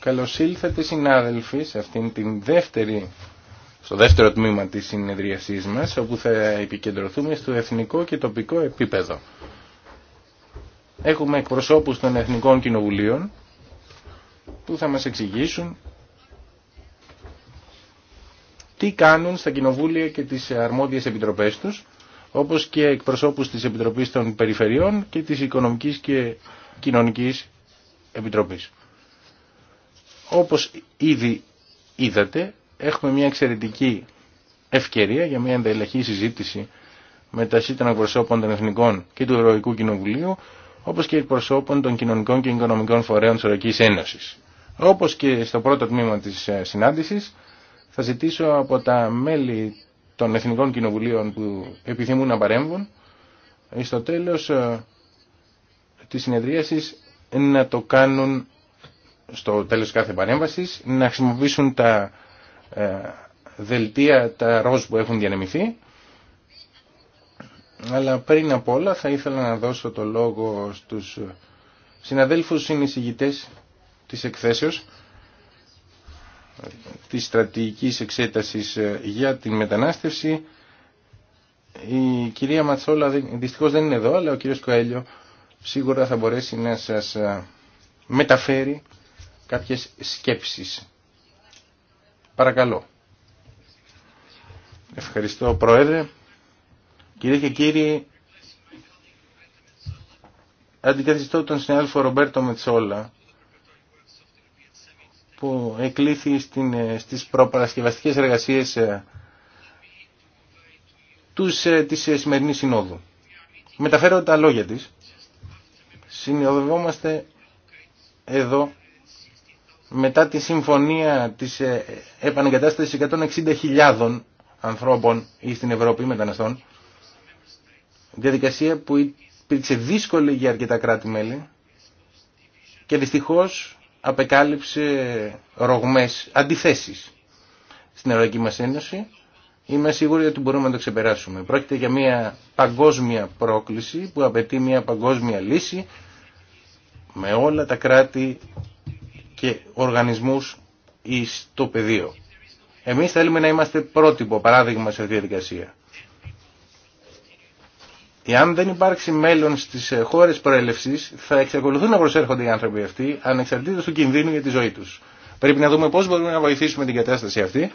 Καλώ ήλθατε συνάδελφοι αυτήν την δεύτερη, στο δεύτερο τμήμα της συνεδριασής μας, όπου θα επικεντρωθούμε στο εθνικό και τοπικό επίπεδο. Έχουμε εκπροσώπους των Εθνικών Κοινοβουλίων που θα μας εξηγήσουν τι κάνουν στα κοινοβούλια και τις αρμόδιες επιτροπές τους, όπως και εκπροσώπους της Επιτροπής των Περιφερειών και της Οικονομικής και κοινωνική Επιτροπής. Όπως ήδη είδατε, έχουμε μια εξαιρετική ευκαιρία για μια εντελεχή συζήτηση μεταξύ των εκπροσώπων των Εθνικών και του Ευρωπαϊκού Κοινοβουλίου, όπως και εκπροσώπων των κοινωνικών και οικονομικών φορέων της Ευρωπαϊκής Ένωση. Όπως και στο πρώτο τμήμα της ε, συνάντηση. θα ζητήσω από τα μέλη των Εθνικών Κοινοβουλίων που επιθυμούν να παρέμβουν, ε, στο τέλος ε, Τη συνεδρίαση να το κάνουν στο τέλος κάθε παρέμβασης, να χρησιμοποιήσουν τα ε, δελτία, τα ροζ που έχουν διανεμηθεί. Αλλά πριν από όλα θα ήθελα να δώσω το λόγο στους συναδέλφους συνεισηγητές της εκθέσεως της στρατηγικής εξέτασης ε, για την μετανάστευση. Η κυρία Ματσόλα δυστυχώς δεν είναι εδώ, αλλά ο κύριος Κοέλιο σίγουρα θα μπορέσει να σας ε, μεταφέρει κάποιες σκέψεις. Παρακαλώ. Ευχαριστώ Πρόεδρε. Κυρίε και κύριοι, αντικαθιστώ τον συνάδελφο Ρομπέρτο Μετσόλα που εκλήθη στην, ε, στις προπαρασκευαστικές εργασίες ε, τους, της σημερινής συνόδου. Μεταφέρω τα λόγια της συνοδευόμαστε εδώ μετά τη συμφωνία της ε, επανεγκατάστασης 160.000 ανθρώπων ή στην Ευρώπη μεταναστών διαδικασία που υπήρξε δύσκολη για αρκετά κράτη-μέλη και δυστυχώς απεκάλυψε ρογμές αντιθέσεις στην Ευρωπαϊκή μας Ένωση Είμαι σίγουροι ότι μπορούμε να το ξεπεράσουμε. Πρόκειται για μια παγκόσμια πρόκληση που απαιτεί μια παγκόσμια λύση με όλα τα κράτη και οργανισμούς εις το πεδίο. Εμείς θέλουμε να είμαστε πρότυπο παράδειγμα σε αυτή τη διαδικασία. Εάν δεν υπάρξει μέλλον στις χώρες προέλευσης θα εξακολουθούν να προσέρχονται οι άνθρωποι αυτοί ανεξαρτήτως του κινδύνου για τη ζωή τους. Πρέπει να δούμε πώς μπορούμε να βοηθήσουμε την κατάσταση αυτή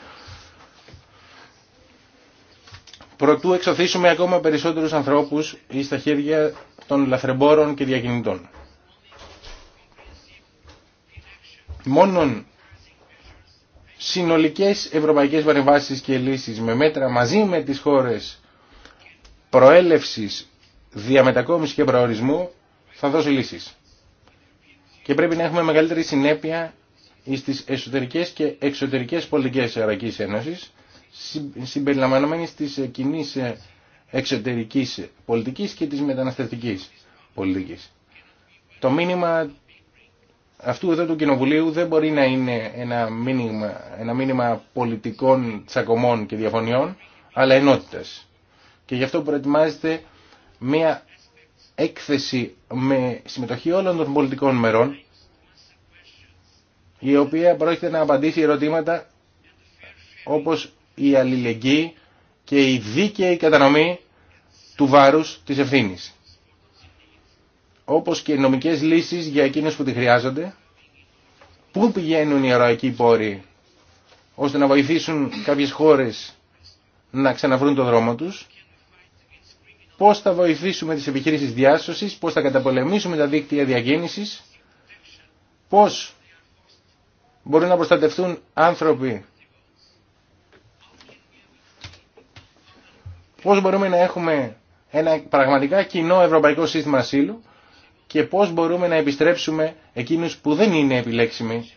προτού εξωθήσουμε ακόμα περισσότερους ανθρώπους ή στα χέρια των λαθρεμπόρων και διακινητών. Μόνον συνολικές ευρωπαϊκές παρεμβάσεις και λύσεις με μέτρα μαζί με τις χώρες προέλευσης, διαμετακόμισης και προορισμού θα δώσει λύσεις. Και πρέπει να έχουμε μεγαλύτερη συνέπεια στις εσωτερικές και εξωτερικές πολιτικές Ευρωπαϊκής Ένωσης συμπεριλαμβανομένης της ε, κοινή ε, εξωτερικής ε, πολιτικής και της μεταναστευτικής πολιτικής. Το μήνυμα αυτού εδώ του Κοινοβουλίου δεν μπορεί να είναι ένα μήνυμα, ένα μήνυμα πολιτικών τσακωμών και διαφωνιών, αλλά ενότητας. Και γι' αυτό προετοιμάζεται μια έκθεση με συμμετοχή όλων των πολιτικών μερών, η οποία πρόκειται να απαντήσει ερωτήματα όπως η αλληλεγγύη και η δίκαιη κατανομή του βάρους της ευθύνης. Όπως και οι νομικές λύσεις για εκείνους που τη χρειάζονται, πού πηγαίνουν οι αεροαϊκοί πόροι ώστε να βοηθήσουν κάποιες χώρες να ξαναβρούν το δρόμο τους, πώς θα βοηθήσουμε τις επιχειρήσεις διάσωσης, πώς θα καταπολεμήσουμε τα δίκτυα διακίνησης, πώς μπορούν να προστατευτούν άνθρωποι πώς μπορούμε να έχουμε ένα πραγματικά κοινό ευρωπαϊκό σύστημα ασύλου και πώς μπορούμε να επιστρέψουμε εκείνους που δεν είναι επιλέξιμοι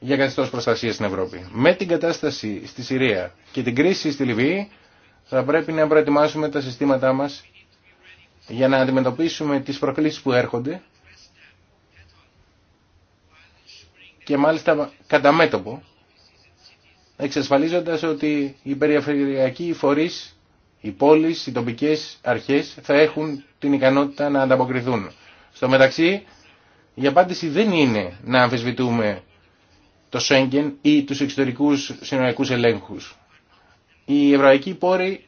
για καθεστώ προστασία στην Ευρώπη. Με την κατάσταση στη Συρία και την κρίση στη Λιβύη θα πρέπει να προετοιμάσουμε τα συστήματά μας για να αντιμετωπίσουμε τις προκλήσεις που έρχονται και μάλιστα κατά μέτωπο, εξασφαλίζοντας ότι οι περιφερειακοί φορείς οι πόλεις, οι τοπικές αρχές θα έχουν την ικανότητα να ανταποκριθούν. Στο μεταξύ, η απάντηση δεν είναι να αμφισβητούμε το Σέγγεν ή τους εξωτερικούς συνοριακούς ελέγχους. Οι ευρωπαϊκοί πόροι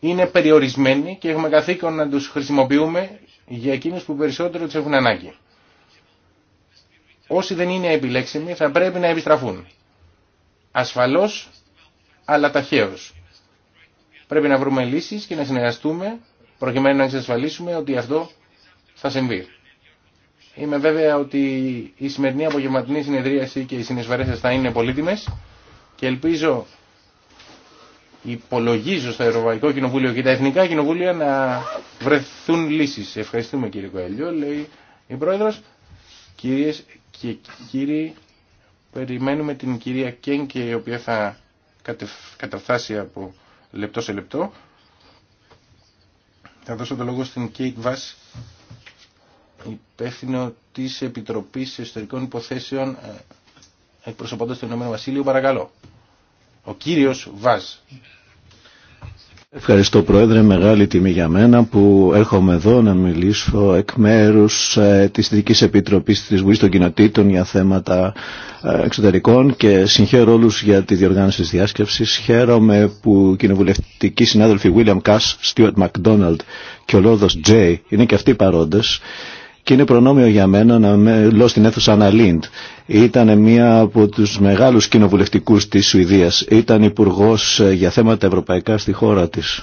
είναι περιορισμένοι και έχουμε καθήκον να τους χρησιμοποιούμε για εκείνους που περισσότερο τους έχουν ανάγκη. Όσοι δεν είναι επιλέξιμοι θα πρέπει να επιστραφούν. Ασφαλώς, αλλά ταχαίως. Πρέπει να βρούμε λύσεις και να συνεργαστούμε προκειμένου να εξασφαλίσουμε ότι αυτό θα συμβεί. Είμαι βέβαια ότι η σημερινή απογευματινή συνεδρίαση και οι συνεισφαρές σας θα είναι πολύτιμες και ελπίζω, υπολογίζω στο Ευρωπαϊκό Κοινοβούλιο και τα Εθνικά Κοινοβούλια να βρεθούν λύσεις. Ευχαριστούμε κύριε Κοέλιο, λέει η Πρόεδρος. Κυρίε και κύριοι, περιμένουμε την κυρία Κέν και η οποία θα καταφτάσει από λεπτό σε λεπτό. Θα δώσω το λόγο στην Κέιτ Βάς, υπεύθυνο της Επιτροπής Εσωτερικών Υποθέσεων ε, εκπροσωπώντας το Ηνωμένο Βασίλειο. Παρακαλώ. Ο κύριος Βάζ. Ευχαριστώ Πρόεδρε, μεγάλη τιμή για μένα που έρχομαι εδώ να μιλήσω εκ μέρου ε, της Δικής Επιτροπής της Βουλής των Κοινοτήτων για θέματα ε, εξωτερικών και συγχαίρω όλους για τη διοργάνωση της διάσκεψης. Χαίρομαι που κοινοβουλευτικοί συνάδελφοι William Cass, Stuart MacDonald και ο λόδος Τζέι είναι και αυτοί παρόντες και είναι προνόμιο για μένα να μιλώ στην αίθουσα Αναλίντ. Ήταν μία από τους μεγάλους κοινοβουλευτικού της Σουηδίας. Ήταν υπουργό ε, για θέματα ευρωπαϊκά στη χώρα της.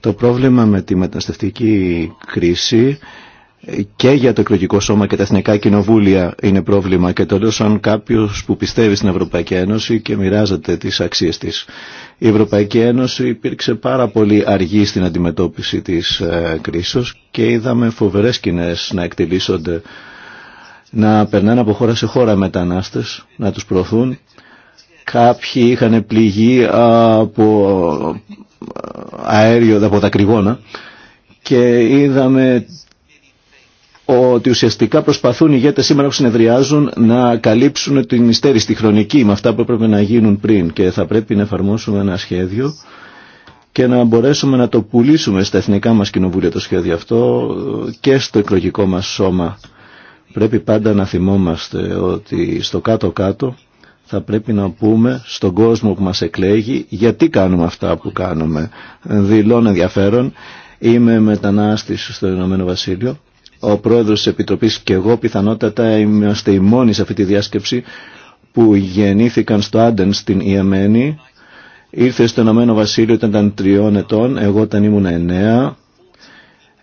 Το πρόβλημα με τη μεταναστευτική κρίση και για το εκλογικό σώμα και τα εθνικά κοινοβούλια είναι πρόβλημα και το λέω σαν κάποιο που πιστεύει στην Ευρωπαϊκή Ένωση και μοιράζεται τις αξίες της. Η Ευρωπαϊκή Ένωση υπήρξε πάρα πολύ αργή στην αντιμετώπιση της ε, κρίσης και είδαμε φοβερές σκηνέ να εκτελήσονται, να περνάνε από χώρα σε χώρα μετανάστες, να τους προωθούν. Κάποιοι είχαν πληγεί από ε, αέριο, από τα κρυγόνα και είδαμε ότι ουσιαστικά προσπαθούν οι ηγέτες σήμερα που συνεδριάζουν να καλύψουν την υστέρηστη χρονική με αυτά που έπρεπε να γίνουν πριν και θα πρέπει να εφαρμόσουμε ένα σχέδιο και να μπορέσουμε να το πουλήσουμε στα εθνικά μας κοινοβούλια το σχέδιο αυτό και στο εκλογικό μας σώμα. Πρέπει πάντα να θυμόμαστε ότι στο κάτω-κάτω θα πρέπει να πούμε στον κόσμο που μας εκλέγει γιατί κάνουμε αυτά που κάνουμε. Δηλώνω ενδιαφέρον, είμαι μετανάστης στο Ηνωμένο Βασίλειο ο πρόεδρος της Επιτροπής και εγώ πιθανότατα είμαστε οι μόνοι σε αυτή τη διάσκεψη που γεννήθηκαν στο Άντεν στην Ιεμένη. Ήρθε στο Ηνωμένο Βασίλειο όταν ήταν τριών ετών, εγώ όταν ήμουν εννέα.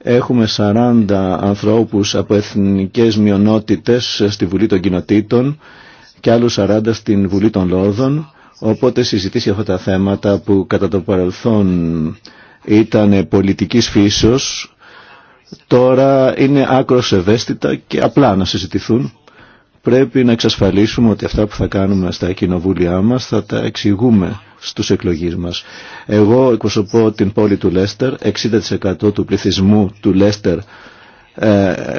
Έχουμε 40 ανθρώπους από εθνικές μειονότητες στη Βουλή των Κοινοτήτων και άλλους 40 στην Βουλή των Λόρδων. Οπότε συζητήσει αυτά τα θέματα που κατά το παρελθόν ήταν πολιτικής φύσεως τώρα είναι άκρος ευαίσθητα και απλά να συζητηθούν. Πρέπει να εξασφαλίσουμε ότι αυτά που θα κάνουμε στα κοινοβούλια μας θα τα εξηγούμε στους εκλογείς μας. Εγώ εκπροσωπώ την πόλη του Λέστερ, 60% του πληθυσμού του Λέστερ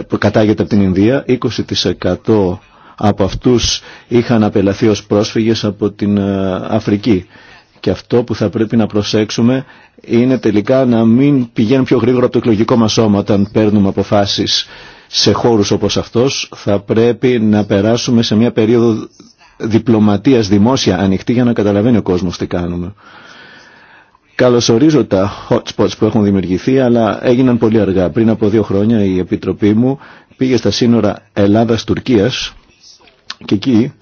που ε, κατάγεται από την Ινδία, 20% από αυτούς είχαν απελαθεί ως πρόσφυγες από την ε, Αφρική. Και αυτό που θα πρέπει να προσέξουμε είναι τελικά να μην πηγαίνουν πιο γρήγορα από το εκλογικό μας σώμα όταν παίρνουμε αποφάσεις σε χώρους όπως αυτός. Θα πρέπει να περάσουμε σε μια περίοδο διπλωματίας δημόσια ανοιχτή για να καταλαβαίνει ο κόσμος τι κάνουμε. Καλωσορίζω τα hot spots που έχουν δημιουργηθεί, αλλά έγιναν πολύ αργά. Πριν από δύο χρόνια η Επιτροπή μου πήγε στα σύνορα Ελλάδας-Τουρκίας και εκεί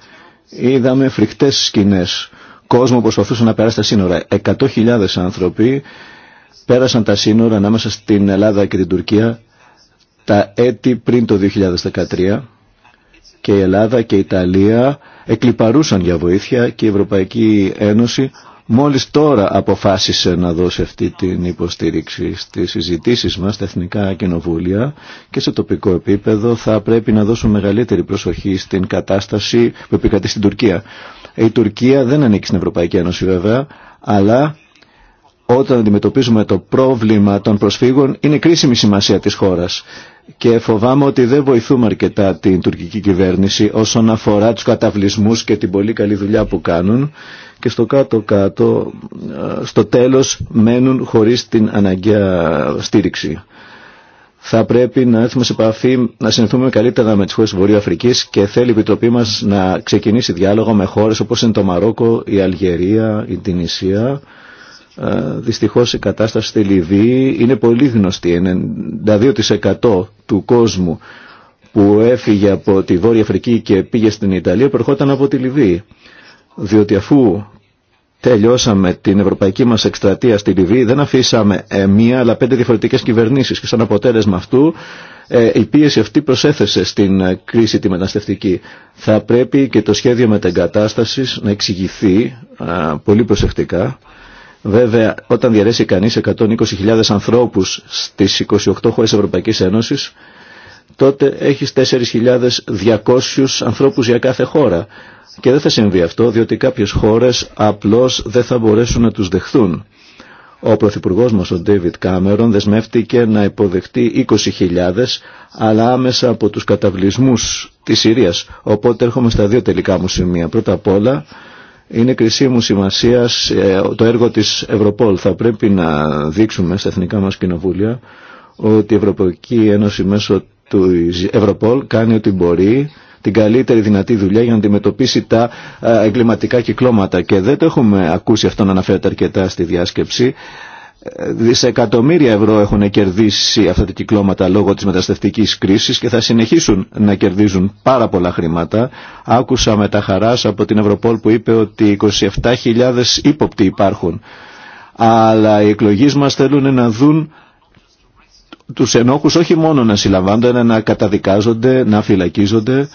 είδαμε φρικτές σκηνές κόσμο προσπαθούσε να περάσει τα σύνορα. 100.000 άνθρωποι πέρασαν τα σύνορα ανάμεσα στην Ελλάδα και την Τουρκία τα έτη πριν το 2013 και η Ελλάδα και η Ιταλία εκλυπαρούσαν για βοήθεια και η Ευρωπαϊκή Ένωση μόλις τώρα αποφάσισε να δώσει αυτή την υποστήριξη στις συζητήσεις μας στα Εθνικά Κοινοβούλια και σε τοπικό επίπεδο θα πρέπει να δώσουν μεγαλύτερη προσοχή στην κατάσταση που επικρατεί στην Τουρκία. Η Τουρκία δεν ανήκει στην Ευρωπαϊκή Ένωση βέβαια, αλλά όταν αντιμετωπίζουμε το πρόβλημα των προσφύγων είναι κρίσιμη σημασία της χώρας και φοβάμαι ότι δεν βοηθούμε αρκετά την τουρκική κυβέρνηση όσον αφορά τους καταβλισμούς και την πολύ καλή δουλειά που κάνουν και στο κάτω-κάτω ε, στο τέλος μένουν χωρίς την αναγκαία στήριξη θα πρέπει να έρθουμε σε επαφή, να συνεχθούμε καλύτερα με τις χώρες Βορείου Αφρικής και θέλει η Επιτροπή μας να ξεκινήσει διάλογο με χώρες όπως είναι το Μαρόκο, η Αλγερία, η Τινησία. Ε, δυστυχώς η κατάσταση στη Λιβύη είναι πολύ γνωστή. 92% του κόσμου που έφυγε από τη Βόρεια Αφρική και πήγε στην Ιταλία προερχόταν από τη Λιβύη. Διότι αφού τελειώσαμε την ευρωπαϊκή μας εκστρατεία στη Λιβύη δεν αφήσαμε ε, μία αλλά πέντε διαφορετικές κυβερνήσεις και σαν αποτέλεσμα αυτού ε, η πίεση αυτή προσέθεσε στην ε, κρίση τη μεταναστευτική. Θα πρέπει και το σχέδιο μετεγκατάστασης να εξηγηθεί πολύ προσεκτικά. Βέβαια, όταν διαρρέσει κανείς 120.000 ανθρώπους στις 28 χώρες Ευρωπαϊκής Ένωσης, τότε έχεις 4.200 ανθρώπους για κάθε χώρα. Και δεν θα συμβεί αυτό, διότι κάποιες χώρες απλώς δεν θα μπορέσουν να τους δεχθούν. Ο Πρωθυπουργό μα, ο Ντέιβιτ Κάμερον, δεσμεύτηκε να υποδεχτεί 20.000, αλλά άμεσα από του καταβλισμού τη Συρία. Οπότε έρχομαι στα δύο τελικά μου σημεία. Πρώτα απ' όλα, είναι μου σημασία ε, το έργο τη Ευρωπόλ. Θα πρέπει να δείξουμε στα εθνικά μα κοινοβούλια ότι η Ευρωπαϊκή Ένωση μέσω του Ευρωπόλ κάνει ό,τι μπορεί την καλύτερη δυνατή δουλειά για να αντιμετωπίσει τα ε, εγκληματικά κυκλώματα και δεν το έχουμε ακούσει αυτό να αναφέρεται αρκετά στη διάσκεψη. Ε, δισεκατομμύρια ευρώ έχουν κερδίσει αυτά τα κυκλώματα λόγω της μεταστευτικής κρίσης και θα συνεχίσουν να κερδίζουν πάρα πολλά χρήματα. Άκουσα με τα χαράς από την Ευρωπόλ που είπε ότι 27.000 ύποπτοι υπάρχουν. Αλλά οι εκλογείς μας θέλουν να δουν τους ενόχους όχι μόνο να συλλαμβάνονται, αλλά να καταδικάζονται, να φυλακίζονται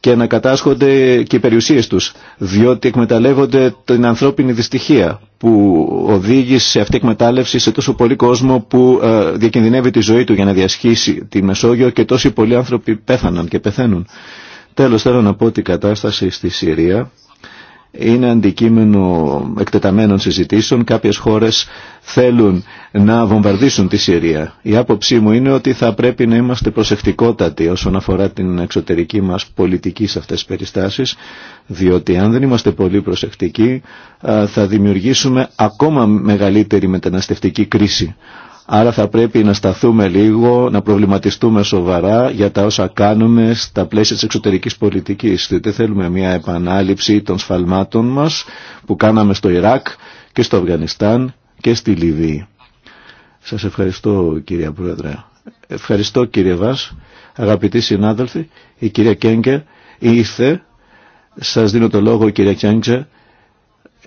και να κατάσχονται και οι περιουσίες τους, διότι εκμεταλλεύονται την ανθρώπινη δυστυχία που οδήγησε αυτή η εκμετάλλευση σε τόσο πολύ κόσμο που ε, διακινδυνεύει τη ζωή του για να διασχίσει τη Μεσόγειο και τόσοι πολλοί άνθρωποι πέθαναν και πεθαίνουν. Τέλος θέλω να πω ότι η κατάσταση στη Συρία είναι αντικείμενο εκτεταμένων συζητήσεων. Κάποιες χώρες θέλουν να βομβαρδίσουν τη Συρία. Η άποψή μου είναι ότι θα πρέπει να είμαστε προσεκτικότατοι όσον αφορά την εξωτερική μας πολιτική σε αυτές τις περιστάσεις, διότι αν δεν είμαστε πολύ προσεκτικοί θα δημιουργήσουμε ακόμα μεγαλύτερη μεταναστευτική κρίση Άρα θα πρέπει να σταθούμε λίγο, να προβληματιστούμε σοβαρά για τα όσα κάνουμε στα πλαίσια της εξωτερικής πολιτικής. Δεν θέλουμε μια επανάληψη των σφαλμάτων μας που κάναμε στο Ιράκ και στο Αφγανιστάν και στη Λιβύη. Σας ευχαριστώ κυρία Πρόεδρε. Ευχαριστώ κύριε Βάς, αγαπητοί συνάδελφοι. Η κυρία Κέγκε ήρθε. Σας δίνω το λόγο κυρία Κέγκε,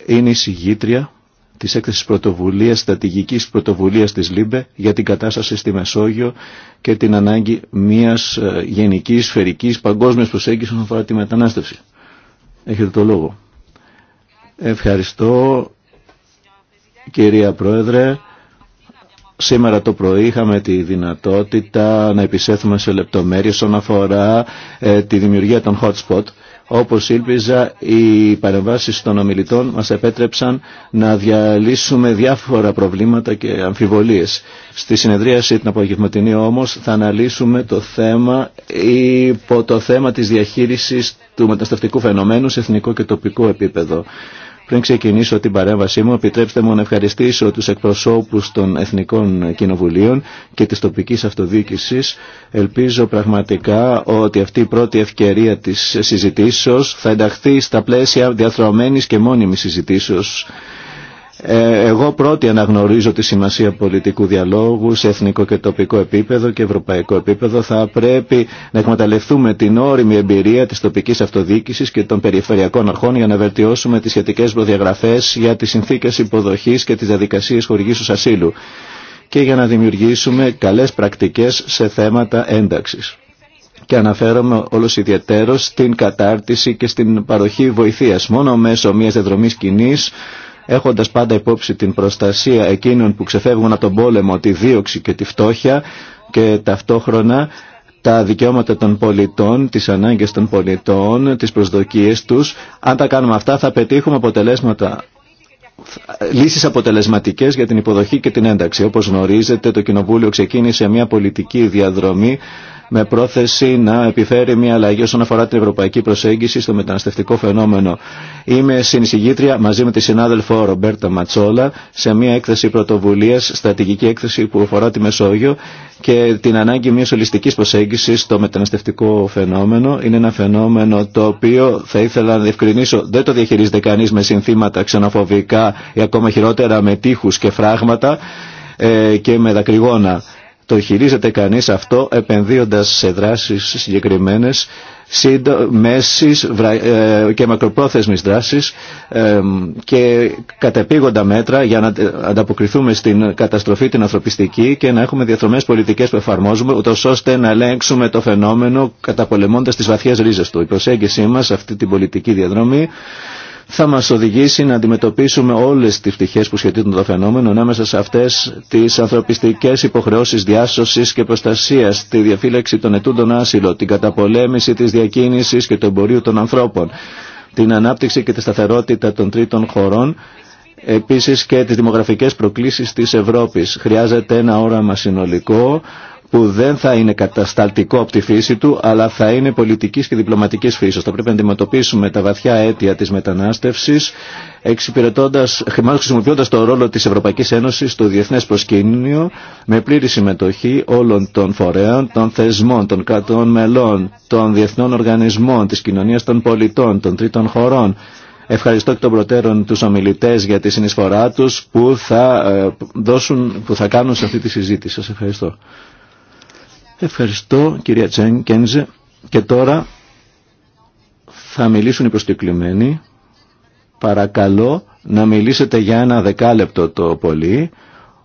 Είναι η συγγήτρια της έκθεσης πρωτοβουλίας, στρατηγικής πρωτοβουλίας της ΛΥΜΠΕ για την κατάσταση στη Μεσόγειο και την ανάγκη μιας ε, γενικής, σφαιρικής, παγκόσμιας προσέγγισης όσον αφορά τη μετανάστευση. Έχετε το λόγο. Ευχαριστώ κυρία Πρόεδρε. Σήμερα το πρωί είχαμε τη δυνατότητα να επισέθουμε σε λεπτομέρειες όσον αφορά ε, τη δημιουργία των hotspot. Όπως ήλπιζα, οι παρεμβάσει των ομιλητών μας επέτρεψαν να διαλύσουμε διάφορα προβλήματα και αμφιβολίες. Στη συνεδρίαση την απογευματινή όμως θα αναλύσουμε το θέμα υπό το θέμα της διαχείρισης του μετασταυτικού φαινομένου σε εθνικό και τοπικό επίπεδο. Πριν ξεκινήσω την παρέμβασή μου, επιτρέψτε μου να ευχαριστήσω τους εκπροσώπους των Εθνικών Κοινοβουλίων και της τοπικής αυτοδιοίκησης. Ελπίζω πραγματικά ότι αυτή η πρώτη ευκαιρία της συζητήσεως θα ενταχθεί στα πλαίσια διαθρωμένης και μόνιμης συζητήσεως ε, εγώ πρώτη αναγνωρίζω τη σημασία πολιτικού διαλόγου σε εθνικό και τοπικό επίπεδο και ευρωπαϊκό επίπεδο. Θα πρέπει να εκμεταλλευτούμε την όρημη εμπειρία της τοπικής αυτοδιοίκησης και των περιφερειακών αρχών για να βελτιώσουμε τις σχετικές προδιαγραφές για τις συνθήκες υποδοχής και τις διαδικασίες χορηγήσεως ασύλου και για να δημιουργήσουμε καλές πρακτικές σε θέματα ένταξης. Και αναφέρομαι όλος ιδιαίτερος στην κατάρτιση και στην παροχή βοηθείας. Μόνο μέσω μιας διαδρομής κοινής έχοντας πάντα υπόψη την προστασία εκείνων που ξεφεύγουν από τον πόλεμο, τη δίωξη και τη φτώχεια και ταυτόχρονα τα δικαιώματα των πολιτών, τις ανάγκες των πολιτών, τις προσδοκίες τους. Αν τα κάνουμε αυτά θα πετύχουμε αποτελέσματα λύσεις αποτελεσματικές για την υποδοχή και την ένταξη. Όπως γνωρίζετε το Κοινοβούλιο ξεκίνησε μια πολιτική διαδρομή με πρόθεση να επιφέρει μια αλλαγή όσον αφορά την ευρωπαϊκή προσέγγιση στο μεταναστευτικό φαινόμενο. Είμαι συνεισηγήτρια μαζί με τη συνάδελφο Ρομπέρτα Ματσόλα σε μια έκθεση πρωτοβουλία, στρατηγική έκθεση που αφορά τη Μεσόγειο και την ανάγκη μια ολιστική προσέγγιση στο μεταναστευτικό φαινόμενο. Είναι ένα φαινόμενο το οποίο θα ήθελα να διευκρινίσω δεν το διαχειρίζεται κανεί με συνθήματα ξενοφοβικά ή ακόμα χειρότερα με τείχου και φράγματα ε, και με δακρυγόνα το χειρίζεται κανείς αυτό επενδύοντας σε δράσεις συγκεκριμένες μέσης ε, και μακροπρόθεσμης δράσης ε, και κατεπήγοντα μέτρα για να ανταποκριθούμε στην καταστροφή την ανθρωπιστική και να έχουμε διαθρομές πολιτικές που εφαρμόζουμε ούτως ώστε να ελέγξουμε το φαινόμενο καταπολεμώντας τις βαθιές ρίζες του. Η προσέγγιση μας σε αυτή την πολιτική διαδρομή θα μας οδηγήσει να αντιμετωπίσουμε όλες τις πτυχές που με το φαινόμενο ανάμεσα σε αυτές τις ανθρωπιστικές υποχρεώσεις διάσωσης και προστασίας, τη διαφύλαξη των ετούντων άσυλων, την καταπολέμηση της διακίνησης και του εμπορίου των ανθρώπων, την ανάπτυξη και τη σταθερότητα των τρίτων χωρών, επίσης και τις δημογραφικές προκλήσεις της Ευρώπης. Χρειάζεται ένα όραμα συνολικό που δεν θα είναι κατασταλτικό από τη φύση του, αλλά θα είναι πολιτικής και διπλωματικής φύσης. Θα πρέπει να αντιμετωπίσουμε τα βαθιά αίτια της μετανάστευσης, εξυπηρετώντας, χρησιμοποιώντας το ρόλο της Ευρωπαϊκής Ένωσης στο διεθνές προσκήνιο, με πλήρη συμμετοχή όλων των φορέων, των θεσμών, των κρατών μελών, των διεθνών οργανισμών, της κοινωνίας των πολιτών, των τρίτων χωρών. Ευχαριστώ και των προτέρων τους ομιλητές για τη συνεισφορά τους που θα, ε, που θα κάνουν σε αυτή τη συζήτηση. Σας ευχαριστώ. Ευχαριστώ κυρία Τσέν Και τώρα θα μιλήσουν οι προσκεκλημένοι. Παρακαλώ να μιλήσετε για ένα δεκάλεπτο το πολύ,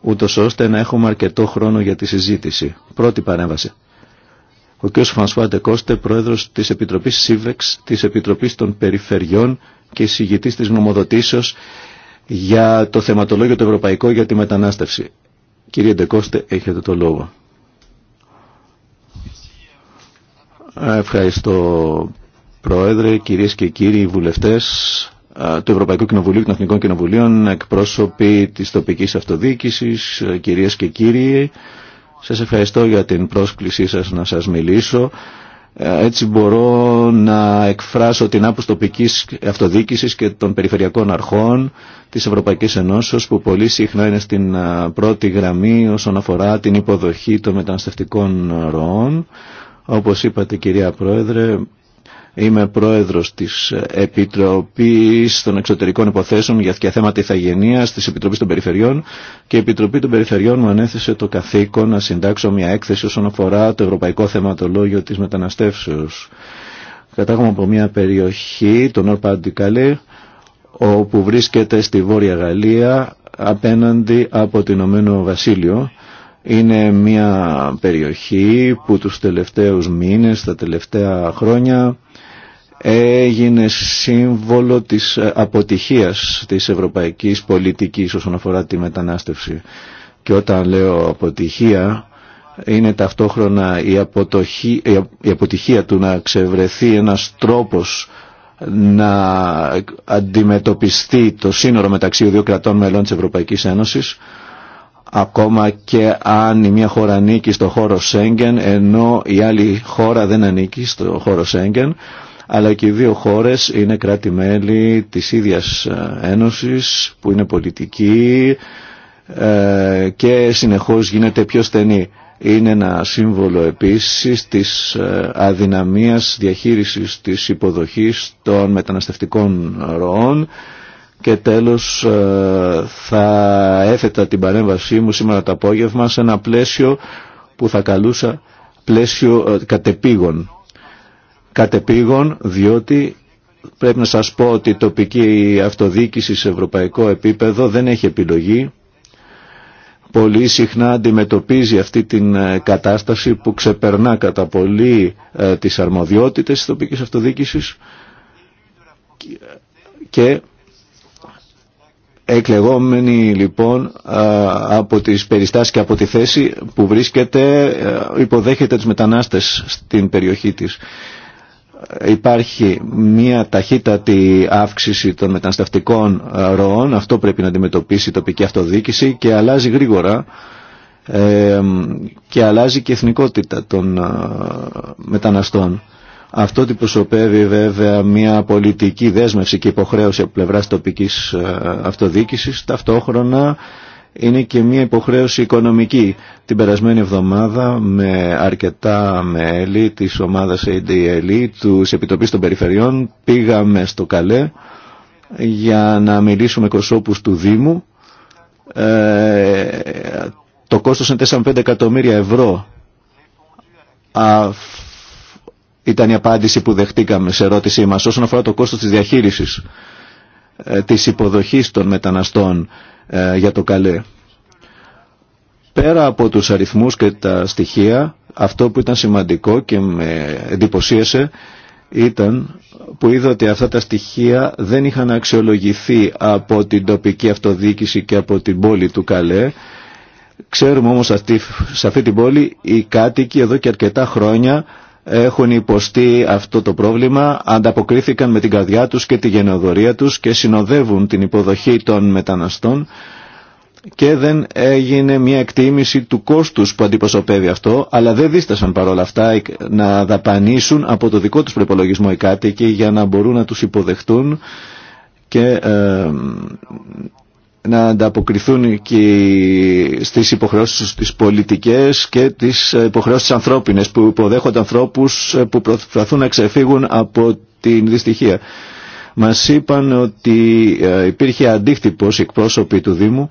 ούτω ώστε να έχουμε αρκετό χρόνο για τη συζήτηση. Πρώτη παρέμβαση. Ο κ. Φανσουά Ντεκώστε, πρόεδρος της Επιτροπής ΣΥΒΕΞ, της Επιτροπής των Περιφερειών και συγητής της νομοδοτήσεως για το θεματολόγιο το ευρωπαϊκό για τη μετανάστευση. Κύριε Ντεκώστε, έχετε το λόγο. Ευχαριστώ Πρόεδρε, κυρίες και κύριοι βουλευτές του Ευρωπαϊκού Κοινοβουλίου και των Εθνικών Κοινοβουλίων, εκπρόσωποι της τοπικής αυτοδιοίκησης, κυρίες και κύριοι. Σας ευχαριστώ για την πρόσκλησή σας να σας μιλήσω. Έτσι μπορώ να εκφράσω την άποψη τοπικής αυτοδιοίκησης και των περιφερειακών αρχών της Ευρωπαϊκής Ενώσεως που πολύ συχνά είναι στην πρώτη γραμμή όσον αφορά την υποδοχή των μεταναστευτικών ροών. Όπως είπατε κυρία Πρόεδρε, είμαι πρόεδρος της Επιτροπής των Εξωτερικών Υποθέσεων για θέματα ηθαγενείας της Επιτροπής των Περιφερειών και η Επιτροπή των Περιφερειών μου ανέθεσε το καθήκον να συντάξω μια έκθεση όσον αφορά το ευρωπαϊκό θεματολόγιο της μεταναστεύσεως. Κατάγομαι από μια περιοχή, τον Όρπα Αντικαλή, όπου βρίσκεται στη Βόρεια Γαλλία απέναντι από την Ηνωμένο Βασίλειο είναι μια περιοχή που τους τελευταίους μήνες, τα τελευταία χρόνια έγινε σύμβολο της ε, αποτυχίας της ευρωπαϊκής πολιτικής όσον αφορά τη μετανάστευση. Και όταν λέω αποτυχία είναι ταυτόχρονα η, αποτοχή, η αποτυχία του να ξεβρεθεί ένας τρόπος να αντιμετωπιστεί το σύνορο μεταξύ δύο κρατών μελών της Ευρωπαϊκής Ένωσης ακόμα και αν η μια χώρα ανήκει στο χώρο Σέγγεν ενώ η άλλη χώρα δεν ανήκει στο χώρο Σέγγεν αλλά και οι δύο χώρες είναι κράτη-μέλη της ίδιας ε, ένωσης που είναι πολιτική ε, και συνεχώς γίνεται πιο στενή. Είναι ένα σύμβολο επίσης της ε, αδυναμίας διαχείρισης της υποδοχής των μεταναστευτικών ροών και τέλος ε, θα έθετα την παρέμβασή μου σήμερα το απόγευμα σε ένα πλαίσιο που θα καλούσα πλαίσιο ε, κατεπήγων. Κατεπήγων διότι πρέπει να σας πω ότι η τοπική αυτοδιοίκηση σε ευρωπαϊκό επίπεδο δεν έχει επιλογή. Πολύ συχνά αντιμετωπίζει αυτή την ε, κατάσταση που ξεπερνά κατά πολύ τις αρμοδιότητες της τοπικής αυτοδιοίκησης και εκλεγόμενοι λοιπόν από τις περιστάσεις και από τη θέση που βρίσκεται υποδέχεται τους μετανάστες στην περιοχή της. Υπάρχει μια ταχύτατη αύξηση των μεταναστευτικών ροών, αυτό πρέπει να αντιμετωπίσει η τοπική αυτοδίκηση και αλλάζει γρήγορα ε, και αλλάζει και η εθνικότητα των μεταναστών. Αυτό προσωπεύει βέβαια μια πολιτική δέσμευση και υποχρέωση από πλευράς τοπικής ε, αυτοδιοίκησης. Ταυτόχρονα είναι και μια υποχρέωση οικονομική. Την περασμένη εβδομάδα με αρκετά μέλη της ομάδας ADLE, του Επιτροπής των Περιφερειών, πήγαμε στο Καλέ για να μιλήσουμε κοσόπους του Δήμου. Ε, το κόστος είναι 4-5 εκατομμύρια ευρώ ήταν η απάντηση που δεχτήκαμε σε ερώτησή μας όσον αφορά το κόστος της διαχείρισης ε, της υποδοχής των μεταναστών ε, για το καλέ. Πέρα από τους αριθμούς και τα στοιχεία, αυτό που ήταν σημαντικό και με εντυπωσίασε ήταν που είδα ότι αυτά τα στοιχεία δεν είχαν αξιολογηθεί από την τοπική αυτοδιοίκηση και από την πόλη του Καλέ. Ξέρουμε όμως αυτή, σε αυτή την πόλη οι κάτοικοι εδώ και αρκετά χρόνια έχουν υποστεί αυτό το πρόβλημα, ανταποκρίθηκαν με την καρδιά τους και τη γενοδορία τους και συνοδεύουν την υποδοχή των μεταναστών και δεν έγινε μια εκτίμηση του κόστους που αντιπροσωπεύει αυτό, αλλά δεν δίστασαν παρόλα αυτά να δαπανίσουν από το δικό τους προπολογισμό οι κάτοικοι για να μπορούν να τους υποδεχτούν και ε, να ανταποκριθούν και στις υποχρεώσεις τις πολιτικές και τις υποχρεώσεις ανθρώπινες που υποδέχονται ανθρώπους που προσπαθούν να ξεφύγουν από την δυστυχία. Μας είπαν ότι ε, υπήρχε αντίκτυπος εκπρόσωποι του Δήμου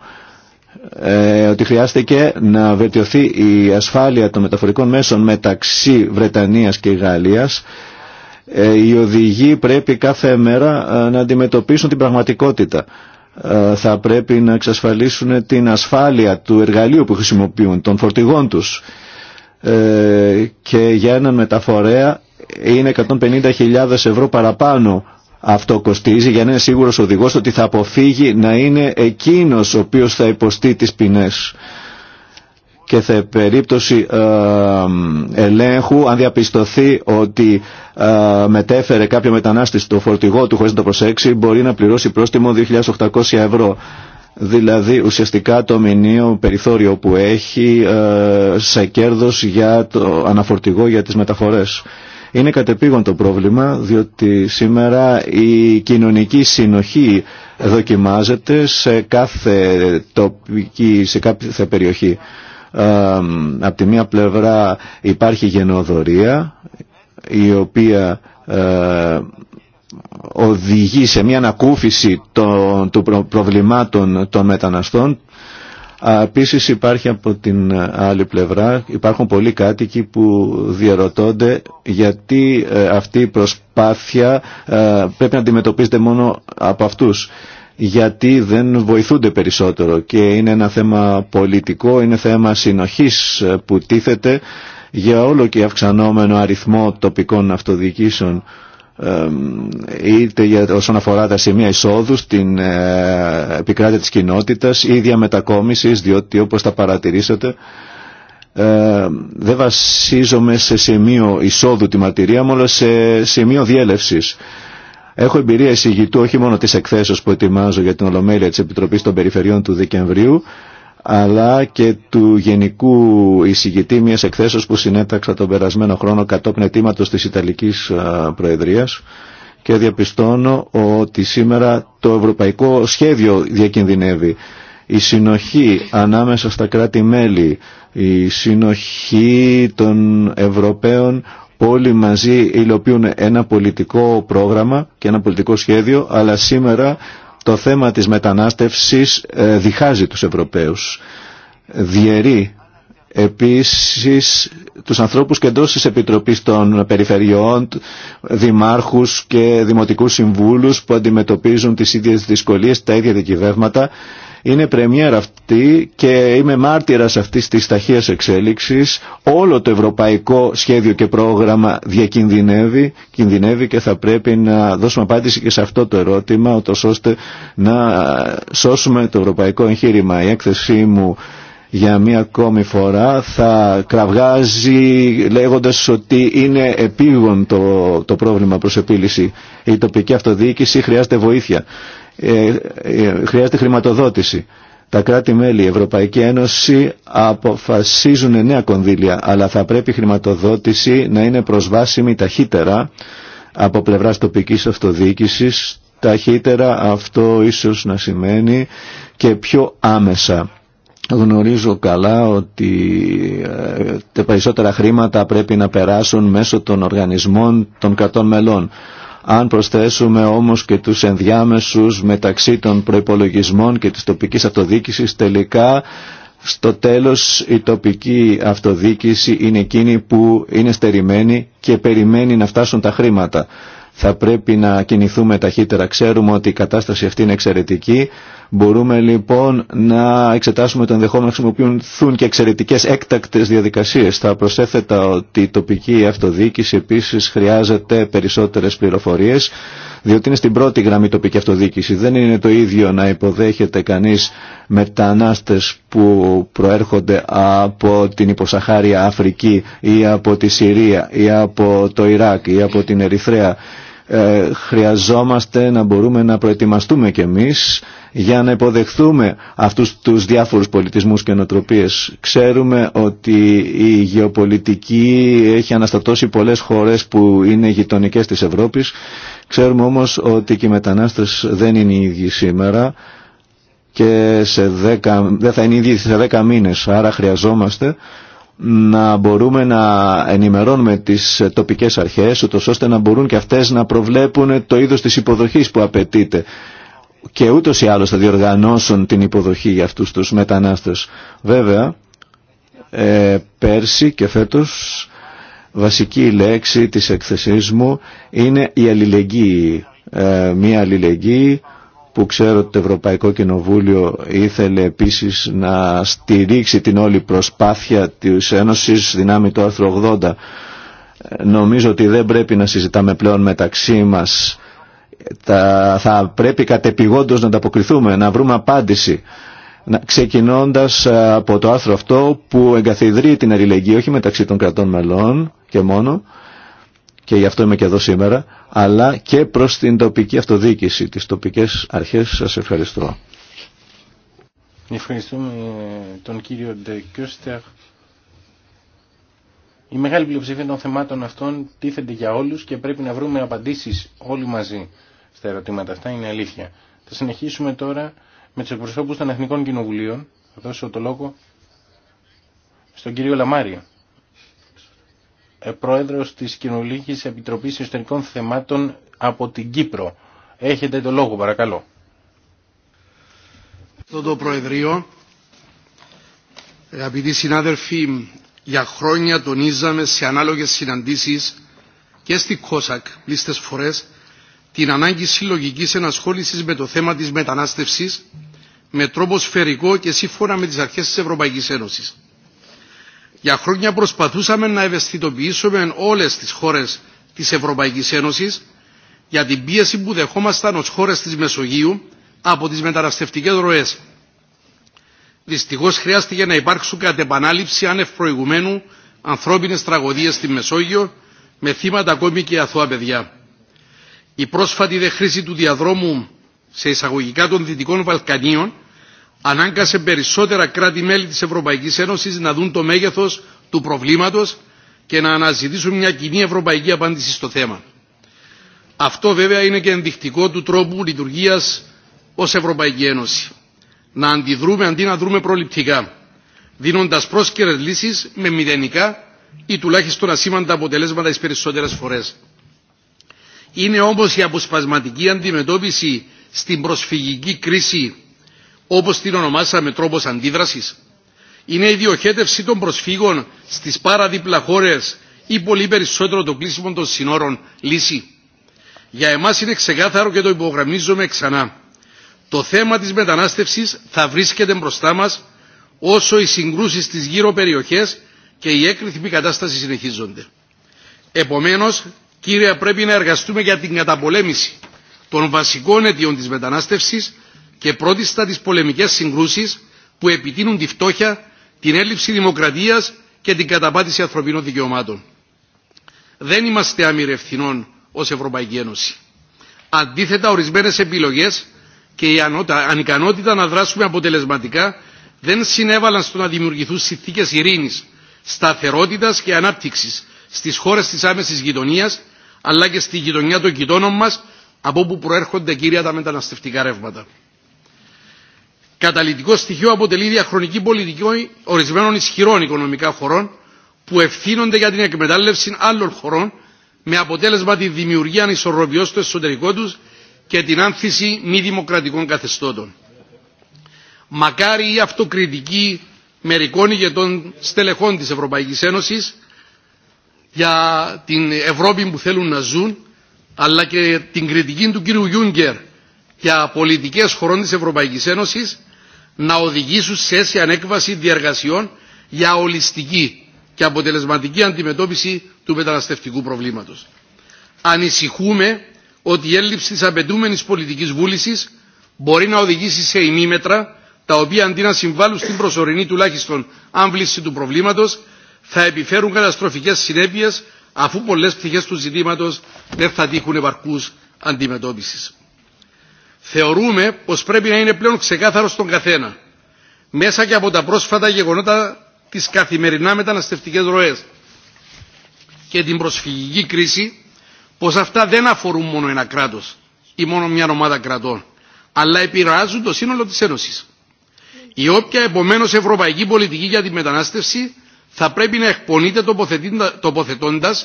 ε, ότι χρειάστηκε να βελτιωθεί η ασφάλεια των μεταφορικών μέσων μεταξύ Βρετανίας και Γαλλίας ε, οι οδηγοί πρέπει κάθε μέρα να αντιμετωπίσουν την πραγματικότητα ε, θα πρέπει να εξασφαλίσουν την ασφάλεια του εργαλείου που χρησιμοποιούν, των φορτηγών τους. Ε, και για έναν μεταφορέα είναι 150.000 ευρώ παραπάνω αυτό κοστίζει για να είναι σίγουρος οδηγός ότι θα αποφύγει να είναι εκείνος ο οποίος θα υποστεί τις ποινές και σε περίπτωση ε, ελέγχου αν διαπιστωθεί ότι ε, μετέφερε κάποιο μετανάστη στο φορτηγό του χωρίς να το προσέξει μπορεί να πληρώσει πρόστιμο 2.800 ευρώ. Δηλαδή ουσιαστικά το μηνύο περιθώριο που έχει ε, σε κέρδος για το αναφορτηγό για τις μεταφορές. Είναι κατεπήγον το πρόβλημα διότι σήμερα η κοινωνική συνοχή δοκιμάζεται σε κάθε τοπική, σε κάθε περιοχή από τη μία πλευρά υπάρχει γενοδορία η οποία ε, οδηγεί σε μια ανακούφιση των, προβλημάτων των μεταναστών. Επίση υπάρχει από την άλλη πλευρά, υπάρχουν πολλοί κάτοικοι που διαρωτώνται γιατί ε, αυτή η προσπάθεια ε, πρέπει να αντιμετωπίζεται μόνο από αυτούς γιατί δεν βοηθούνται περισσότερο και είναι ένα θέμα πολιτικό, είναι θέμα συνοχής που τίθεται για όλο και αυξανόμενο αριθμό τοπικών αυτοδιοικήσεων είτε όσον αφορά τα σημεία εισόδου στην ε, επικράτεια της κοινότητας ή διαμετακόμισης διότι όπως τα παρατηρήσατε ε, δεν βασίζομαι σε σημείο εισόδου τη μαρτυρία μου σε σημείο διέλευσης Έχω εμπειρία εισηγητού όχι μόνο της εκθέσεως που ετοιμάζω για την Ολομέλεια της Επιτροπής των Περιφερειών του Δεκεμβρίου, αλλά και του γενικού εισηγητή μια εκθέσεως που συνέταξα τον περασμένο χρόνο κατόπιν αιτήματο τη Ιταλική Προεδρία και διαπιστώνω ότι σήμερα το ευρωπαϊκό σχέδιο διακινδυνεύει. Η συνοχή ανάμεσα στα κράτη-μέλη, η συνοχή των Ευρωπαίων όλοι μαζί υλοποιούν ένα πολιτικό πρόγραμμα και ένα πολιτικό σχέδιο, αλλά σήμερα το θέμα της μετανάστευσης ε, διχάζει τους Ευρωπαίους. Διαιρεί Επίσης τους ανθρώπους και εντός της Επιτροπής των Περιφερειών, δημάρχους και δημοτικούς συμβούλους που αντιμετωπίζουν τις ίδιες δυσκολίες, τα ίδια δικηβεύματα. Είναι πρεμιέρα αυτή και είμαι μάρτυρας αυτής της ταχείας εξέλιξης. Όλο το ευρωπαϊκό σχέδιο και πρόγραμμα διακινδυνεύει κινδυνεύει και θα πρέπει να δώσουμε απάντηση και σε αυτό το ερώτημα, ώστε να σώσουμε το ευρωπαϊκό εγχείρημα. Η έκθεσή μου για μία ακόμη φορά θα κραυγάζει λέγοντας ότι είναι επίγον το, το πρόβλημα προς επίλυση. Η τοπική αυτοδιοίκηση χρειάζεται βοήθεια, ε, ε, χρειάζεται χρηματοδότηση. Τα κράτη-μέλη, η Ευρωπαϊκή Ένωση αποφασίζουν νέα κονδύλια, αλλά θα πρέπει η χρηματοδότηση να είναι προσβάσιμη ταχύτερα από πλευράς τοπικής αυτοδιοίκησης. Ταχύτερα αυτό ίσως να σημαίνει και πιο άμεσα Γνωρίζω καλά ότι ε, τα περισσότερα χρήματα πρέπει να περάσουν μέσω των οργανισμών των κατών μελών. Αν προσθέσουμε όμως και τους ενδιάμεσους μεταξύ των προϋπολογισμών και της τοπικής αυτοδίκησης, τελικά στο τέλος η τοπική αυτοδίκηση είναι εκείνη που είναι στερημένη και περιμένει να φτάσουν τα χρήματα. Θα πρέπει να κινηθούμε ταχύτερα. Ξέρουμε ότι η κατάσταση αυτή είναι εξαιρετική Μπορούμε λοιπόν να εξετάσουμε το ενδεχόμενο να χρησιμοποιούν και εξαιρετικέ έκτακτε διαδικασίε. Θα προσέθετα ότι η τοπική αυτοδιοίκηση επίση χρειάζεται περισσότερε πληροφορίε, διότι είναι στην πρώτη γραμμή τοπική αυτοδιοίκηση. Δεν είναι το ίδιο να υποδέχεται κανεί μετανάστε που προέρχονται από την υποσαχάρια Αφρική ή από τη Συρία ή από το Ιράκ ή από την Ερυθρέα. Ε, χρειαζόμαστε να μπορούμε να προετοιμαστούμε κι εμείς για να υποδεχθούμε αυτούς τους διάφορους πολιτισμούς και νοτροπίες Ξέρουμε ότι η γεωπολιτική έχει αναστατώσει πολλές χώρες που είναι γειτονικέ της Ευρώπης. Ξέρουμε όμως ότι και οι μετανάστες δεν είναι οι ίδιοι σήμερα και σε δέκα, δεν θα είναι οι ίδιοι σε δέκα μήνες. Άρα χρειαζόμαστε να μπορούμε να ενημερώνουμε τις τοπικές αρχές ώστε να μπορούν και αυτές να προβλέπουν το είδος της υποδοχής που απαιτείται και ούτως ή άλλως θα διοργανώσουν την υποδοχή για αυτούς τους μετανάστες. Βέβαια, ε, πέρσι και φέτος βασική λέξη της εκθεσής μου είναι η αλληλεγγύη. Ε, μια αλληλεγγύη που ξέρω ότι το Ευρωπαϊκό Κοινοβούλιο ήθελε επίσης να στηρίξει την όλη προσπάθεια της Ένωσης δυνάμει του άρθρου 80. Ε, νομίζω ότι δεν πρέπει να συζητάμε πλέον μεταξύ μας τα, θα πρέπει κατεπηγόντως να ανταποκριθούμε, να βρούμε απάντηση ξεκινώντας ε, από το άρθρο αυτό που εγκαθιδρεί την αλληλεγγύη όχι μεταξύ των κρατών μελών και μόνο και γι' αυτό είμαι και εδώ σήμερα αλλά και προς την τοπική αυτοδιοίκηση, τις τοπικές αρχές. Σας ευχαριστώ. Ευχαριστούμε ε, τον κύριο Κιώστερ. Η μεγάλη πλειοψηφία των θεμάτων αυτών τίθενται για όλους και πρέπει να βρούμε απαντήσεις όλοι μαζί τα ερωτήματα αυτά είναι αλήθεια. Θα συνεχίσουμε τώρα με του εκπροσώπους των Εθνικών Κοινοβουλίων. Θα δώσω το λόγο στον κύριο Λαμάριο, ε, πρόεδρος της Κοινοβουλικής Επιτροπής Ιστορικών Θεμάτων από την Κύπρο. Έχετε το λόγο παρακαλώ. Αυτό το Προεδρείο, αγαπητοί συνάδελφοι, για χρόνια τονίζαμε σε ανάλογες συναντήσεις και στη ΚΟΣΑΚ πλήστες φορές την ανάγκη συλλογικής ενασχόλησης με το θέμα της μετανάστευσης με τρόπο σφαιρικό και σύμφωνα με τις αρχές της Ευρωπαϊκής Ένωσης. Για χρόνια προσπαθούσαμε να ευαισθητοποιήσουμε όλες τις χώρες της Ευρωπαϊκής Ένωσης για την πίεση που δεχόμασταν ως χώρες της Μεσογείου από τις μεταναστευτικές ροές. Δυστυχώς χρειάστηκε να υπάρξουν κατ' επανάληψη άνευ προηγουμένου ανθρώπινες τραγωδίες στη Μεσόγειο με θύματα ακόμη και αθώα παιδιά. Η πρόσφατη δε του διαδρόμου σε εισαγωγικά των Δυτικών Βαλκανίων ανάγκασε περισσότερα κράτη-μέλη της Ευρωπαϊκής Ένωσης να δουν το μέγεθος του προβλήματος και να αναζητήσουν μια κοινή ευρωπαϊκή απάντηση στο θέμα. Αυτό βέβαια είναι και ενδεικτικό του τρόπου λειτουργίας ως Ευρωπαϊκή Ένωση. Να αντιδρούμε αντί να δρούμε προληπτικά, δίνοντας πρόσκαιρες λύσεις με μηδενικά ή τουλάχιστον ασήμαντα αποτελέσματα τις περισσότερες φορές. Είναι όμως η αποσπασματική αντιμετώπιση στην προσφυγική κρίση όπως την ονομάσαμε τρόπος αντίδρασης. Είναι η διοχέτευση των προσφύγων στις παραδίπλα χώρες ή πολύ περισσότερο το κλείσιμο των συνόρων λύση. Για εμάς είναι ξεκάθαρο και το υπογραμμίζουμε ξανά. Το θέμα της μετανάστευσης θα βρίσκεται μπροστά μας όσο οι συγκρούσεις στις γύρω περιοχές και η έκρηθμη κατάσταση συνεχίζονται. Επομένως, Κύριε, πρέπει να εργαστούμε για την καταπολέμηση των βασικών αιτιών της μετανάστευσης και πρώτιστα τις πολεμικές συγκρούσεις που επιτείνουν τη φτώχεια, την έλλειψη δημοκρατίας και την καταπάτηση ανθρωπίνων δικαιωμάτων. Δεν είμαστε άμυροι ευθυνών ως Ευρωπαϊκή Ένωση. Αντίθετα, ορισμένες επιλογές και η ανικανότητα να δράσουμε αποτελεσματικά δεν συνέβαλαν στο να δημιουργηθούν συνθήκες ειρήνης, σταθερότητας και ανάπτυξης στις χώρες της άμεσης γειτονίας αλλά και στη γειτονιά των γειτόνων μας από όπου προέρχονται κύρια τα μεταναστευτικά ρεύματα. Καταλητικό στοιχείο αποτελεί διαχρονική πολιτική ορισμένων ισχυρών οικονομικά χωρών που ευθύνονται για την εκμετάλλευση άλλων χωρών με αποτέλεσμα τη δημιουργία ανισορροπιών στο εσωτερικό του και την άνθηση μη δημοκρατικών καθεστώτων. Μακάρι η αυτοκριτική μερικών ηγετών στελεχών της Ευρωπαϊκής Ένωσης για την Ευρώπη που θέλουν να ζουν, αλλά και την κριτική του κύριου Γιούγκερ για πολιτικές χωρών της Ευρωπαϊκής Ένωσης να οδηγήσουν σε αίσια ανέκβαση διεργασιών για ολιστική και αποτελεσματική αντιμετώπιση του μεταναστευτικού προβλήματος. Ανησυχούμε ότι η έλλειψη της απαιτούμενη πολιτικής βούλησης μπορεί να οδηγήσει σε ημίμετρα τα οποία αντί να συμβάλλουν στην προσωρινή τουλάχιστον άμβληση του προβλήματος θα επιφέρουν καταστροφικές συνέπειες αφού πολλές πτυχές του ζητήματος δεν θα τύχουν επαρκούς αντιμετώπισης. Θεωρούμε πως πρέπει να είναι πλέον ξεκάθαρο στον καθένα μέσα και από τα πρόσφατα γεγονότα τι καθημερινά μεταναστευτικές ροές και την προσφυγική κρίση πως αυτά δεν αφορούν μόνο ένα κράτος ή μόνο μια ομάδα κρατών αλλά επηρεάζουν το σύνολο της Ένωσης. Η όποια επομένως ευρωπαϊκή πολιτική για τη μετανάστευση θα πρέπει να εκπονείται τοποθετώντα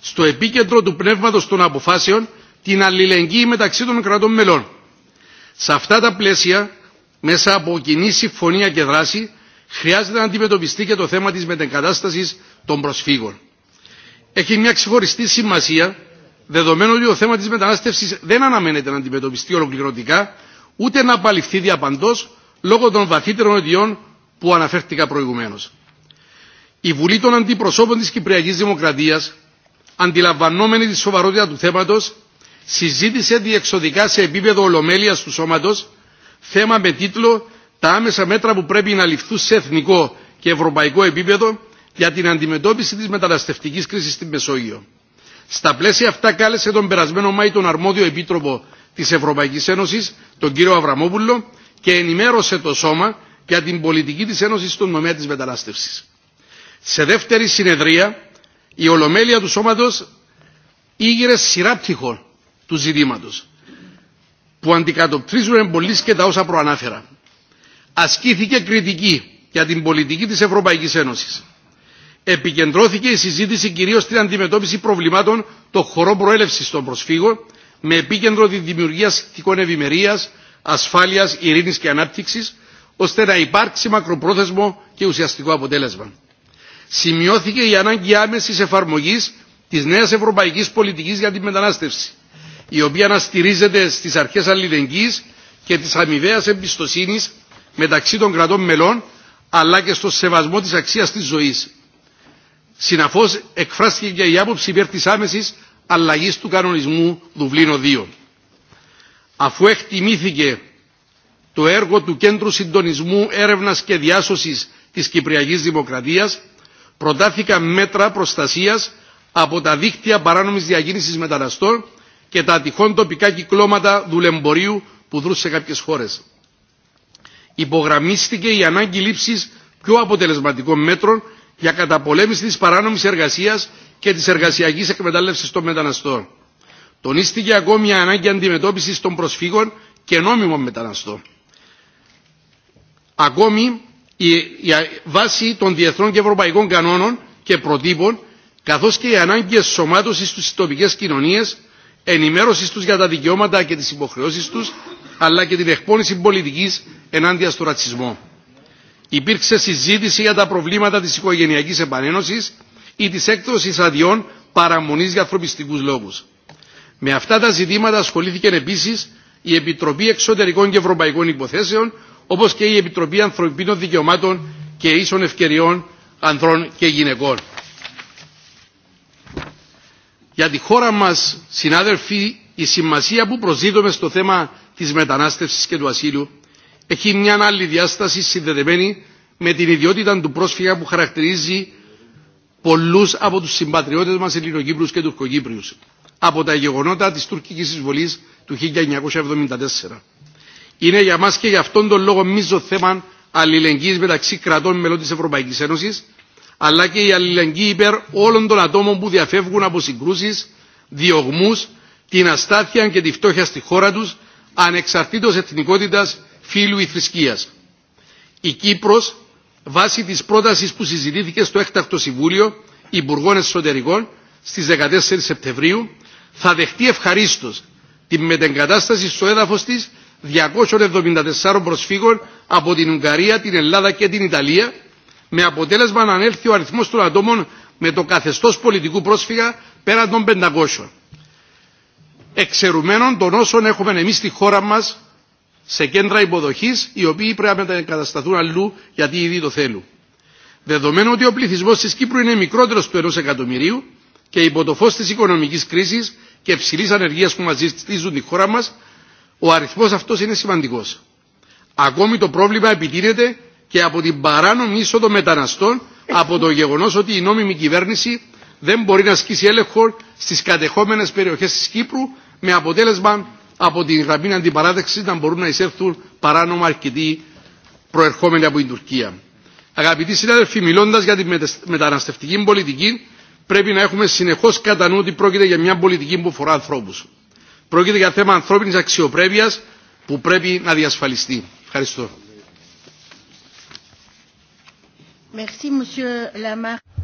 στο επίκεντρο του πνεύματος των αποφάσεων την αλληλεγγύη μεταξύ των κρατών μελών. Σε αυτά τα πλαίσια, μέσα από κοινή συμφωνία και δράση, χρειάζεται να αντιμετωπιστεί και το θέμα της μετεγκατάστασης των προσφύγων. Έχει μια ξεχωριστή σημασία, δεδομένου ότι το θέμα της μετανάστευσης δεν αναμένεται να αντιμετωπιστεί ολοκληρωτικά, ούτε να απαλληφθεί διαπαντός λόγω των βαθύτερων αιτιών που αναφέρθηκα προηγουμένω. Η Βουλή των Αντιπροσώπων της Κυπριακής Δημοκρατίας, αντιλαμβανόμενη τη σοβαρότητα του θέματος, συζήτησε διεξοδικά σε επίπεδο ολομέλειας του σώματος θέμα με τίτλο «Τα άμεσα μέτρα που πρέπει να ληφθούν σε εθνικό και ευρωπαϊκό επίπεδο για την αντιμετώπιση της μεταναστευτικής κρίσης στην Μεσόγειο». Στα πλαίσια αυτά κάλεσε τον περασμένο Μάη τον αρμόδιο επίτροπο της Ευρωπαϊκής Ένωσης, τον κύριο Αβραμόπουλο, και ενημέρωσε το Σώμα για την πολιτική τη Ένωση στον τομέα της μετανάστευσης. Σε δεύτερη συνεδρία η Ολομέλεια του Σώματος ήγηρε σειρά πτυχών του ζητήματος που αντικατοπτρίζουν πολύ και τα όσα προανάφερα. Ασκήθηκε κριτική για την πολιτική της Ευρωπαϊκής Ένωσης. Επικεντρώθηκε η συζήτηση κυρίως στην αντιμετώπιση προβλημάτων των χωρών προέλευσης των προσφύγων με επίκεντρο τη δημιουργία συχτικών ευημερία, ασφάλεια, ειρήνη και ανάπτυξη, ώστε να υπάρξει μακροπρόθεσμο και ουσιαστικό αποτέλεσμα σημειώθηκε η ανάγκη άμεση εφαρμογή τη νέα ευρωπαϊκή πολιτική για τη μετανάστευση, η οποία να στηρίζεται στι αρχέ αλληλεγγύη και τη αμοιβαία εμπιστοσύνη μεταξύ των κρατών μελών, αλλά και στο σεβασμό τη αξία τη ζωή. Συναφώ εκφράστηκε και η άποψη υπέρ τη άμεση αλλαγή του κανονισμού Δουβλίνο 2. Αφού εκτιμήθηκε το έργο του Κέντρου Συντονισμού Έρευνας και Διάσωσης της Κυπριακής Δημοκρατίας προτάθηκαν μέτρα προστασίας από τα δίκτυα παράνομης διακίνησης μεταναστών και τα τυχόν τοπικά κυκλώματα δουλεμπορίου που δρούσε σε κάποιες χώρες. Υπογραμμίστηκε η ανάγκη λήψης πιο αποτελεσματικών μέτρων για καταπολέμηση της παράνομης εργασίας και της εργασιακής εκμετάλλευσης των μεταναστών. Τονίστηκε ακόμη η ανάγκη αντιμετώπισης των προσφύγων και νόμιμων μεταναστών. Ακόμη, η, η βάση των διεθνών και ευρωπαϊκών κανόνων και προτύπων, καθώς και οι ανάγκες σωμάτωσης στις τοπικές κοινωνίες, ενημέρωσης τους για τα δικαιώματα και τις υποχρεώσεις τους, αλλά και την εκπόνηση πολιτικής ενάντια στο ρατσισμό. Υπήρξε συζήτηση για τα προβλήματα της οικογενειακής επανένωσης ή της έκδοσης αδειών παραμονής για ανθρωπιστικούς λόγους. Με αυτά τα ζητήματα ασχολήθηκε επίσης η Επιτροπή Εξωτερικών και Ευρωπαϊκών Υποθέσεων όπως και η Επιτροπή Ανθρωπίνων Δικαιωμάτων και Ίσων Ευκαιριών Ανδρών και Γυναικών. Για τη χώρα μας, συνάδελφοι, η σημασία που προσδίδουμε στο θέμα της μετανάστευσης και του ασύλου έχει μια άλλη διάσταση συνδεδεμένη με την ιδιότητα του πρόσφυγα που χαρακτηρίζει πολλούς από τους συμπατριώτες μας Ελληνοκύπριους και Τουρκοκύπριους από τα γεγονότα της τουρκικής εισβολής του 1974. Είναι για μα και για αυτόν τον λόγο μίζο θέμα αλληλεγγύης μεταξύ κρατών μελών της Ευρωπαϊκής Ένωσης, αλλά και η αλληλεγγύη υπέρ όλων των ατόμων που διαφεύγουν από συγκρούσεις, διωγμούς, την αστάθεια και τη φτώχεια στη χώρα τους, ανεξαρτήτως εθνικότητας, φίλου ή θρησκείας. Η Κύπρος, βάσει της πρότασης που συζητήθηκε στο έκτακτο Συμβούλιο Υπουργών Εσωτερικών στις 14 Σεπτεμβρίου, θα δεχτεί ευχαρίστως την μετεγκατάσταση στο έδαφο τη. 274 προσφύγων από την Ουγγαρία, την Ελλάδα και την Ιταλία, με αποτέλεσμα να ανέλθει ο αριθμό των ατόμων με το καθεστώ πολιτικού πρόσφυγα πέραν των 500. Εξαιρουμένων των όσων έχουμε εμεί στη χώρα μα σε κέντρα υποδοχή, οι οποίοι πρέπει να εγκατασταθούν αλλού γιατί ήδη το θέλουν. Δεδομένου ότι ο πληθυσμό τη Κύπρου είναι μικρότερο του ενό εκατομμυρίου και υπό το φω τη οικονομική κρίση και ψηλή ανεργία που μα ζητήσουν τη χώρα μα, ο αριθμός αυτός είναι σημαντικός. Ακόμη το πρόβλημα επιτείνεται και από την παράνομη είσοδο μεταναστών από το γεγονός ότι η νόμιμη κυβέρνηση δεν μπορεί να ασκήσει έλεγχο στις κατεχόμενες περιοχές της Κύπρου με αποτέλεσμα από την γραμμή αντιπαράδεξη να μπορούν να εισέλθουν παράνομα αρκετοί προερχόμενοι από την Τουρκία. Αγαπητοί συνάδελφοι, μιλώντα για τη μεταναστευτική πολιτική, πρέπει να έχουμε συνεχώ κατά νου ότι πρόκειται για μια πολιτική που φορά ανθρώπου. Πρόκειται για θέμα ανθρώπινης αξιοπρέπειας που πρέπει να διασφαλιστεί. Ευχαριστώ.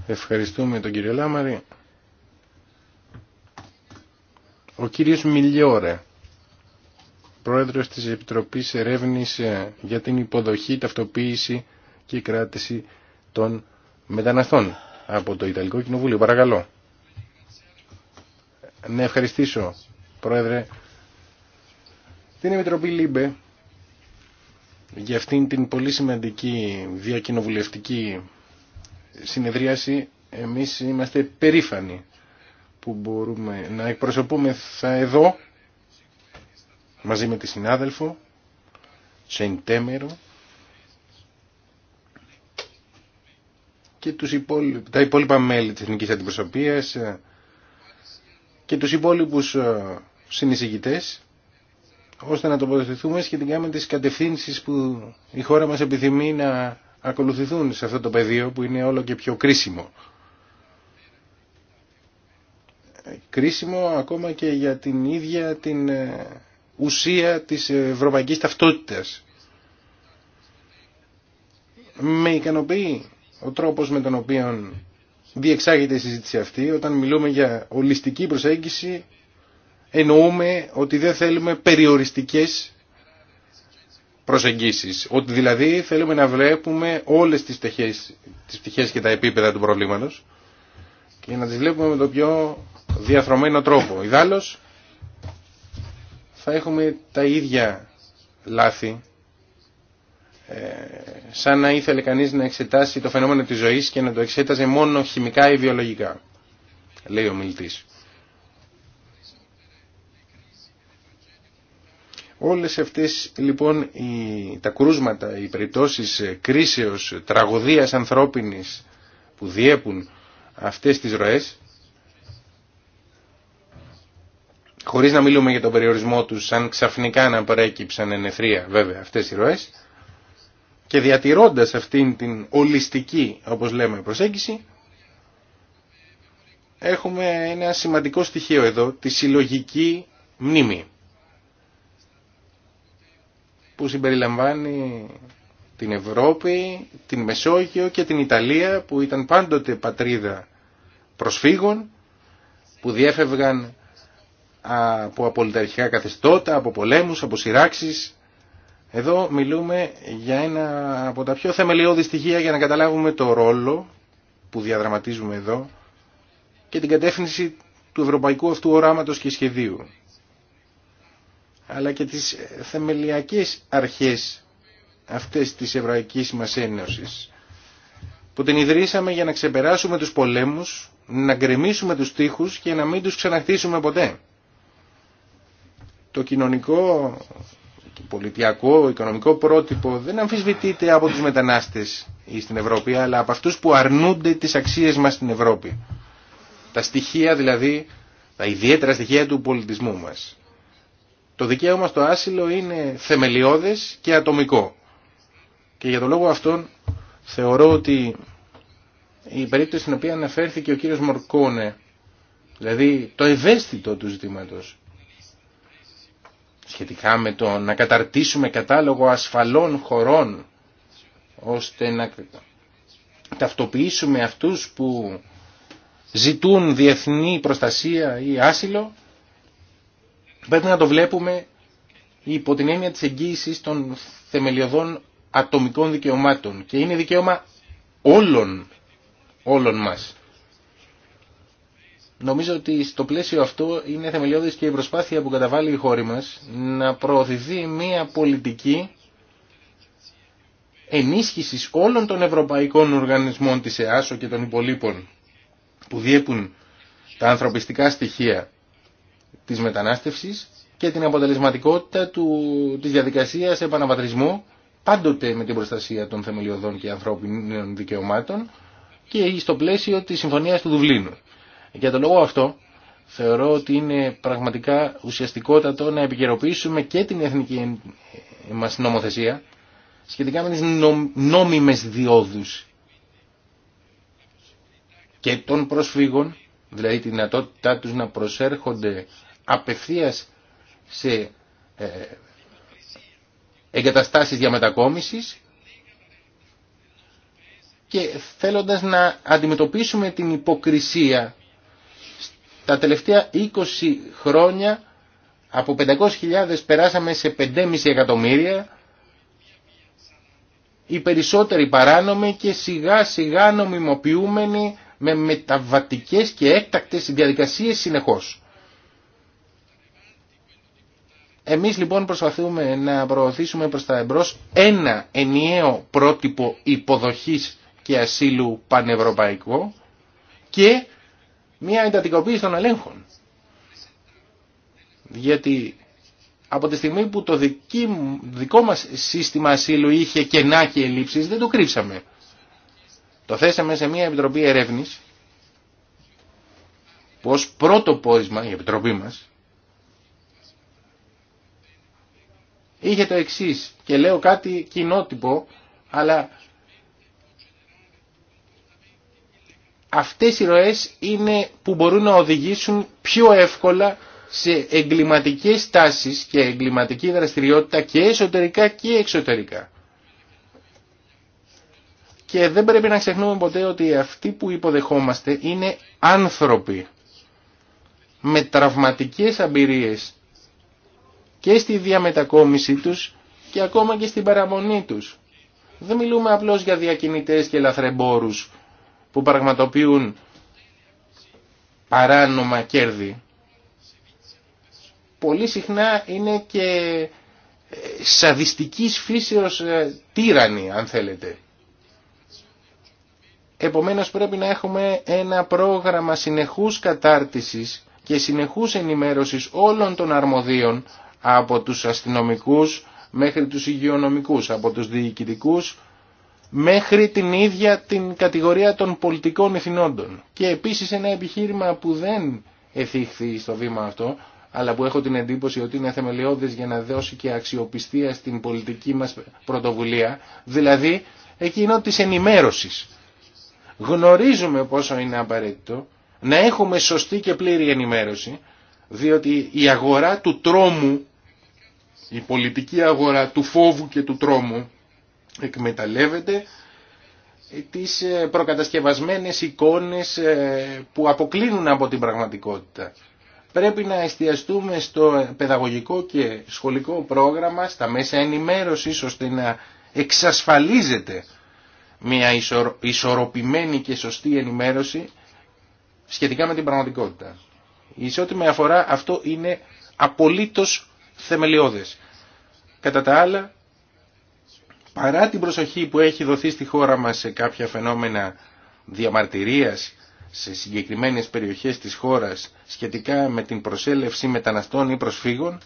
Ευχαριστούμε τον κύριο Λάμαρη. Ο κύριος Μιλιόρε, πρόεδρος της Επιτροπής Ερεύνης ε, για την υποδοχή, ταυτοποίηση και κράτηση των μεταναστών από το Ιταλικό Κοινοβούλιο. Παρακαλώ. Να ευχαριστήσω Πρόεδρε, την Επιτροπή ΛΥΜΠΕ για αυτήν την πολύ σημαντική διακοινοβουλευτική συνεδρίαση εμείς είμαστε περήφανοι που μπορούμε να εκπροσωπούμε θα εδώ μαζί με τη συνάδελφο Σεντέμερο και τους υπόλοι... τα υπόλοιπα μέλη της Εθνικής Αντιπροσωπείας και τους υπόλοιπους ε, συνεισηγητές ώστε να τοποθετηθούμε σχετικά με τις κατευθύνσεις που η χώρα μας επιθυμεί να ακολουθηθούν σε αυτό το πεδίο που είναι όλο και πιο κρίσιμο. Κρίσιμο ακόμα και για την ίδια την ε, ουσία της ευρωπαϊκής ταυτότητας. Με ικανοποιεί ο τρόπος με τον οποίο διεξάγεται η συζήτηση αυτή όταν μιλούμε για ολιστική προσέγγιση εννοούμε ότι δεν θέλουμε περιοριστικές προσεγγίσεις. Ότι δηλαδή θέλουμε να βλέπουμε όλες τις πτυχές, τις πτυχές και τα επίπεδα του προβλήματος και να τις βλέπουμε με το πιο διαθρωμένο τρόπο. Ιδάλλως θα έχουμε τα ίδια λάθη ε, σαν να ήθελε κανείς να εξετάσει το φαινόμενο της ζωής και να το εξέταζε μόνο χημικά ή βιολογικά, λέει ο Όλες αυτές λοιπόν οι, τα κρούσματα, οι περιπτώσεις ε, κρίσεως, τραγωδίας ανθρώπινης που διέπουν αυτές τις ροές, χωρίς να μιλούμε για τον περιορισμό τους, σαν ξαφνικά να παρέκυψαν ενεθρία βέβαια αυτές οι ροές, και διατηρώντας αυτήν την ολιστική, όπως λέμε, προσέγγιση, έχουμε ένα σημαντικό στοιχείο εδώ, τη συλλογική μνήμη που συμπεριλαμβάνει την Ευρώπη, την Μεσόγειο και την Ιταλία που ήταν πάντοτε πατρίδα προσφύγων που διέφευγαν από απολυταρχικά καθεστώτα, από πολέμους, από σειράξεις. Εδώ μιλούμε για ένα από τα πιο θεμελιώδη στοιχεία για να καταλάβουμε το ρόλο που διαδραματίζουμε εδώ και την κατεύθυνση του ευρωπαϊκού αυτού οράματος και σχεδίου αλλά και τις θεμελιακές αρχές αυτές της εβραϊκής μας Ένωσης που την ιδρύσαμε για να ξεπεράσουμε τους πολέμους, να γκρεμίσουμε τους τείχους και να μην τους ξαναχτίσουμε ποτέ. Το κοινωνικό, το πολιτιακό, οικονομικό πρότυπο δεν αμφισβητείται από τους μετανάστες ή στην Ευρώπη, αλλά από αυτούς που αρνούνται τις αξίες μας στην Ευρώπη. Τα στοιχεία δηλαδή, τα ιδιαίτερα στοιχεία του πολιτισμού μας. Το δικαίωμα στο άσυλο είναι θεμελιώδες και ατομικό. Και για τον λόγο αυτόν θεωρώ ότι η περίπτωση στην οποία αναφέρθηκε ο κύριος Μορκόνε, δηλαδή το ευαίσθητο του ζητήματος, σχετικά με το να καταρτήσουμε κατάλογο ασφαλών χωρών, ώστε να ταυτοποιήσουμε αυτούς που ζητούν διεθνή προστασία ή άσυλο, πρέπει να το βλέπουμε υπό την έννοια της εγγύησης των θεμελιωδών ατομικών δικαιωμάτων και είναι δικαίωμα όλων, όλων μας. Νομίζω ότι στο πλαίσιο αυτό είναι θεμελιώδης και η προσπάθεια που καταβάλει η χώρα μας να προωθηθεί μια πολιτική ενίσχυσης όλων των ευρωπαϊκών οργανισμών της ΕΑΣΟ και των υπολείπων που διέπουν τα ανθρωπιστικά στοιχεία της μετανάστευσης και την αποτελεσματικότητα του, της διαδικασίας επαναπατρισμού πάντοτε με την προστασία των θεμελιωδών και ανθρώπινων δικαιωμάτων και στο πλαίσιο της Συμφωνίας του Δουβλίνου. Για τον λόγο αυτό θεωρώ ότι είναι πραγματικά ουσιαστικότατο να επικαιροποιήσουμε και την εθνική μας νομοθεσία σχετικά με τις νόμιμες διόδους και των προσφύγων δηλαδή τη δυνατότητά τους να προσέρχονται απευθείας σε ε, εγκαταστάσεις διαμετακόμισης και θέλοντας να αντιμετωπίσουμε την υποκρισία τα τελευταία 20 χρόνια από 500.000 περάσαμε σε 5,5 εκατομμύρια οι περισσότεροι παράνομοι και σιγά σιγά νομιμοποιούμενοι με μεταβατικές και έκτακτες διαδικασίες συνεχώς. Εμείς λοιπόν προσπαθούμε να προωθήσουμε προς τα εμπρός ένα ενιαίο πρότυπο υποδοχής και ασύλου πανευρωπαϊκό και μια εντατικοποίηση των ελέγχων. Γιατί από τη στιγμή που το δική, δικό μας σύστημα ασύλου είχε κενά και ελλείψεις δεν το κρύψαμε. Το θέσαμε σε μια επιτροπή ερεύνης που ως πρώτο πόρισμα η επιτροπή μας είχε το εξής και λέω κάτι κοινότυπο αλλά αυτές οι ροές είναι που μπορούν να οδηγήσουν πιο εύκολα σε εγκληματικές τάσεις και εγκληματική δραστηριότητα και εσωτερικά και εξωτερικά. Και δεν πρέπει να ξεχνούμε ποτέ ότι αυτοί που υποδεχόμαστε είναι άνθρωποι με τραυματικές αμπειρίες και στη διαμετακόμιση τους και ακόμα και στην παραμονή τους. Δεν μιλούμε απλώς για διακινητές και λαθρεμπόρους που πραγματοποιούν παράνομα κέρδη. Πολύ συχνά είναι και ε, σαδιστικής φύσεως ε, τύρανοι αν θέλετε. Επομένως πρέπει να έχουμε ένα πρόγραμμα συνεχούς κατάρτισης και συνεχούς ενημέρωσης όλων των αρμοδίων από τους αστυνομικούς μέχρι τους υγειονομικούς, από τους διοικητικούς μέχρι την ίδια την κατηγορία των πολιτικών ηθινόντων. Και επίσης ένα επιχείρημα που δεν εθίχθη στο βήμα αυτό, αλλά που έχω την εντύπωση ότι είναι θεμελιώδης για να δώσει και αξιοπιστία στην πολιτική μας πρωτοβουλία, δηλαδή εκείνο της ενημέρωσης γνωρίζουμε πόσο είναι απαραίτητο να έχουμε σωστή και πλήρη ενημέρωση, διότι η αγορά του τρόμου, η πολιτική αγορά του φόβου και του τρόμου εκμεταλλεύεται τις ε, προκατασκευασμένες εικόνες ε, που αποκλίνουν από την πραγματικότητα. Πρέπει να εστιαστούμε στο παιδαγωγικό και σχολικό πρόγραμμα, στα μέσα ενημέρωσης, ώστε να εξασφαλίζεται μια ισορροπημένη και σωστή ενημέρωση σχετικά με την πραγματικότητα. Η με αφορά αυτό είναι απολύτως θεμελιώδες. Κατά τα άλλα, παρά την προσοχή που έχει δοθεί στη χώρα μας σε κάποια φαινόμενα διαμαρτυρίας σε συγκεκριμένες περιοχές της χώρας σχετικά με την προσέλευση μεταναστών ή προσφύγων,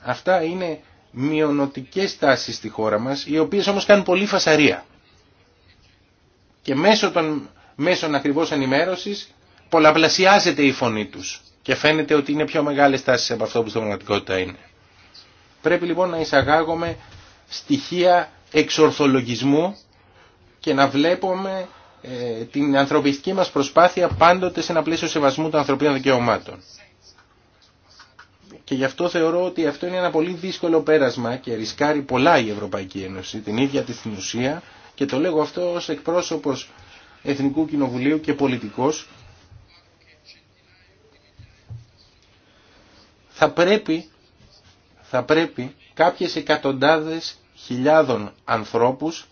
αυτά είναι μειονοτικές τάσεις στη χώρα μας, οι οποίες όμως κάνουν πολύ φασαρία και μέσω των μέσων ακριβώς ενημέρωσης πολλαπλασιάζεται η φωνή τους και φαίνεται ότι είναι πιο μεγάλες τάσεις από αυτό που στην πραγματικότητα είναι. Πρέπει λοιπόν να εισαγάγουμε στοιχεία εξορθολογισμού και να βλέπουμε ε, την ανθρωπιστική μας προσπάθεια πάντοτε σε ένα πλαίσιο σεβασμού των ανθρωπίνων δικαιωμάτων. Και γι' αυτό θεωρώ ότι αυτό είναι ένα πολύ δύσκολο πέρασμα και ρισκάρει πολλά η Ευρωπαϊκή Ένωση, την ίδια τη στην και το λέγω αυτό ως εκπρόσωπος Εθνικού Κοινοβουλίου και πολιτικός. Θα πρέπει, θα πρέπει κάποιες εκατοντάδες χιλιάδων ανθρώπους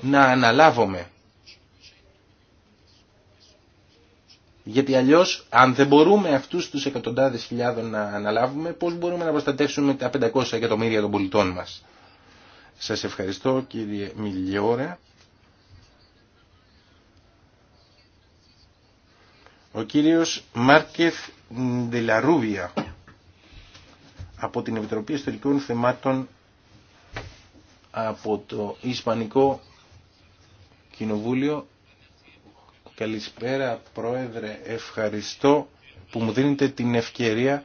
να αναλάβουμε. Γιατί αλλιώς αν δεν μπορούμε αυτούς τους εκατοντάδες χιλιάδων να αναλάβουμε, πώς μπορούμε να προστατεύσουμε τα 500 εκατομμύρια των πολιτών μας. Σας ευχαριστώ κύριε Μιλιόρα. Ο κύριος Μάρκεθ Ντελαρούβια από την Επιτροπή Ιστορικών Θεμάτων από το Ισπανικό Κοινοβούλιο. Καλησπέρα Πρόεδρε, ευχαριστώ που μου δίνετε την ευκαιρία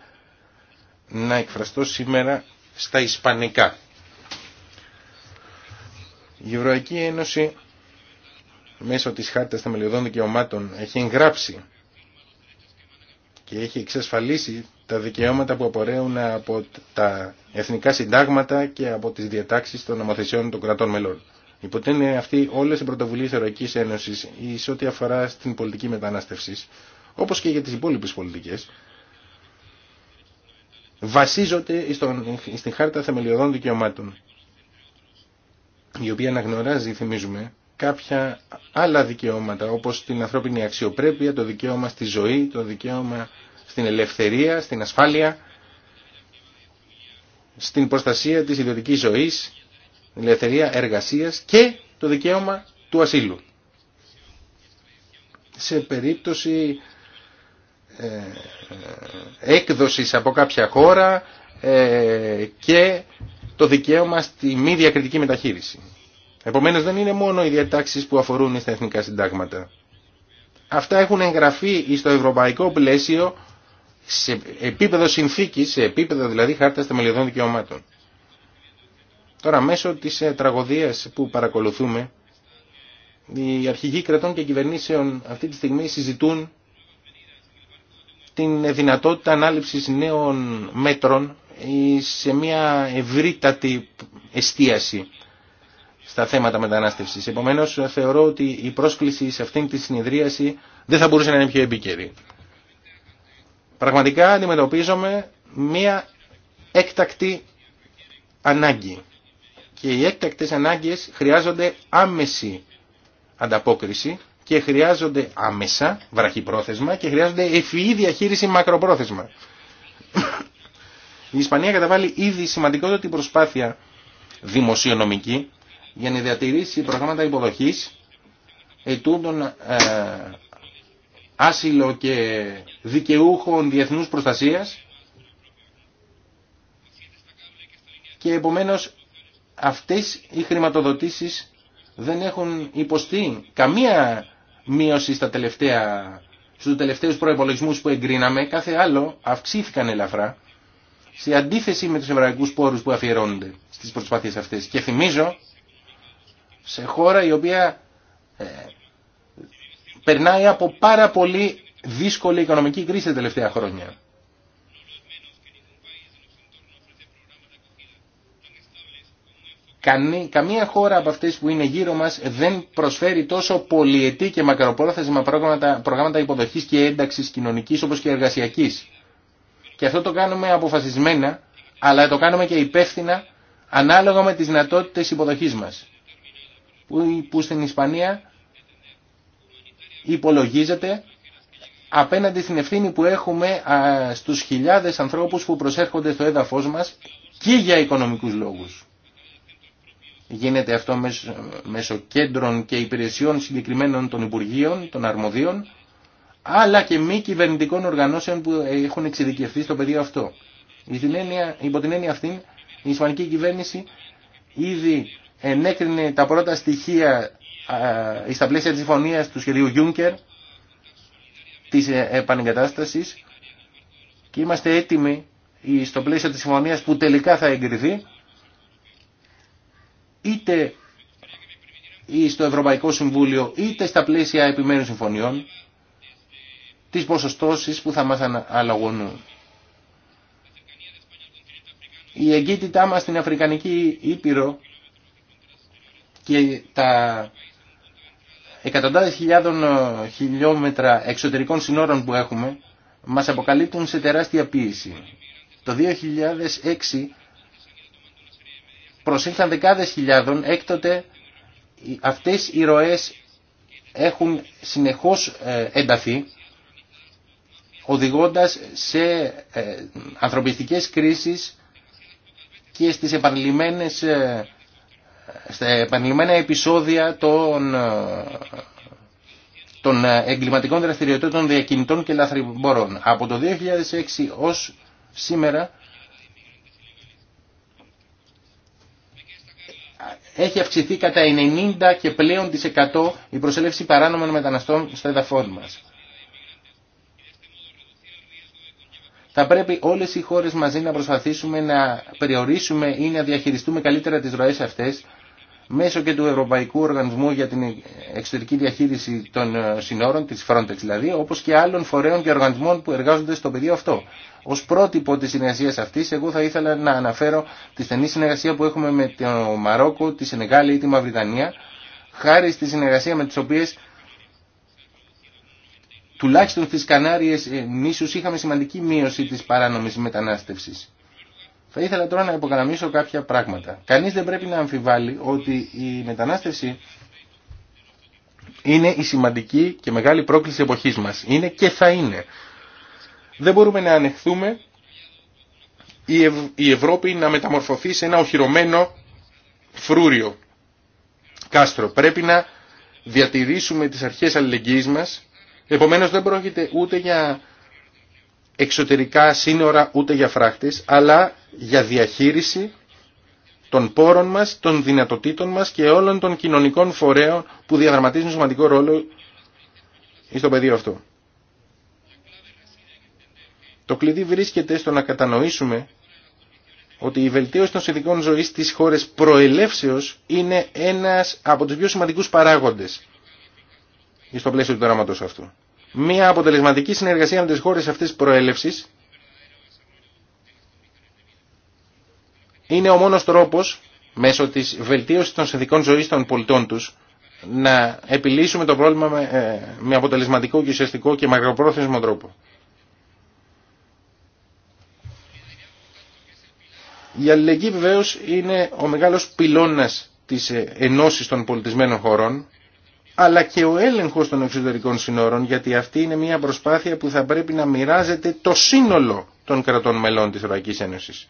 να εκφραστώ σήμερα στα Ισπανικά. Η Ευρωπαϊκή Ένωση μέσω της Χάρτας Θεμελιωδών Δικαιωμάτων έχει εγγράψει και έχει εξασφαλίσει τα δικαιώματα που απορρέουν από τα εθνικά συντάγματα και από τις διατάξεις των νομοθεσιών των κρατών μελών. Υποτείνει αυτή όλες οι πρωτοβουλίες Ευρωπαϊκής Ένωσης σε ό,τι αφορά στην πολιτική μετανάστευση, όπως και για τις υπόλοιπες πολιτικές, βασίζονται στην Χάρτα Θεμελιωδών Δικαιωμάτων η οποία αναγνωράζει, θυμίζουμε, κάποια άλλα δικαιώματα όπως την ανθρώπινη αξιοπρέπεια, το δικαίωμα στη ζωή, το δικαίωμα στην ελευθερία, στην ασφάλεια, στην προστασία της ιδιωτικής ζωής, ελευθερία εργασίας και το δικαίωμα του ασύλου. Σε περίπτωση ε, ε έκδοσης από κάποια χώρα ε, και το δικαίωμα στη μη διακριτική μεταχείριση. Επομένως δεν είναι μόνο οι διατάξεις που αφορούν στα εθνικά συντάγματα. Αυτά έχουν εγγραφεί στο ευρωπαϊκό πλαίσιο σε επίπεδο συνθήκη, σε επίπεδο δηλαδή χάρτα θεμελιωδών δικαιωμάτων. Τώρα μέσω της ε, τραγωδίας που παρακολουθούμε, οι αρχηγοί κρατών και κυβερνήσεων αυτή τη στιγμή συζητούν την δυνατότητα ανάληψης νέων μέτρων σε μια ευρύτατη εστίαση στα θέματα μετανάστευσης. Επομένως θεωρώ ότι η πρόσκληση σε αυτήν τη συνεδρίαση δεν θα μπορούσε να είναι πιο επίκαιρη. Πραγματικά αντιμετωπίζομαι μια έκτακτη ανάγκη και οι έκτακτες ανάγκες χρειάζονται άμεση ανταπόκριση και χρειάζονται άμεσα βραχυπρόθεσμα και χρειάζονται ευφυή διαχείριση μακροπρόθεσμα. Η Ισπανία καταβάλει ήδη την προσπάθεια δημοσιονομική για να διατηρήσει προγράμματα υποδοχής ετούντων ε, άσυλο και δικαιούχων διεθνούς προστασίας και επομένως αυτές οι χρηματοδοτήσεις δεν έχουν υποστεί καμία μείωση στα τελευταία, στους τελευταίους προϋπολογισμούς που εγκρίναμε, κάθε άλλο αυξήθηκαν ελαφρά σε αντίθεση με τους εβραϊκούς πόρους που αφιερώνονται στις προσπάθειες αυτές. Και θυμίζω σε χώρα η οποία ε, περνάει από πάρα πολύ δύσκολη οικονομική κρίση τα τελευταία χρόνια. Καμία χώρα από αυτές που είναι γύρω μας δεν προσφέρει τόσο πολυετή και μακροπρόθεσμα προγράμματα, προγράμματα υποδοχής και ένταξης κοινωνικής όπως και εργασιακής και αυτό το κάνουμε αποφασισμένα, αλλά το κάνουμε και υπεύθυνα ανάλογα με τις δυνατότητες υποδοχής μας. Που στην Ισπανία υπολογίζεται απέναντι στην ευθύνη που έχουμε στους χιλιάδες ανθρώπους που προσέρχονται στο έδαφος μας και για οικονομικούς λόγους. Γίνεται αυτό μέσω κέντρων και υπηρεσιών συγκεκριμένων των Υπουργείων, των Αρμοδίων, αλλά και μη κυβερνητικών οργανώσεων που έχουν εξειδικευτεί στο πεδίο αυτό. Υπό την έννοια αυτή, η Ισπανική κυβέρνηση ήδη ενέκρινε τα πρώτα στοιχεία στα πλαίσια της συμφωνίας του σχεδίου Juncker της ε, επανεγκατάστασης και είμαστε έτοιμοι ε, στο πλαίσιο της συμφωνίας που τελικά θα εγκριθεί είτε ε, στο Ευρωπαϊκό Συμβούλιο είτε στα πλαίσια επιμέρους συμφωνιών τις ποσοστώσεις που θα μας αλλαγωνούν. Η εγκύτητά μας στην Αφρικανική Ήπειρο και τα εκατοντάδες χιλιάδων ε, χιλιόμετρα εξωτερικών συνόρων που έχουμε μας αποκαλύπτουν σε τεράστια πίεση. Το 2006 προσήλθαν δεκάδες χιλιάδων, έκτοτε αυτές οι ροές έχουν συνεχώς ε, ενταθεί οδηγώντας σε ε, ανθρωπιστικές κρίσεις και στις επανειλημμένες, ε, στα επανειλημμένα επεισόδια ε, των, εγκληματικών δραστηριοτήτων διακινητών και λαθρυμπόρων. Από το 2006 ως σήμερα έχει αυξηθεί κατά 90 και πλέον της 100 η προσέλευση παράνομων μεταναστών στα εδαφών μας. θα πρέπει όλες οι χώρες μαζί να προσπαθήσουμε να περιορίσουμε ή να διαχειριστούμε καλύτερα τις ροές αυτές μέσω και του Ευρωπαϊκού Οργανισμού για την Εξωτερική Διαχείριση των ε, Συνόρων, της Frontex δηλαδή, όπως και άλλων φορέων και οργανισμών που εργάζονται στο πεδίο αυτό. Ως πρότυπο της συνεργασίας αυτής, εγώ θα ήθελα να αναφέρω τη στενή συνεργασία που έχουμε με το Μαρόκο, τη Σενεγάλη ή τη Μαυριτανία, χάρη στη συνεργασία με τις οποίες τουλάχιστον στις Κανάριες ε, μίσους είχαμε σημαντική μείωση της παράνομης μετανάστευσης. Θα ήθελα τώρα να υποκαναμίσω κάποια πράγματα. Κανείς δεν πρέπει να αμφιβάλλει ότι η μετανάστευση είναι η σημαντική και μεγάλη πρόκληση εποχής μας. Είναι και θα είναι. Δεν μπορούμε να ανεχθούμε η, η Ευρώπη να μεταμορφωθεί σε ένα οχυρωμένο φρούριο κάστρο. Πρέπει να διατηρήσουμε τις αρχές αλληλεγγύης μας Επομένως δεν πρόκειται ούτε για εξωτερικά σύνορα ούτε για φράχτες, αλλά για διαχείριση των πόρων μας, των δυνατοτήτων μας και όλων των κοινωνικών φορέων που διαδραματίζουν σημαντικό ρόλο στο πεδίο αυτό. Το κλειδί βρίσκεται στο να κατανοήσουμε ότι η βελτίωση των συνδικών ζωής στις χώρες προελεύσεως είναι ένας από τους πιο σημαντικούς παράγοντες στο πλαίσιο του δράματος αυτού. Μία αποτελεσματική συνεργασία με τι χώρες αυτής προέλευση είναι ο μόνος τρόπος μέσω της βελτίωση των συνθηκών ζωή των πολιτών τους να επιλύσουμε το πρόβλημα ε, με, αποτελεσματικό και ουσιαστικό και μακροπρόθεσμο τρόπο. Η αλληλεγγύη βεβαίω είναι ο μεγάλος πυλώνας της ε, ενώσης των πολιτισμένων χωρών αλλά και ο έλεγχος των εξωτερικών συνόρων, γιατί αυτή είναι μια προσπάθεια που θα πρέπει να μοιράζεται το σύνολο των κρατών μελών της Ευρωπαϊκής Ένωσης.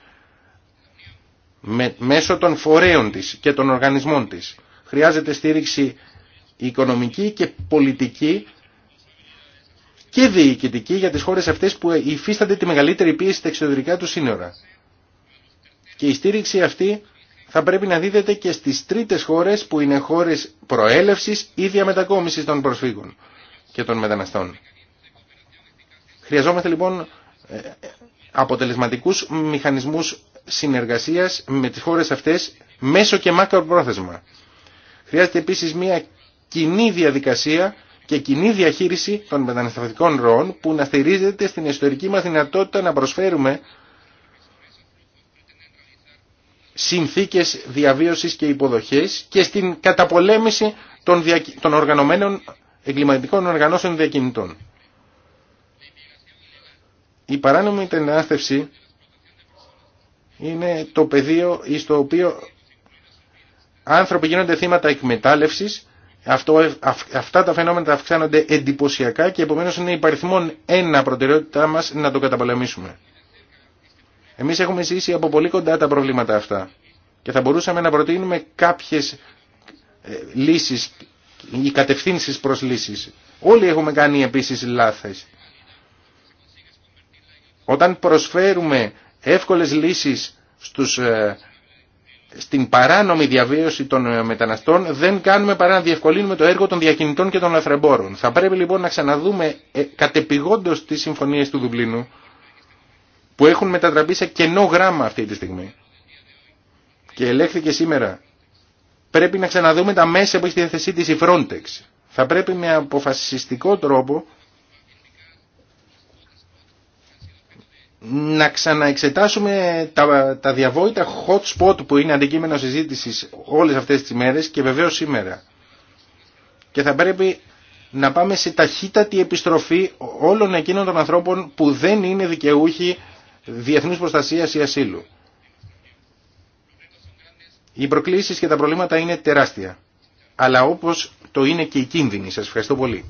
μέσω των φορέων της και των οργανισμών της. Χρειάζεται στήριξη οικονομική και πολιτική και διοικητική για τις χώρες αυτές που υφίστανται τη μεγαλύτερη πίεση στα εξωτερικά του σύνορα. Και η στήριξη αυτή θα πρέπει να δίδεται και στις τρίτες χώρες που είναι χώρες προέλευσης ή διαμετακόμισης των προσφύγων και των μεταναστών. Χρειαζόμαστε λοιπόν ε, αποτελεσματικούς μηχανισμούς συνεργασίας με τις χώρες αυτές μέσω και μακροπρόθεσμα. Χρειάζεται επίσης μια κοινή διαδικασία και κοινή διαχείριση των μεταναστευτικών ροών που να στηρίζεται στην ιστορική μας δυνατότητα να προσφέρουμε συνθήκες διαβίωσης και υποδοχής και στην καταπολέμηση των, οργανωμένων εγκληματικών οργανώσεων διακινητών. Η παράνομη μετανάστευση είναι το πεδίο στο οποίο άνθρωποι γίνονται θύματα εκμετάλλευσης, αυτό, αυτά τα φαινόμενα αυξάνονται εντυπωσιακά και επομένως είναι υπαριθμόν ένα προτεραιότητά μας να το καταπολεμήσουμε. Εμείς έχουμε ζήσει από πολύ κοντά τα προβλήματα αυτά και θα μπορούσαμε να προτείνουμε κάποιες ε, λύσεις ή κατευθύνσεις προς λύσεις. Όλοι έχουμε κάνει επίσης λάθες. Όταν προσφέρουμε εύκολες λύσεις στους, ε, στην παράνομη διαβίωση των ε, μεταναστών δεν κάνουμε παρά να διευκολύνουμε το έργο των διακινητών και των λαθρεμπόρων. Θα πρέπει λοιπόν να ξαναδούμε κατεπηγόντως τις συμφωνίες του Δουβλίνου που έχουν μετατραπεί σε κενό γράμμα αυτή τη στιγμή. Και ελέγχθηκε σήμερα. Πρέπει να ξαναδούμε τα μέσα που έχει στη διαθεσή της η Frontex. Θα πρέπει με αποφασιστικό τρόπο να ξαναεξετάσουμε τα, τα διαβόητα hot spot που είναι αντικείμενο συζήτησης όλες αυτές τις μέρες και βεβαίως σήμερα. Και θα πρέπει να πάμε σε ταχύτατη επιστροφή όλων εκείνων των ανθρώπων που δεν είναι δικαιούχοι διεθνούς προστασίας ή ασύλου. Οι προκλήσεις και τα προβλήματα είναι τεράστια, αλλά όπως το είναι και οι κίνδυνοι. Σας ευχαριστώ πολύ.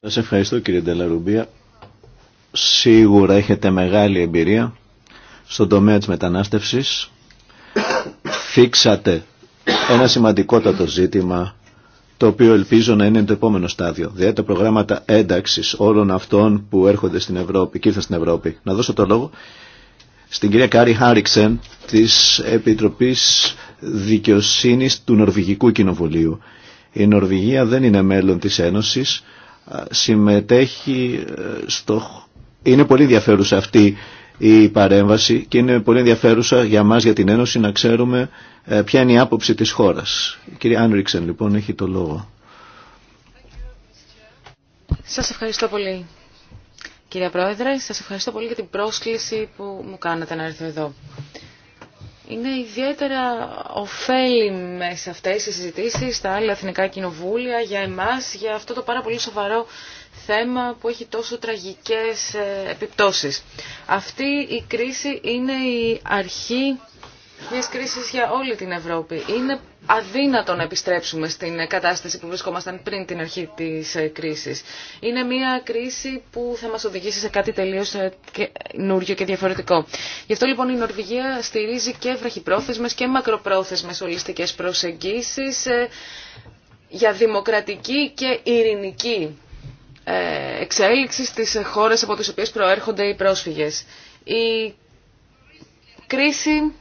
Σας ευχαριστώ κύριε Ντελαρουμπία. Σίγουρα έχετε μεγάλη εμπειρία στον τομέα της μετανάστευσης. Φίξατε ένα σημαντικότατο ζήτημα το οποίο ελπίζω να είναι το επόμενο στάδιο. Δηλαδή τα προγράμματα ένταξης όλων αυτών που έρχονται στην Ευρώπη και ήρθαν στην Ευρώπη. Να δώσω το λόγο στην κυρία Κάρι Χάριξεν της Επιτροπής δικαιοσύνη του Νορβηγικού Κοινοβουλίου. Η Νορβηγία δεν είναι μέλλον της Ένωσης, συμμετέχει ε, στο... Είναι πολύ ενδιαφέρουσα αυτή η παρέμβαση και είναι πολύ ενδιαφέρουσα για μας, για την Ένωση, να ξέρουμε ε, ποια είναι η άποψη της χώρας. Η κυρία Άνριξεν, λοιπόν, έχει το λόγο. Σας ευχαριστώ πολύ, κυρία Πρόεδρε. Σας ευχαριστώ πολύ για την πρόσκληση που μου κάνατε να έρθω εδώ. Είναι ιδιαίτερα σε αυτές οι συζητήσεις τα άλλα εθνικά κοινοβούλια για εμάς, για αυτό το πάρα πολύ σοβαρό θέμα που έχει τόσο τραγικές ε, επιπτώσεις. Αυτή η κρίση είναι η αρχή μιας κρίσης για όλη την Ευρώπη. Είναι αδύνατο να επιστρέψουμε στην κατάσταση που βρισκόμασταν πριν την αρχή της ε, κρίσης. Είναι μια κρίση που θα μας οδηγήσει σε κάτι τελείως ε, καινούριο και διαφορετικό. Γι' αυτό λοιπόν η Νορβηγία στηρίζει και βραχυπρόθεσμες και μακροπρόθεσμες ολιστικές προσεγγίσεις για δημοκρατική και ειρηνική ε, εξέλιξη στις χώρες από τις οποίες προέρχονται οι πρόσφυγες. Η κρίση...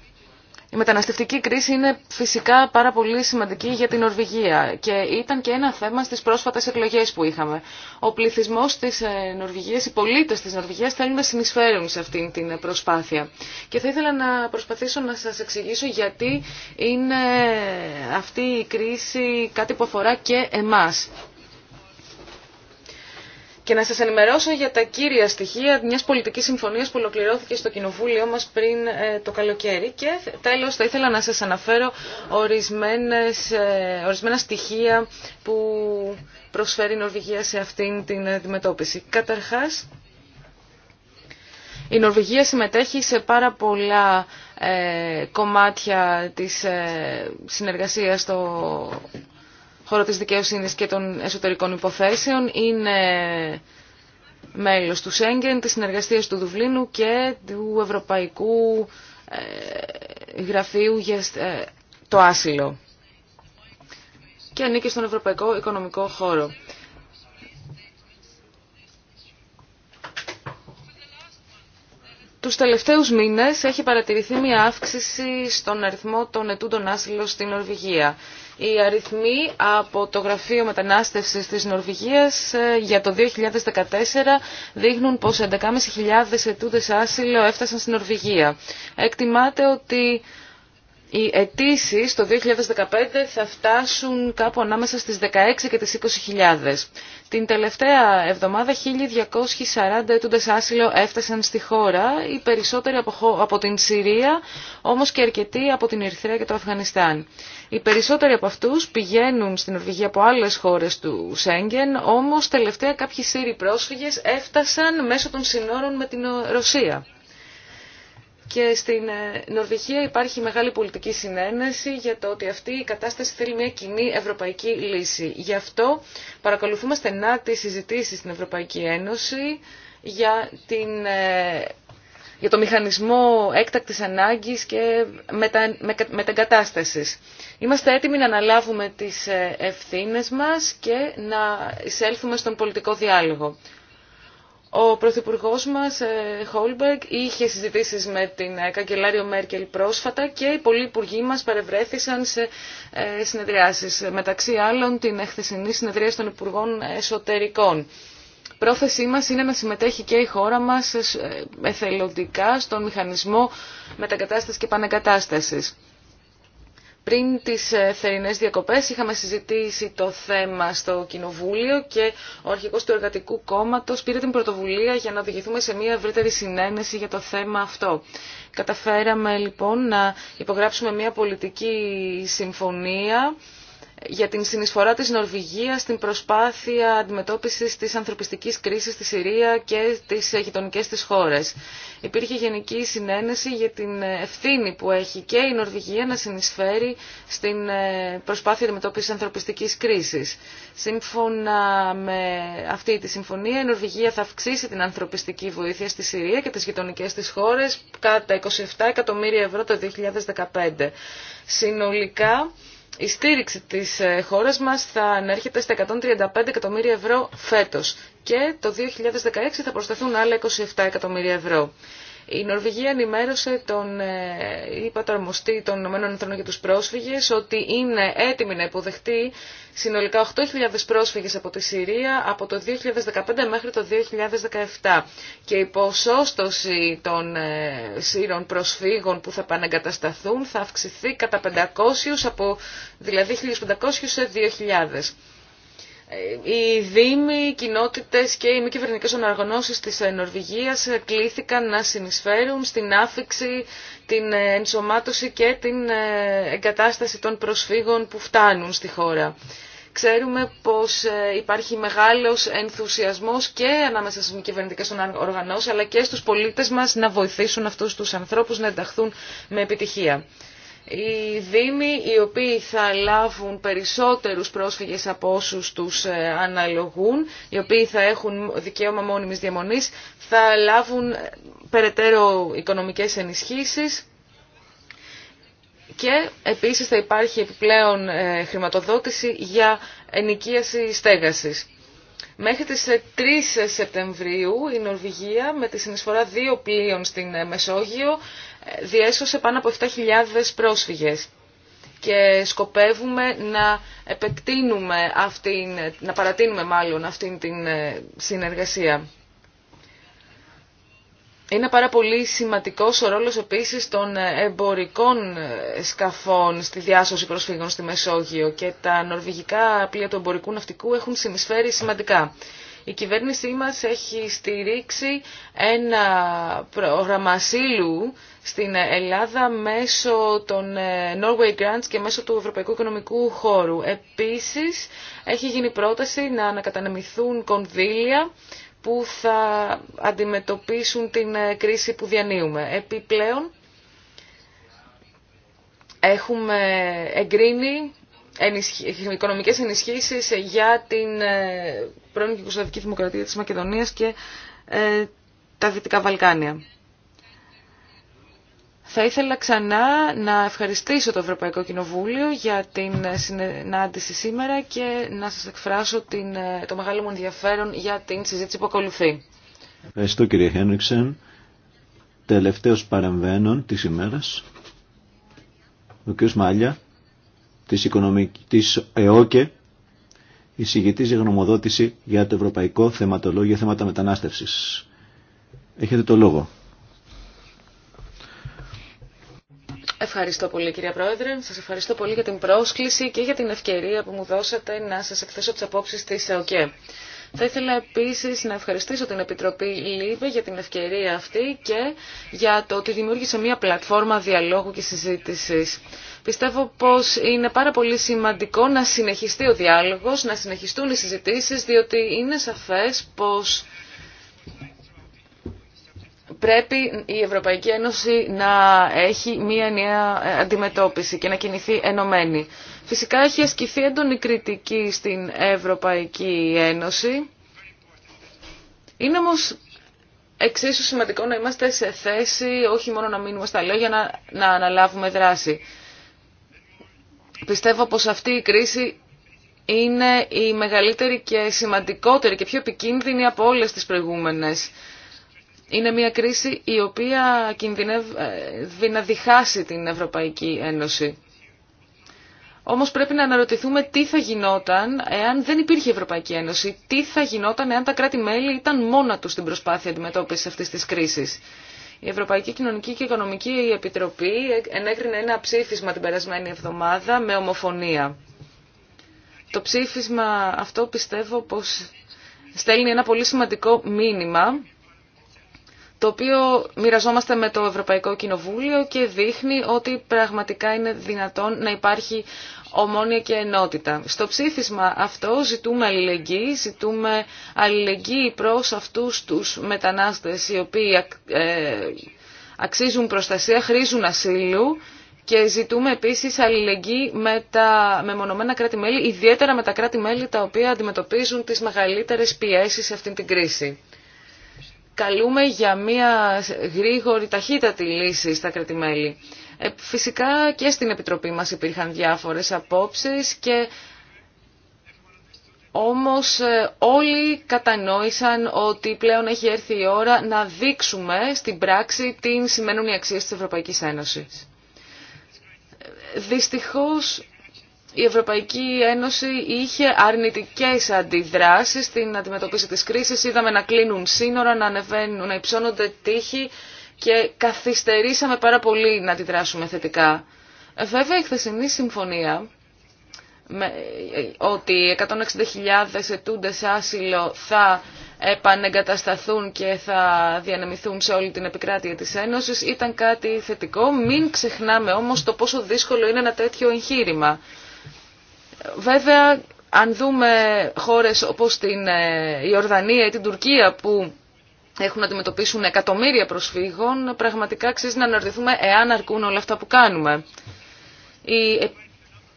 Η μεταναστευτική κρίση είναι φυσικά πάρα πολύ σημαντική για την Νορβηγία και ήταν και ένα θέμα στις πρόσφατες εκλογές που είχαμε. Ο πληθυσμός της ε, Νορβηγίας, οι πολίτες της Νορβηγίας θέλουν να συνεισφέρουν σε αυτήν την προσπάθεια. Και θα ήθελα να προσπαθήσω να σας εξηγήσω γιατί είναι αυτή η κρίση κάτι που αφορά και εμάς και να σας ενημερώσω για τα κύρια στοιχεία μιας πολιτικής συμφωνίας που ολοκληρώθηκε στο Κοινοβούλιο μας πριν ε, το καλοκαίρι. Και τέλος θα ήθελα να σας αναφέρω ορισμένες, ε, ορισμένα στοιχεία που προσφέρει η Νορβηγία σε αυτήν την αντιμετώπιση. Καταρχάς, η Νορβηγία συμμετέχει σε πάρα πολλά ε, κομμάτια της συνεργασίας στο χώρο της δικαιοσύνης και των εσωτερικών υποθέσεων, είναι μέλος του Σέγγεν, της συνεργασίας του Δουβλίνου και του Ευρωπαϊκού ε, Γραφείου για ε, το Άσυλο και ανήκει στον Ευρωπαϊκό Οικονομικό Χώρο. Τους τελευταίους μήνες έχει παρατηρηθεί μια αύξηση στον αριθμό των ετούντων άσυλων στην Νορβηγία. Οι αριθμοί από το Γραφείο Μετανάστευσης της Νορβηγίας ε, για το 2014 δείχνουν πως 11.500 ετούτες άσυλο έφτασαν στην Νορβηγία. Εκτιμάται ότι οι αιτήσει το 2015 θα φτάσουν κάπου ανάμεσα στις 16 και τις 20.000. Την τελευταία εβδομάδα 1.240 αιτούντες άσυλο έφτασαν στη χώρα, οι περισσότεροι από την Συρία, όμως και αρκετοί από την Ερυθρέα και το Αφγανιστάν. Οι περισσότεροι από αυτούς πηγαίνουν στην Ορβηγία από άλλες χώρες του Σέγγεν, όμως τελευταία κάποιοι Σύριοι πρόσφυγες έφτασαν μέσω των συνόρων με την Ρωσία. Και στην ε, Νορβηγία υπάρχει μεγάλη πολιτική συνένεση για το ότι αυτή η κατάσταση θέλει μια κοινή ευρωπαϊκή λύση. Γι' αυτό παρακολουθούμε στενά τις συζητήσεις στην Ευρωπαϊκή Ένωση για, την, ε, για το μηχανισμό έκτακτης ανάγκης και μετα, με, Είμαστε έτοιμοι να αναλάβουμε τις ε, ευθύνες μας και να εισέλθουμε στον πολιτικό διάλογο. Ο Πρωθυπουργό μα, ε, Χόλμπεργκ, είχε συζητήσεις με την ε, καγκελάριο Μέρκελ πρόσφατα και οι πολλοί υπουργοί μας παρευρέθησαν σε ε, συνεδριάσεις, μεταξύ άλλων την εχθεσινή συνεδρία των Υπουργών Εσωτερικών. Πρόθεσή μας είναι να συμμετέχει και η χώρα μας εθελοντικά στον μηχανισμό μετακατάστασης και πανεκατάστασης. Πριν τις ε, θερινές διακοπές είχαμε συζητήσει το θέμα στο Κοινοβούλιο και ο αρχικό του Εργατικού Κόμματος πήρε την πρωτοβουλία για να οδηγηθούμε σε μια ευρύτερη συνένεση για το θέμα αυτό. Καταφέραμε λοιπόν να υπογράψουμε μια πολιτική συμφωνία για την συνεισφορά της Νορβηγίας στην προσπάθεια αντιμετώπισης της ανθρωπιστικής κρίσης στη Συρία και τις γειτονικές της χώρες. Υπήρχε γενική συνένεση για την ευθύνη που έχει και η Νορβηγία να συνεισφέρει στην ε, προσπάθεια αντιμετώπισης της ανθρωπιστικής κρίσης. Σύμφωνα με αυτή τη συμφωνία, η Νορβηγία θα αυξήσει την ανθρωπιστική βοήθεια στη Συρία και τις γειτονικές της χώρες κατά 27 εκατομμύρια ευρώ το 2015. Συνολικά, η στήριξη της ε, χώρας μας θα ανέρχεται στα 135 εκατομμύρια ευρώ φέτος και το 2016 θα προσθεθούν άλλα 27 εκατομμύρια ευρώ. Η Νορβηγία ενημέρωσε τον ε, υπατορμοστή των ΗΠΑ για τους πρόσφυγες ότι είναι έτοιμη να υποδεχτεί συνολικά 8.000 πρόσφυγες από τη Συρία από το 2015 μέχρι το 2017 και η ποσόστοση των ε, Σύρων προσφύγων που θα επαναγκατασταθούν θα αυξηθεί κατά 500 από δηλαδή 1.500 σε 2.000. Ε, οι δήμοι, οι κοινότητες και οι μη κυβερνητικέ οργανώσεις της ε, Νορβηγίας ε, κλήθηκαν να συνεισφέρουν στην άφηξη, την ενσωμάτωση και την εγκατάσταση των προσφύγων που φτάνουν στη χώρα. Ξέρουμε πως υπάρχει μεγάλος ενθουσιασμός και ανάμεσα στις μη κυβερνητικέ οργανώσεις αλλά και στους πολίτες μας να βοηθήσουν αυτούς τους ανθρώπους να ενταχθούν με επιτυχία οι Δήμοι οι οποίοι θα λάβουν περισσότερους πρόσφυγες από όσους τους ε, αναλογούν, οι οποίοι θα έχουν δικαίωμα μόνιμης διαμονής, θα λάβουν ε, περαιτέρω οικονομικές ενισχύσεις και επίσης θα υπάρχει επιπλέον ε, χρηματοδότηση για ενοικίαση στέγασης. Μέχρι τις 3 Σεπτεμβρίου η Νορβηγία με τη συνεισφορά δύο πλοίων στην Μεσόγειο διέσωσε πάνω από 7.000 πρόσφυγες και σκοπεύουμε να επεκτείνουμε αυτήν, να παρατείνουμε μάλλον αυτήν την ε, συνεργασία. Είναι πάρα πολύ σημαντικός ο ρόλος επίσης των ε, εμπορικών ε, σκαφών στη διάσωση προσφύγων στη Μεσόγειο και τα νορβηγικά πλοία του εμπορικού ναυτικού έχουν συνεισφέρει σημαντικά. Η κυβέρνησή μας έχει στηρίξει ένα πρόγραμμα ασύλου στην Ελλάδα μέσω των ε, Norway Grants και μέσω του Ευρωπαϊκού Οικονομικού Χώρου. Επίσης, έχει γίνει πρόταση να ανακατανεμηθούν κονδύλια που θα αντιμετωπίσουν την ε, κρίση που διανύουμε. Επιπλέον, έχουμε εγκρίνει οικονομικές ενισχύσεις για την ε, πρώην Κυκοσλαβική Δημοκρατία της Μακεδονίας και τα Δυτικά Βαλκάνια. Θα ήθελα ξανά να ευχαριστήσω το Ευρωπαϊκό Κοινοβούλιο για την συνάντηση σήμερα και να σας εκφράσω την, το μεγάλο μου ενδιαφέρον για την συζήτηση που ακολουθεί. Ευχαριστώ κύριε Χένριξεν. Τελευταίος παρεμβαίνων της ημέρας, ο κ. Μάλια, της, οικονομικής, της ΕΟΚΕ, εισηγητής για γνωμοδότηση για το Ευρωπαϊκό Θεματολόγιο Θέματα Μετανάστευσης. Έχετε το λόγο. Ευχαριστώ πολύ κυρία Πρόεδρε. Σας ευχαριστώ πολύ για την πρόσκληση και για την ευκαιρία που μου δώσατε να σας εκθέσω τις απόψεις της ΕΟΚΕ. Θα ήθελα επίσης να ευχαριστήσω την Επιτροπή ΛΥΒΕ για την ευκαιρία αυτή και για το ότι δημιούργησε μια πλατφόρμα διαλόγου και συζήτησης. Πιστεύω πως είναι πάρα πολύ σημαντικό να συνεχιστεί ο διάλογος, να συνεχιστούν οι συζητήσεις, διότι είναι σαφές πως πρέπει η Ευρωπαϊκή Ένωση να έχει μία νέα ε, αντιμετώπιση και να κινηθεί ενωμένη. Φυσικά έχει ασκηθεί έντονη κριτική στην Ευρωπαϊκή Ένωση. Είναι όμως εξίσου σημαντικό να είμαστε σε θέση όχι μόνο να μείνουμε στα λόγια, να, να αναλάβουμε δράση. Πιστεύω πως αυτή η κρίση είναι η μεγαλύτερη και σημαντικότερη και πιο επικίνδυνη από όλες τις προηγούμενες είναι μια κρίση η οποία κινδυνεύει ε, να διχάσει την Ευρωπαϊκή Ένωση. Όμως πρέπει να αναρωτηθούμε τι θα γινόταν εάν δεν υπήρχε Ευρωπαϊκή Ένωση, τι θα γινόταν εάν τα κράτη-μέλη ήταν μόνα τους στην προσπάθεια αντιμετώπισης αυτής της κρίσης. Η Ευρωπαϊκή Κοινωνική και Οικονομική Επιτροπή ενέκρινε ένα ψήφισμα την περασμένη εβδομάδα με ομοφωνία. Το ψήφισμα αυτό πιστεύω πως στέλνει ένα πολύ σημαντικό μήνυμα το οποίο μοιραζόμαστε με το Ευρωπαϊκό Κοινοβούλιο και δείχνει ότι πραγματικά είναι δυνατόν να υπάρχει ομόνια και ενότητα. Στο ψήφισμα αυτό ζητούμε αλληλεγγύη, ζητούμε αλληλεγγύη προς αυτούς τους μετανάστες οι οποίοι ε, αξίζουν προστασία, χρήζουν ασύλου και ζητούμε επίσης αλληλεγγύη με τα μεμονωμένα κράτη-μέλη, ιδιαίτερα με τα κράτη-μέλη τα οποία αντιμετωπίζουν τις μεγαλύτερες πιέσεις σε αυτήν την κρίση καλούμε για μια γρήγορη ταχύτατη λύση στα κρατημέλη. Ε, φυσικά και στην Επιτροπή μας υπήρχαν διάφορες απόψεις και όμως ε, όλοι κατανόησαν ότι πλέον έχει έρθει η ώρα να δείξουμε στην πράξη τι σημαίνουν οι αξίες της Ευρωπαϊκής Ένωσης. Ε, δυστυχώς η Ευρωπαϊκή Ένωση είχε αρνητικές αντιδράσεις στην αντιμετωπίση της κρίσης. Είδαμε να κλείνουν σύνορα, να, ανεβαίνουν, να υψώνονται τείχη και καθυστερήσαμε πάρα πολύ να αντιδράσουμε θετικά. Βέβαια η χθεσινή συμφωνία ότι 160.000 ετούντες άσυλο θα επανεγκατασταθούν και θα διανεμηθούν σε όλη την επικράτεια της Ένωσης ήταν κάτι θετικό. Μην ξεχνάμε όμως το πόσο δύσκολο είναι ένα τέτοιο εγχείρημα. Βέβαια, αν δούμε χώρες όπως την Ιορδανία ε, ή την Τουρκία που έχουν να αντιμετωπίσουν εκατομμύρια προσφύγων, πραγματικά αξίζει να αναρωτηθούμε εάν αρκούν όλα αυτά που κάνουμε. Η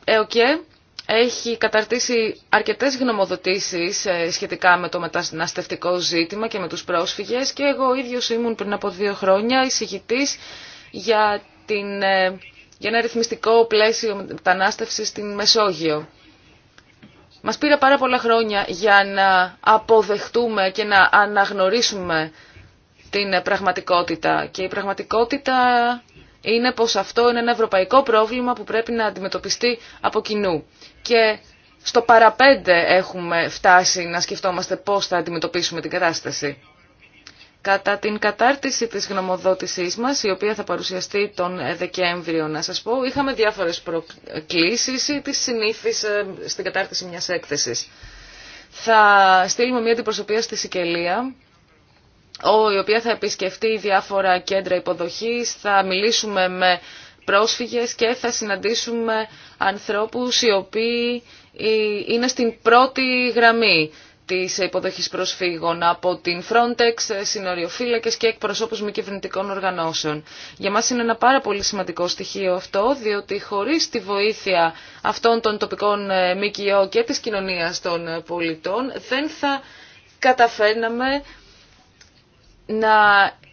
ΕΟΚΕ έχει καταρτήσει αρκετές γνωμοδοτήσεις ε, σχετικά με το μεταναστευτικό ζήτημα και με τους πρόσφυγες και εγώ ίδιος ήμουν πριν από δύο χρόνια εισηγητής για την ε, για ένα ρυθμιστικό πλαίσιο μετανάστευσης στην Μεσόγειο. Μας πήρε πάρα πολλά χρόνια για να αποδεχτούμε και να αναγνωρίσουμε την πραγματικότητα. Και η πραγματικότητα είναι πως αυτό είναι ένα ευρωπαϊκό πρόβλημα που πρέπει να αντιμετωπιστεί από κοινού. Και στο παραπέντε έχουμε φτάσει να σκεφτόμαστε πώς θα αντιμετωπίσουμε την κατάσταση. Κατά την κατάρτιση της γνωμοδότησής μας, η οποία θα παρουσιαστεί τον Δεκέμβριο, να σας πω, είχαμε διάφορες προκλήσεις ή τις συνήθεις ε, στην κατάρτιση μιας έκθεσης. Θα στείλουμε μια αντιπροσωπεία στη Σικελία, η οποία θα επισκεφτεί διάφορα κέντρα υποδοχής, θα μιλήσουμε με πρόσφυγες και θα συναντήσουμε ανθρώπους οι οποίοι ε, είναι στην πρώτη γραμμή της υποδοχής προσφύγων από την Frontex, συνοριοφύλακες και εκπροσώπους μη κυβερνητικών οργανώσεων. Για μας είναι ένα πάρα πολύ σημαντικό στοιχείο αυτό, διότι χωρίς τη βοήθεια αυτών των τοπικών ε, ΜΚΟ και της κοινωνίας των ε, πολιτών δεν θα καταφέρναμε να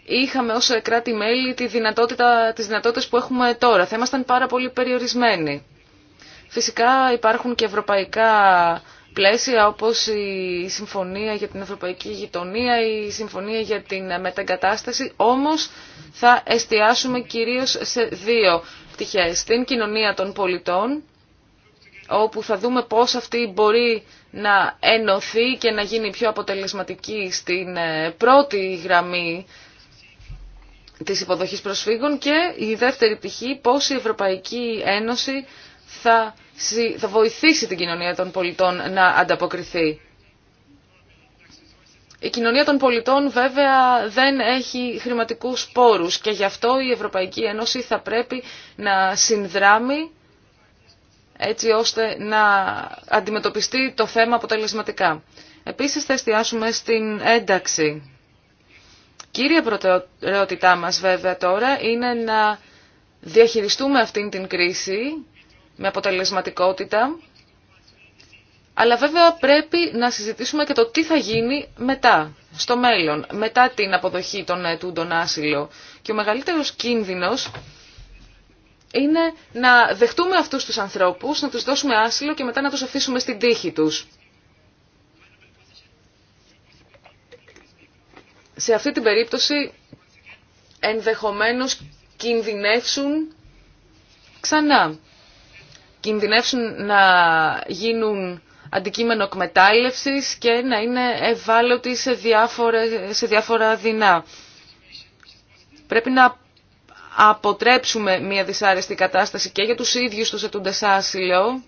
είχαμε ως ε, κράτη-μέλη τη δυνατότητα, τις δυνατότητες που έχουμε τώρα. Θα ήμασταν πάρα πολύ περιορισμένοι. Φυσικά υπάρχουν και ευρωπαϊκά πλαίσια όπως η Συμφωνία για την Ευρωπαϊκή Γειτονία, η Συμφωνία για την Μεταγκατάσταση, όμως θα εστιάσουμε κυρίως σε δύο πτυχές. Στην κοινωνία των πολιτών, όπου θα δούμε πώς αυτή μπορεί να ενωθεί και να γίνει πιο αποτελεσματική στην ε, πρώτη γραμμή της υποδοχής προσφύγων και η δεύτερη πτυχή πώς η Ευρωπαϊκή Ένωση θα, θα βοηθήσει την κοινωνία των πολιτών να ανταποκριθεί. Η κοινωνία των πολιτών βέβαια δεν έχει χρηματικούς πόρους και γι' αυτό η Ευρωπαϊκή Ένωση θα πρέπει να συνδράμει έτσι ώστε να αντιμετωπιστεί το θέμα αποτελεσματικά. Επίσης θα εστιάσουμε στην ένταξη. Κύρια προτεραιότητά μας βέβαια τώρα είναι να διαχειριστούμε αυτήν την κρίση με αποτελεσματικότητα. Αλλά βέβαια πρέπει να συζητήσουμε και το τι θα γίνει μετά, στο μέλλον, μετά την αποδοχή των ε, τον άσυλο. Και ο μεγαλύτερος κίνδυνος είναι να δεχτούμε αυτούς τους ανθρώπους, να τους δώσουμε άσυλο και μετά να τους αφήσουμε στην τύχη τους. Σε αυτή την περίπτωση ενδεχομένως κινδυνεύσουν ξανά κινδυνεύσουν να γίνουν αντικείμενο εκμετάλλευση και να είναι ευάλωτοι σε, σε διάφορα δεινά. Πρέπει να αποτρέψουμε μια δυσάρεστη κατάσταση και για τους ίδιους τους ετούντες άσυλο,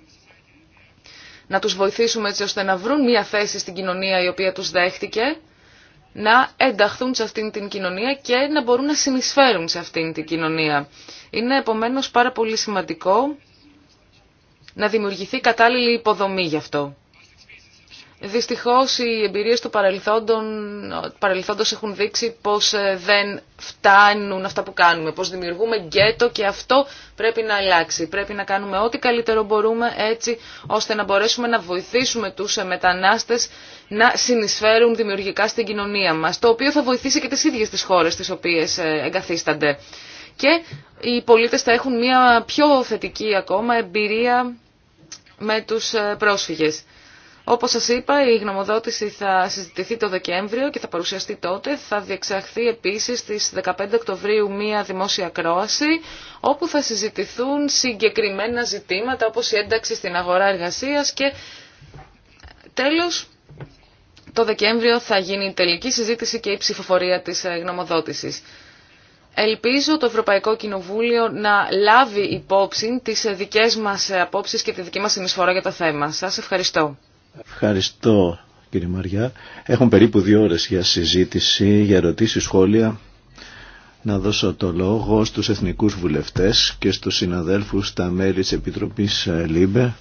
να τους βοηθήσουμε έτσι ώστε να βρουν μια θέση στην κοινωνία η οποία τους δέχτηκε, να ενταχθούν σε αυτήν την κοινωνία και να μπορούν να συνεισφέρουν σε αυτήν την κοινωνία. Είναι επομένως πάρα πολύ σημαντικό να δημιουργηθεί κατάλληλη υποδομή γι' αυτό. Δυστυχώς οι εμπειρίες του παρελθόντος έχουν δείξει πως ε, δεν φτάνουν αυτά που κάνουμε, πως δημιουργούμε γκέτο και αυτό πρέπει να αλλάξει. Πρέπει να κάνουμε ό,τι καλύτερο μπορούμε έτσι ώστε να μπορέσουμε να βοηθήσουμε τους ε, μετανάστες να συνεισφέρουν δημιουργικά στην κοινωνία μα, το οποίο θα βοηθήσει και τις ίδιες τις χώρες τις οποίες ε, εγκαθίστανται και οι πολίτες θα έχουν μια πιο θετική ακόμα εμπειρία με τους ε, πρόσφυγες. Όπως σας είπα, η γνωμοδότηση θα συζητηθεί το Δεκέμβριο και θα παρουσιαστεί τότε. Θα διεξαχθεί επίσης στις 15 Οκτωβρίου μία δημόσια κρόαση, όπου θα συζητηθούν συγκεκριμένα ζητήματα όπως η ένταξη στην αγορά εργασίας και τέλος το Δεκέμβριο θα γίνει η τελική συζήτηση και η ψηφοφορία της ε, γνωμοδότησης. Ελπίζω το Ευρωπαϊκό Κοινοβούλιο να λάβει υπόψη τις δικές μας απόψεις και τη δική μας συνεισφορά για το θέμα. Σας ευχαριστώ. Ευχαριστώ κύριε Μαριά. Έχουν περίπου δύο ώρες για συζήτηση, για ερωτήσεις, σχόλια. Να δώσω το λόγο στους εθνικούς βουλευτές και στους συναδέλφους στα μέλη της Επιτροπής ε, ΛΥΜΠΕ.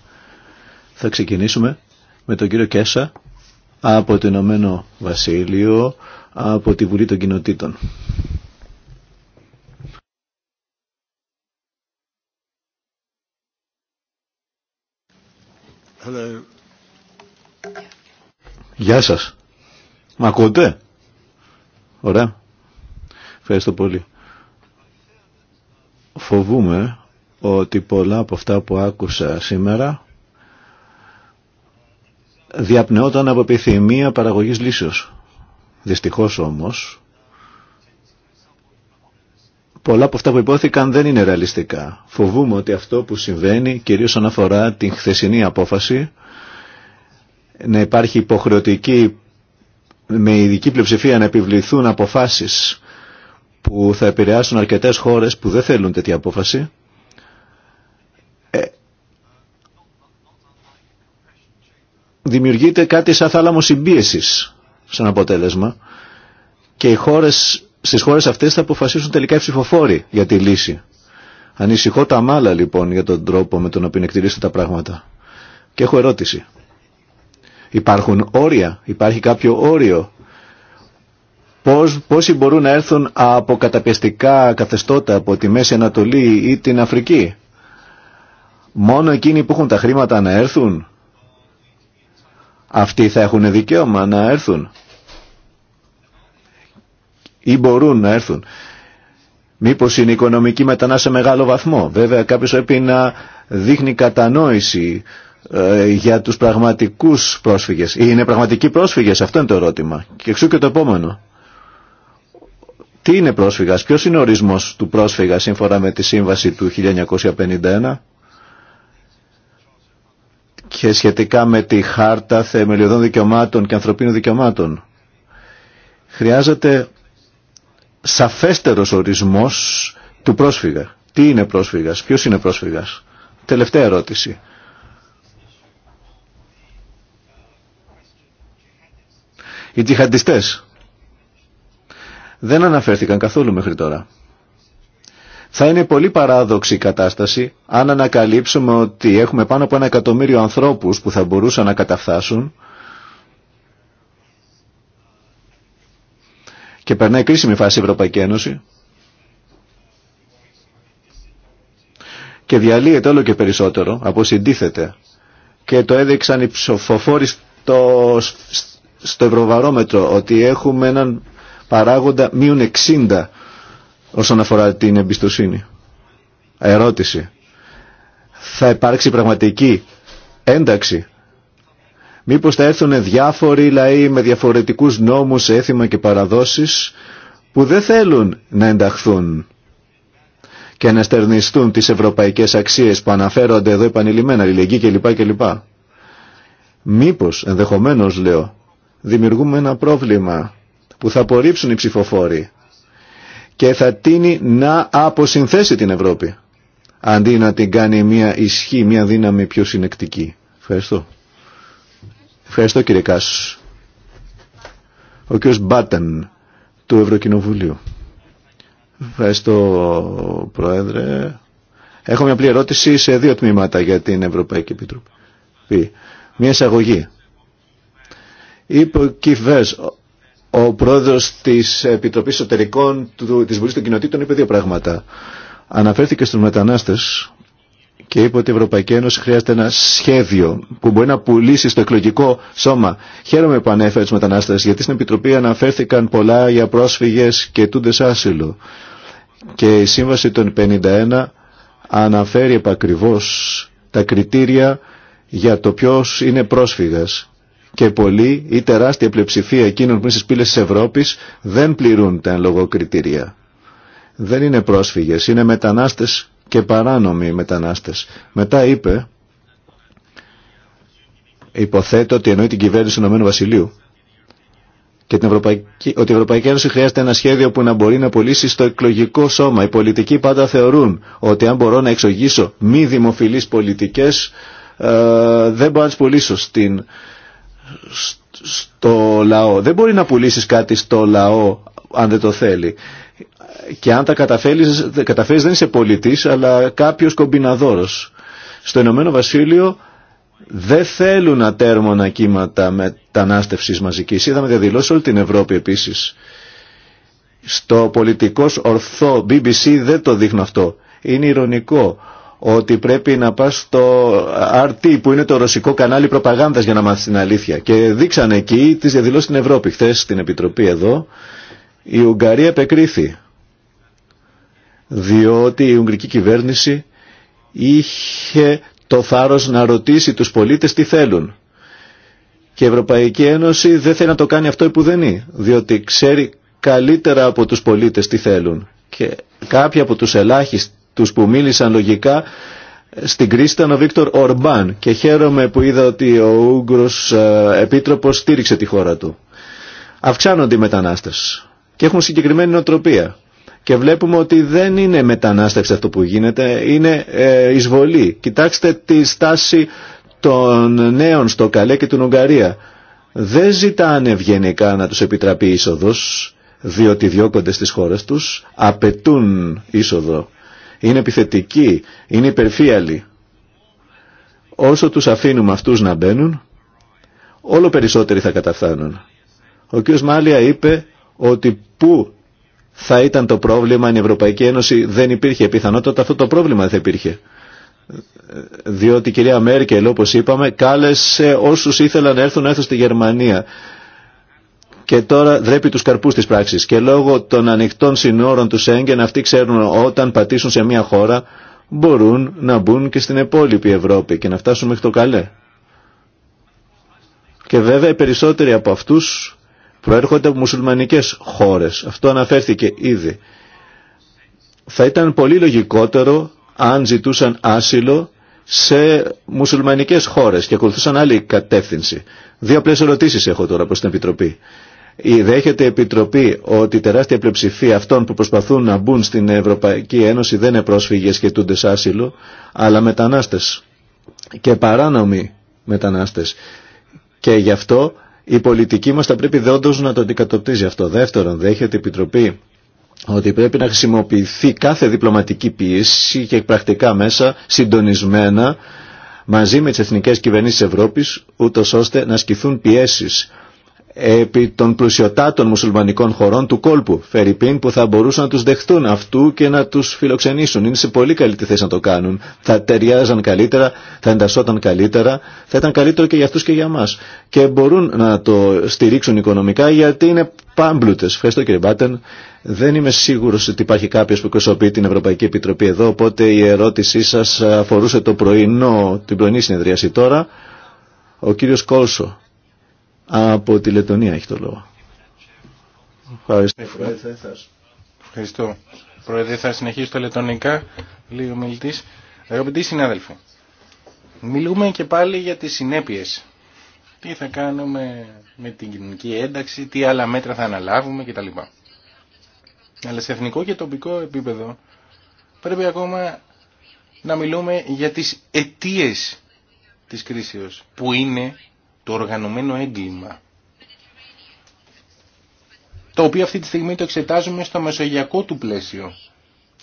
Θα ξεκινήσουμε με τον κύριο Κέσα από το Ηνωμένο Βασίλειο, από τη Βουλή των Κοινοτήτων. Γεια σας. Μ' ακούτε? Ωραία. Ευχαριστώ πολύ. Φοβούμε ότι πολλά από αυτά που άκουσα σήμερα διαπνεόταν από επιθυμία παραγωγής λύσεως. Δυστυχώς όμως πολλά από αυτά που υπόθηκαν δεν είναι ρεαλιστικά. Φοβούμαι ότι αυτό που συμβαίνει, κυρίως αναφορά την χθεσινή απόφαση, να υπάρχει υποχρεωτική με ειδική πλειοψηφία να επιβληθούν αποφάσεις που θα επηρεάσουν αρκετές χώρες που δεν θέλουν τέτοια απόφαση, ε, δημιουργείται κάτι σαν θάλαμο συμπίεσης σαν αποτέλεσμα και οι χώρες Στι χώρε αυτές θα αποφασίσουν τελικά οι ψηφοφόροι για τη λύση. Ανησυχώ τα μάλα λοιπόν για τον τρόπο με τον οποίο εκτελήσετε τα πράγματα. Και έχω ερώτηση. Υπάρχουν όρια, υπάρχει κάποιο όριο. Πώς, πόσοι μπορούν να έρθουν από καταπιεστικά καθεστώτα από τη Μέση Ανατολή ή την Αφρική. Μόνο εκείνοι που έχουν τα χρήματα να έρθουν. Αυτοί θα έχουν δικαίωμα να έρθουν ή μπορούν να έρθουν. Μήπως είναι οικονομική μετανά σε μεγάλο βαθμό. Βέβαια κάποιος πρέπει να δείχνει κατανόηση ε, για τους πραγματικούς πρόσφυγες. Είναι πραγματικοί πρόσφυγες, αυτό είναι το ερώτημα. Και εξού και το επόμενο. Τι είναι πρόσφυγας, ποιος είναι ο ορισμός του πρόσφυγα σύμφωνα με τη σύμβαση του 1951 και σχετικά με τη χάρτα θεμελιωδών δικαιωμάτων και ανθρωπίνων δικαιωμάτων. Χρειάζεται σαφέστερος ορισμός του πρόσφυγα. Τι είναι πρόσφυγας, ποιος είναι πρόσφυγας. Τελευταία ερώτηση. Οι τσιχαντιστές δεν αναφέρθηκαν καθόλου μέχρι τώρα. Θα είναι πολύ παράδοξη η κατάσταση αν ανακαλύψουμε ότι έχουμε πάνω από ένα εκατομμύριο ανθρώπους που θα μπορούσαν να καταφθάσουν και περνάει κρίσιμη φάση η Ευρωπαϊκή Ένωση και διαλύεται όλο και περισσότερο, αποσυντίθεται και το έδειξαν οι ψηφοφόροι στο, στο ευρωβαρόμετρο ότι έχουμε έναν παράγοντα μείον 60 όσον αφορά την εμπιστοσύνη. Ερώτηση. Θα υπάρξει πραγματική ένταξη Μήπως θα έρθουν διάφοροι λαοί με διαφορετικούς νόμους, έθιμα και παραδόσεις που δεν θέλουν να ενταχθούν και να στερνιστούν τις ευρωπαϊκές αξίες που αναφέρονται εδώ επανειλημμένα, αλληλεγγύη κλπ. κλπ. Μήπως, ενδεχομένως λέω, δημιουργούμε ένα πρόβλημα που θα απορρίψουν οι ψηφοφόροι και θα τίνει να αποσυνθέσει την Ευρώπη αντί να την κάνει μια ισχύ, μια δύναμη πιο συνεκτική. Ευχαριστώ. Ευχαριστώ κύριε Κάσου. Ο κύριος Μπάτεν του Ευρωκοινοβουλίου. Ευχαριστώ Πρόεδρε. Έχω μια απλή ερώτηση σε δύο τμήματα για την Ευρωπαϊκή Επιτροπή. Μια εισαγωγή. Είπε ο Κιβές, ο πρόεδρος της Επιτροπής Εσωτερικών του, της Βουλής των Κοινοτήτων είπε δύο πράγματα. Αναφέρθηκε στους μετανάστες και είπε ότι η Ευρωπαϊκή Ένωση χρειάζεται ένα σχέδιο που μπορεί να πουλήσει στο εκλογικό σώμα. Χαίρομαι που ανέφερε του μετανάστε, γιατί στην Επιτροπή αναφέρθηκαν πολλά για πρόσφυγε και τούντε άσυλο. Και η Σύμβαση των 51 αναφέρει επακριβώ τα κριτήρια για το ποιο είναι πρόσφυγα. Και πολλοί ή τεράστια πλειοψηφία εκείνων που είναι στι πύλε τη Ευρώπη δεν πληρούν τα εν λόγω κριτήρια. Δεν είναι πρόσφυγε, είναι μετανάστε και παράνομοι μετανάστες. Μετά είπε, υποθέτω ότι εννοεί την κυβέρνηση του Ηνωμένου Βασιλείου και Ευρωπαϊκή, ότι η Ευρωπαϊκή Ένωση χρειάζεται ένα σχέδιο που να μπορεί να πωλήσει στο εκλογικό σώμα. Οι πολιτικοί πάντα θεωρούν ότι αν μπορώ να εξογήσω μη δημοφιλείς πολιτικές ε, δεν μπορώ να τις πουλήσω στην, στο λαό. Δεν μπορεί να πουλήσεις κάτι στο λαό αν δεν το θέλει και αν τα καταφέρεις, δεν είσαι πολιτής αλλά κάποιος κομπιναδόρος. Στο Ηνωμένο Βασίλειο δεν θέλουν ατέρμονα κύματα μετανάστευσης μαζικής. Είδαμε διαδηλώσει όλη την Ευρώπη επίσης. Στο πολιτικός ορθό BBC δεν το δείχνω αυτό. Είναι ηρωνικό ότι πρέπει να πας στο RT που είναι το ρωσικό κανάλι προπαγάνδας για να μάθεις την αλήθεια. Και δείξαν εκεί τις διαδηλώσεις στην Ευρώπη χθε στην Επιτροπή εδώ η Ουγγαρία επεκρίθη διότι η Ουγγρική κυβέρνηση είχε το θάρρος να ρωτήσει τους πολίτες τι θέλουν. Και η Ευρωπαϊκή Ένωση δεν θέλει να το κάνει αυτό είναι, διότι ξέρει καλύτερα από τους πολίτες τι θέλουν. Και κάποιοι από τους ελάχιστους που μίλησαν λογικά στην κρίση ήταν ο Βίκτορ Ορμπάν και χαίρομαι που είδα ότι ο Ούγγρος ε, Επίτροπος στήριξε τη χώρα του. Αυξάνονται οι μετανάστες και έχουν συγκεκριμένη νοοτροπία. Και βλέπουμε ότι δεν είναι μετανάστευση αυτό που γίνεται, είναι ε, εισβολή. Κοιτάξτε τη στάση των νέων στο Καλέ και την Ουγγαρία. Δεν ζητάνε ευγενικά να τους επιτραπεί είσοδος, διότι διώκονται στις χώρες τους, απαιτούν είσοδο. Είναι επιθετικοί, είναι υπερφύαλοι. Όσο τους αφήνουμε αυτούς να μπαίνουν, όλο περισσότεροι θα καταφθάνουν. Ο κ. Μάλια είπε ότι πού θα ήταν το πρόβλημα αν η Ευρωπαϊκή Ένωση δεν υπήρχε. Πιθανότατα αυτό το πρόβλημα δεν θα υπήρχε. Διότι η κυρία Μέρκελ, όπως είπαμε, κάλεσε όσους ήθελαν να έρθουν να έρθουν στη Γερμανία. Και τώρα δρέπει τους καρπούς της πράξης. Και λόγω των ανοιχτών συνόρων του Σέγγεν αυτοί ξέρουν όταν πατήσουν σε μια χώρα μπορούν να μπουν και στην υπόλοιπη Ευρώπη και να φτάσουν μέχρι το καλέ. Και βέβαια οι περισσότεροι από αυτούς προέρχονται από μουσουλμανικές χώρες. Αυτό αναφέρθηκε ήδη. Θα ήταν πολύ λογικότερο αν ζητούσαν άσυλο σε μουσουλμανικές χώρες και ακολουθούσαν άλλη κατεύθυνση. Δύο απλές ερωτήσεις έχω τώρα προς την Επιτροπή. Δέχεται η Επιτροπή ότι η τεράστια πλειοψηφία αυτών που προσπαθούν να μπουν στην Ευρωπαϊκή Ένωση δεν είναι πρόσφυγες και άσυλο, αλλά μετανάστες και παράνομοι μετανάστες. Και γι' αυτό η πολιτική μας θα πρέπει δόντως να το αντικατοπτρίζει αυτό. Δεύτερον, δέχεται η Επιτροπή ότι πρέπει να χρησιμοποιηθεί κάθε διπλωματική πίεση και πρακτικά μέσα συντονισμένα μαζί με τις εθνικές κυβερνήσεις Ευρώπης, ούτως ώστε να ασκηθούν πιέσεις επί των πλουσιωτάτων μουσουλμανικών χωρών του κόλπου, Φερρυπίν, που θα μπορούσαν να τους δεχτούν αυτού και να τους φιλοξενήσουν. Είναι σε πολύ καλή τη θέση να το κάνουν. Θα ταιριάζαν καλύτερα, θα εντασσόταν καλύτερα, θα ήταν καλύτερο και για αυτούς και για μας. Και μπορούν να το στηρίξουν οικονομικά γιατί είναι πάμπλουτες. Ευχαριστώ κύριε Μπάτεν. Δεν είμαι σίγουρος ότι υπάρχει κάποιος που εκπροσωπεί την Ευρωπαϊκή Επιτροπή εδώ, οπότε η ερώτησή σας αφορούσε το πρωινό, την πρωινή συνεδρίαση τώρα. Ο κύριος Κόλσο. Από τη Λετωνία έχει το λόγο. Ευχαριστώ. Ευχαριστώ. Πρόεδρε, θα συνεχίσω τα λετωνικά, Λίγο μιλητής. Αγαπητοί συνάδελφοι, μιλούμε και πάλι για τις συνέπειες. Τι θα κάνουμε με την κοινωνική ένταξη, τι άλλα μέτρα θα αναλάβουμε κτλ. Αλλά σε εθνικό και τοπικό επίπεδο πρέπει ακόμα να μιλούμε για τις αιτίες της κρίσεως, που είναι το οργανωμένο έγκλημα το οποίο αυτή τη στιγμή το εξετάζουμε στο μεσογειακό του πλαίσιο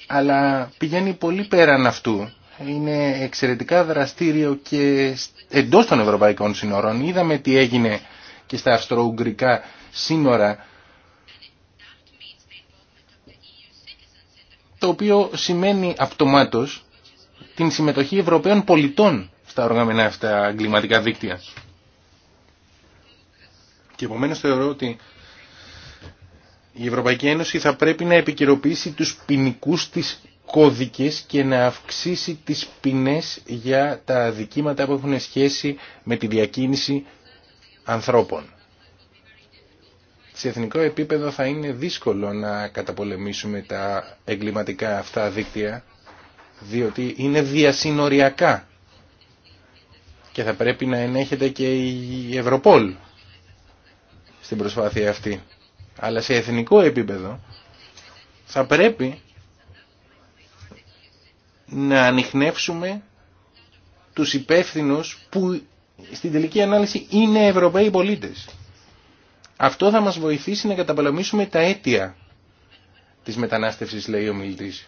αλλά πηγαίνει πολύ πέραν αυτού είναι εξαιρετικά δραστήριο και εντός των ευρωπαϊκών σύνορων είδαμε τι έγινε και στα αυστρο σύνορα το οποίο σημαίνει αυτομάτως την συμμετοχή Ευρωπαίων πολιτών στα οργανωμένα αυτά εγκληματικά δίκτυα. Και επομένω θεωρώ ότι η Ευρωπαϊκή Ένωση θα πρέπει να επικαιροποιήσει τους ποινικού της κώδικες και να αυξήσει τις ποινές για τα δικήματα που έχουν σχέση με τη διακίνηση ανθρώπων. Σε εθνικό επίπεδο θα είναι δύσκολο να καταπολεμήσουμε τα εγκληματικά αυτά δίκτυα, διότι είναι διασυνοριακά και θα πρέπει να ενέχεται και η Ευρωπόλ στην προσπάθεια αυτή. Αλλά σε εθνικό επίπεδο θα πρέπει να ανοιχνεύσουμε τους υπεύθυνους που στην τελική ανάλυση είναι Ευρωπαίοι πολίτες. Αυτό θα μας βοηθήσει να καταπολεμήσουμε τα αίτια της μετανάστευσης, λέει ο μιλητής.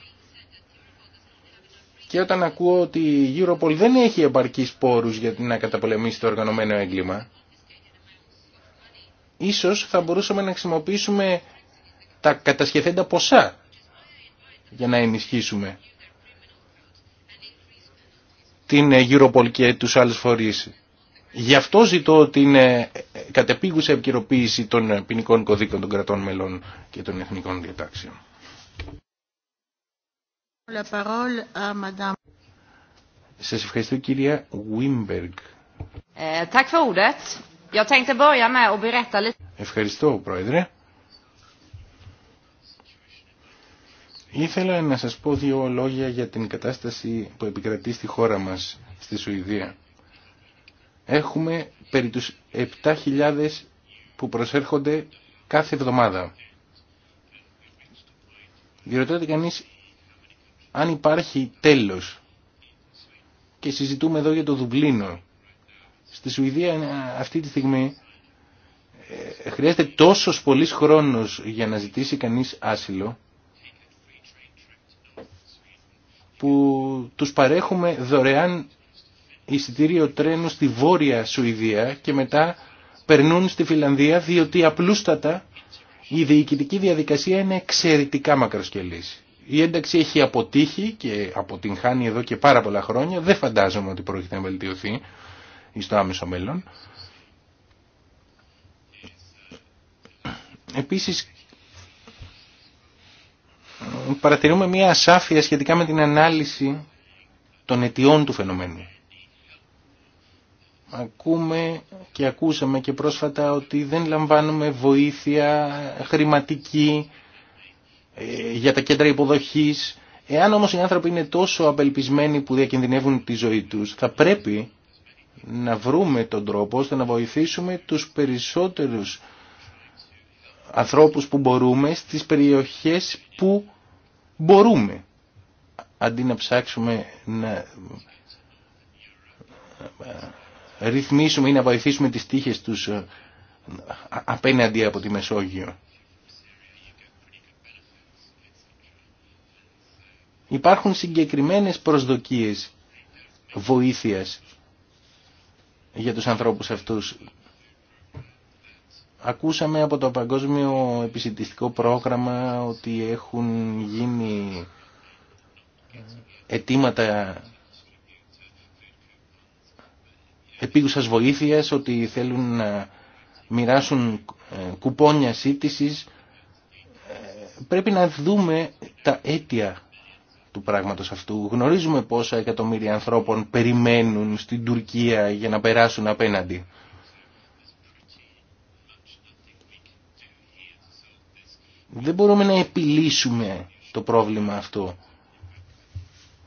Και όταν ακούω ότι η Europol δεν έχει επαρκείς πόρους για να καταπολεμήσει το οργανωμένο έγκλημα, ίσως θα μπορούσαμε να χρησιμοποιήσουμε τα κατασχεθέντα ποσά για να ενισχύσουμε την Europol και τους άλλους φορείς. Γι' αυτό ζητώ την ε, κατεπίγουσα επικαιροποίηση των ποινικών κωδίκων των κρατών μελών και των εθνικών διατάξεων. Σας ευχαριστώ κυρία Wimberg. Ε, Ευχαριστώ, Πρόεδρε. Ήθελα να σας πω δύο λόγια για την κατάσταση που επικρατεί στη χώρα μας, στη Σουηδία. Έχουμε περί τους 7.000 που προσέρχονται κάθε εβδομάδα. Διερωτάται κανείς αν υπάρχει τέλος. Και συζητούμε εδώ για το δουμπλίνο στη Σουηδία ε, αυτή τη στιγμή ε, χρειάζεται τόσος πολύς χρόνος για να ζητήσει κανείς άσυλο που τους παρέχουμε δωρεάν εισιτήριο τρένου στη Βόρεια Σουηδία και μετά περνούν στη Φιλανδία διότι απλούστατα η διοικητική διαδικασία είναι εξαιρετικά μακροσκελής. Η ένταξη έχει αποτύχει και αποτυγχάνει εδώ και πάρα πολλά χρόνια. Δεν φαντάζομαι ότι πρόκειται να βελτιωθεί στο άμεσο μέλλον. Επίσης, παρατηρούμε μια ασάφεια σχετικά με την ανάλυση των αιτιών του φαινομένου. Ακούμε και ακούσαμε και πρόσφατα ότι δεν λαμβάνουμε βοήθεια χρηματική ε, για τα κέντρα υποδοχής. Εάν όμως οι άνθρωποι είναι τόσο απελπισμένοι που διακινδυνεύουν τη ζωή τους, θα πρέπει να βρούμε τον τρόπο ώστε να βοηθήσουμε τους περισσότερους ανθρώπους που μπορούμε στις περιοχές που μπορούμε αντί να ψάξουμε να ε, ε, ρυθμίσουμε ή να βοηθήσουμε τις τύχες τους ε, απέναντι από τη Μεσόγειο. Υπάρχουν συγκεκριμένες προσδοκίες βοήθειας για τους ανθρώπους αυτούς. Ακούσαμε από το Παγκόσμιο Επισητιστικό Πρόγραμμα ότι έχουν γίνει αιτήματα επίγουσας βοήθειας, ότι θέλουν να μοιράσουν ε, κουπόνια σύντησης. Ε, πρέπει να δούμε τα αίτια του πράγματος αυτού. Γνωρίζουμε πόσα εκατομμύρια ανθρώπων περιμένουν στην Τουρκία για να περάσουν απέναντι. Δεν μπορούμε να επιλύσουμε το πρόβλημα αυτό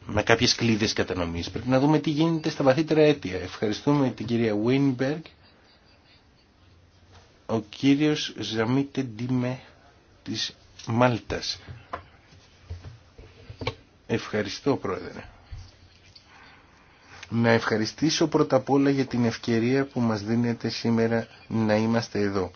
με κάποιες κλίδες κατανομής. Πρέπει να δούμε τι γίνεται στα βαθύτερα αίτια. Ευχαριστούμε την κυρία Βίνμπεργκ. Ο κύριος Ζαμίτε Ντίμε της Μάλτας. Ευχαριστώ Πρόεδρε. Να ευχαριστήσω πρώτα απ' όλα για την ευκαιρία που μας δίνεται σήμερα να είμαστε εδώ.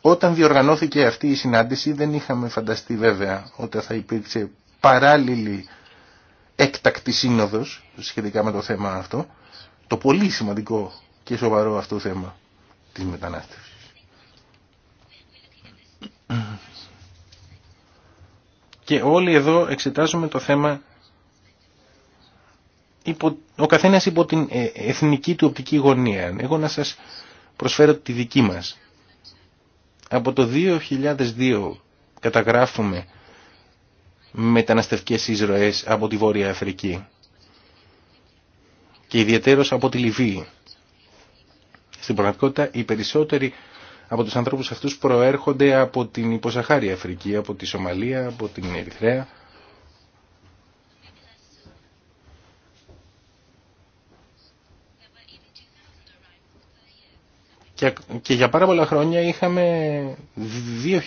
Όταν διοργανώθηκε αυτή η συνάντηση δεν είχαμε φανταστεί βέβαια ότι θα υπήρξε παράλληλη έκτακτη σύνοδος σχετικά με το θέμα αυτό, το πολύ σημαντικό και σοβαρό αυτό θέμα της μετανάστευσης. Και όλοι εδώ εξετάζουμε το θέμα υπο, ο καθένας υπό την ε, εθνική του οπτική γωνία. Εγώ να σας προσφέρω τη δική μας. Από το 2002 καταγράφουμε μεταναστευτικές εισρωές από τη Βόρεια Αφρική και ιδιαίτερως από τη Λιβύη. Στην πραγματικότητα οι περισσότεροι από τους ανθρώπους αυτούς προέρχονται από την υποσαχάρια Αφρική, από τη Σομαλία, από την Ερυθρέα. Και, για πάρα πολλά χρόνια είχαμε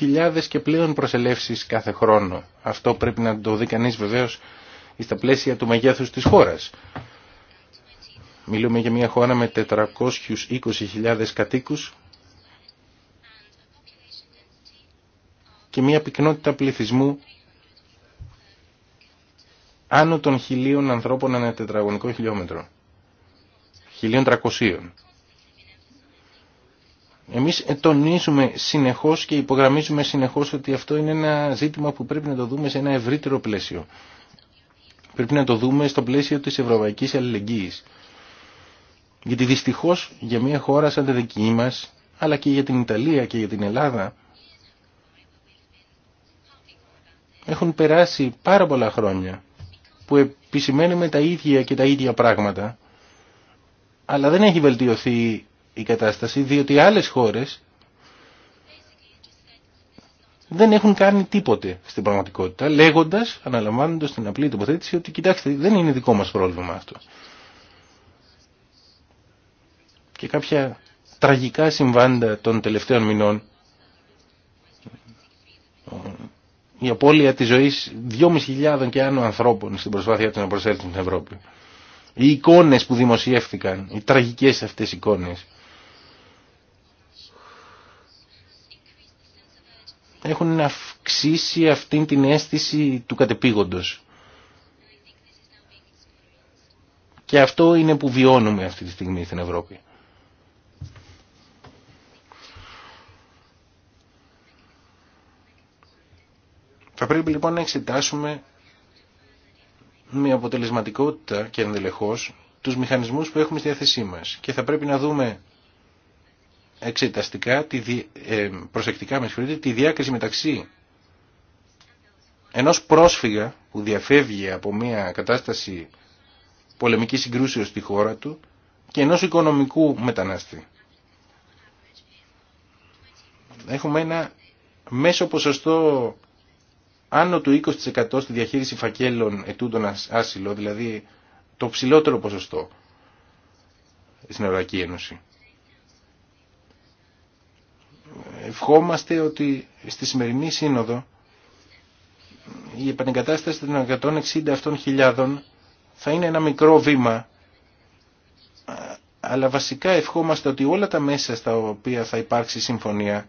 2.000 και πλέον προσελεύσεις κάθε χρόνο. Αυτό πρέπει να το δει κανείς βεβαίως στα πλαίσια του μεγέθους της χώρας. Μιλούμε για μια χώρα με 420.000 κατοίκους και μια πυκνότητα πληθυσμού άνω των χιλίων ανθρώπων ανά τετραγωνικό χιλιόμετρο. χιλίων τρακοσίων. Εμείς τονίζουμε συνεχώς και υπογραμμίζουμε συνεχώς ότι αυτό είναι ένα ζήτημα που πρέπει να το δούμε σε ένα ευρύτερο πλαίσιο. Πρέπει να το δούμε στο πλαίσιο της ευρωπαϊκής αλληλεγγύης. Γιατί δυστυχώς για μια χώρα σαν τη δική μας, αλλά και για την Ιταλία και για την Ελλάδα, Έχουν περάσει πάρα πολλά χρόνια που επισημαίνουμε τα ίδια και τα ίδια πράγματα, αλλά δεν έχει βελτιωθεί η κατάσταση, διότι άλλες χώρες δεν έχουν κάνει τίποτε στην πραγματικότητα, λέγοντας, αναλαμβάνοντας την απλή τοποθέτηση, ότι κοιτάξτε, δεν είναι δικό μας πρόβλημα αυτό. Και κάποια τραγικά συμβάντα των τελευταίων μηνών, η απώλεια της ζωής 2.500 και άνω ανθρώπων στην προσπάθειά του να προσέλθουν στην Ευρώπη. Οι εικόνες που δημοσιεύτηκαν, οι τραγικές αυτές εικόνες, έχουν αυξήσει αυτήν την αίσθηση του κατεπήγοντος. Και αυτό είναι που βιώνουμε αυτή τη στιγμή στην Ευρώπη. Θα πρέπει λοιπόν να εξετάσουμε με αποτελεσματικότητα και ενδελεχώς τους μηχανισμούς που έχουμε στη διάθεσή μας και θα πρέπει να δούμε εξεταστικά, ε, προσεκτικά με τη διάκριση μεταξύ ενός πρόσφυγα που διαφεύγει από μια κατάσταση πολεμική συγκρούσεως στη χώρα του και ενός οικονομικού μετανάστη. Έχουμε ένα μέσο ποσοστό άνω του 20% στη διαχείριση φακέλων ετούντων άσυλο, δηλαδή το ψηλότερο ποσοστό στην Ευρωπαϊκή Ένωση. Ευχόμαστε ότι στη σημερινή σύνοδο η επανεγκατάσταση των 160 αυτών χιλιάδων θα είναι ένα μικρό βήμα αλλά βασικά ευχόμαστε ότι όλα τα μέσα στα οποία θα υπάρξει συμφωνία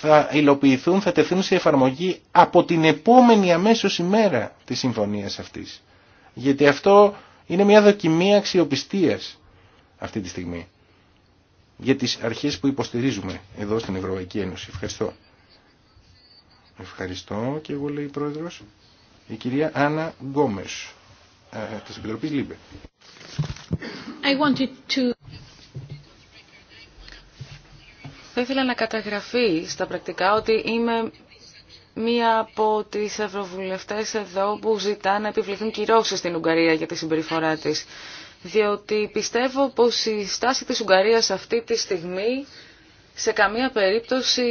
θα υλοποιηθούν, θα τεθούν σε εφαρμογή από την επόμενη αμέσως ημέρα της συμφωνίας αυτής. Γιατί αυτό είναι μια δοκιμή αξιοπιστίας αυτή τη στιγμή για τις αρχές που υποστηρίζουμε εδώ στην Ευρωπαϊκή Ένωση. Ευχαριστώ. Ευχαριστώ και εγώ λέει η Πρόεδρος. Η κυρία Άννα Γκόμες, ε, της Επιτροπής Λίμπε. Θα ήθελα να καταγραφεί στα πρακτικά ότι είμαι μία από τις ευρωβουλευτές εδώ που ζητά να επιβληθούν κυρώσεις στην Ουγγαρία για τη συμπεριφορά της. Διότι πιστεύω πως η στάση της Ουγγαρίας αυτή τη στιγμή σε καμία περίπτωση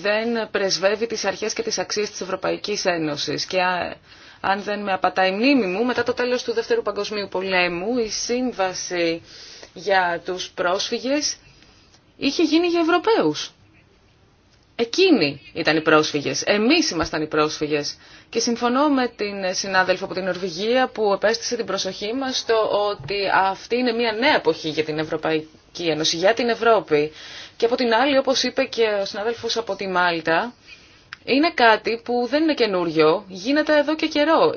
δεν πρεσβεύει τις αρχές και τις αξίες της Ευρωπαϊκής Ένωσης. Και αν δεν με απατάει μνήμη μου, μετά το τέλος του Δεύτερου Παγκοσμίου Πολέμου, η Σύμβαση για τους πρόσφυγες είχε γίνει για Ευρωπαίους. Εκείνοι ήταν οι πρόσφυγες, εμείς ήμασταν οι πρόσφυγες. Και συμφωνώ με την συνάδελφο από την Νορβηγία που επέστησε την προσοχή μας στο ότι αυτή είναι μια νέα εποχή για την Ευρωπαϊκή Ένωση, για την Ευρώπη. Και από την άλλη, όπως είπε και ο συνάδελφος από τη Μάλτα, είναι κάτι που δεν είναι καινούριο, γίνεται εδώ και καιρό.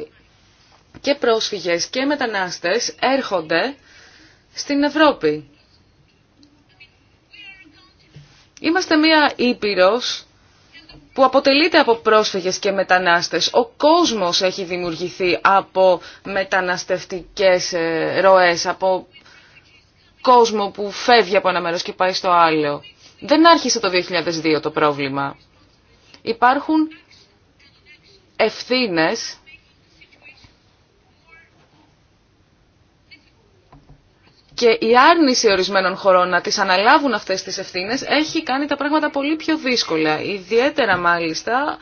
Και πρόσφυγες και μετανάστες έρχονται στην Ευρώπη. Είμαστε μία ήπειρος που αποτελείται από πρόσφυγες και μετανάστες. Ο κόσμος έχει δημιουργηθεί από μεταναστευτικές ε, ροές, από κόσμο που φεύγει από ένα μέρος και πάει στο άλλο. Δεν άρχισε το 2002 το πρόβλημα. Υπάρχουν ευθύνες και η άρνηση ορισμένων χωρών να τις αναλάβουν αυτές τις ευθύνες έχει κάνει τα πράγματα πολύ πιο δύσκολα. Ιδιαίτερα μάλιστα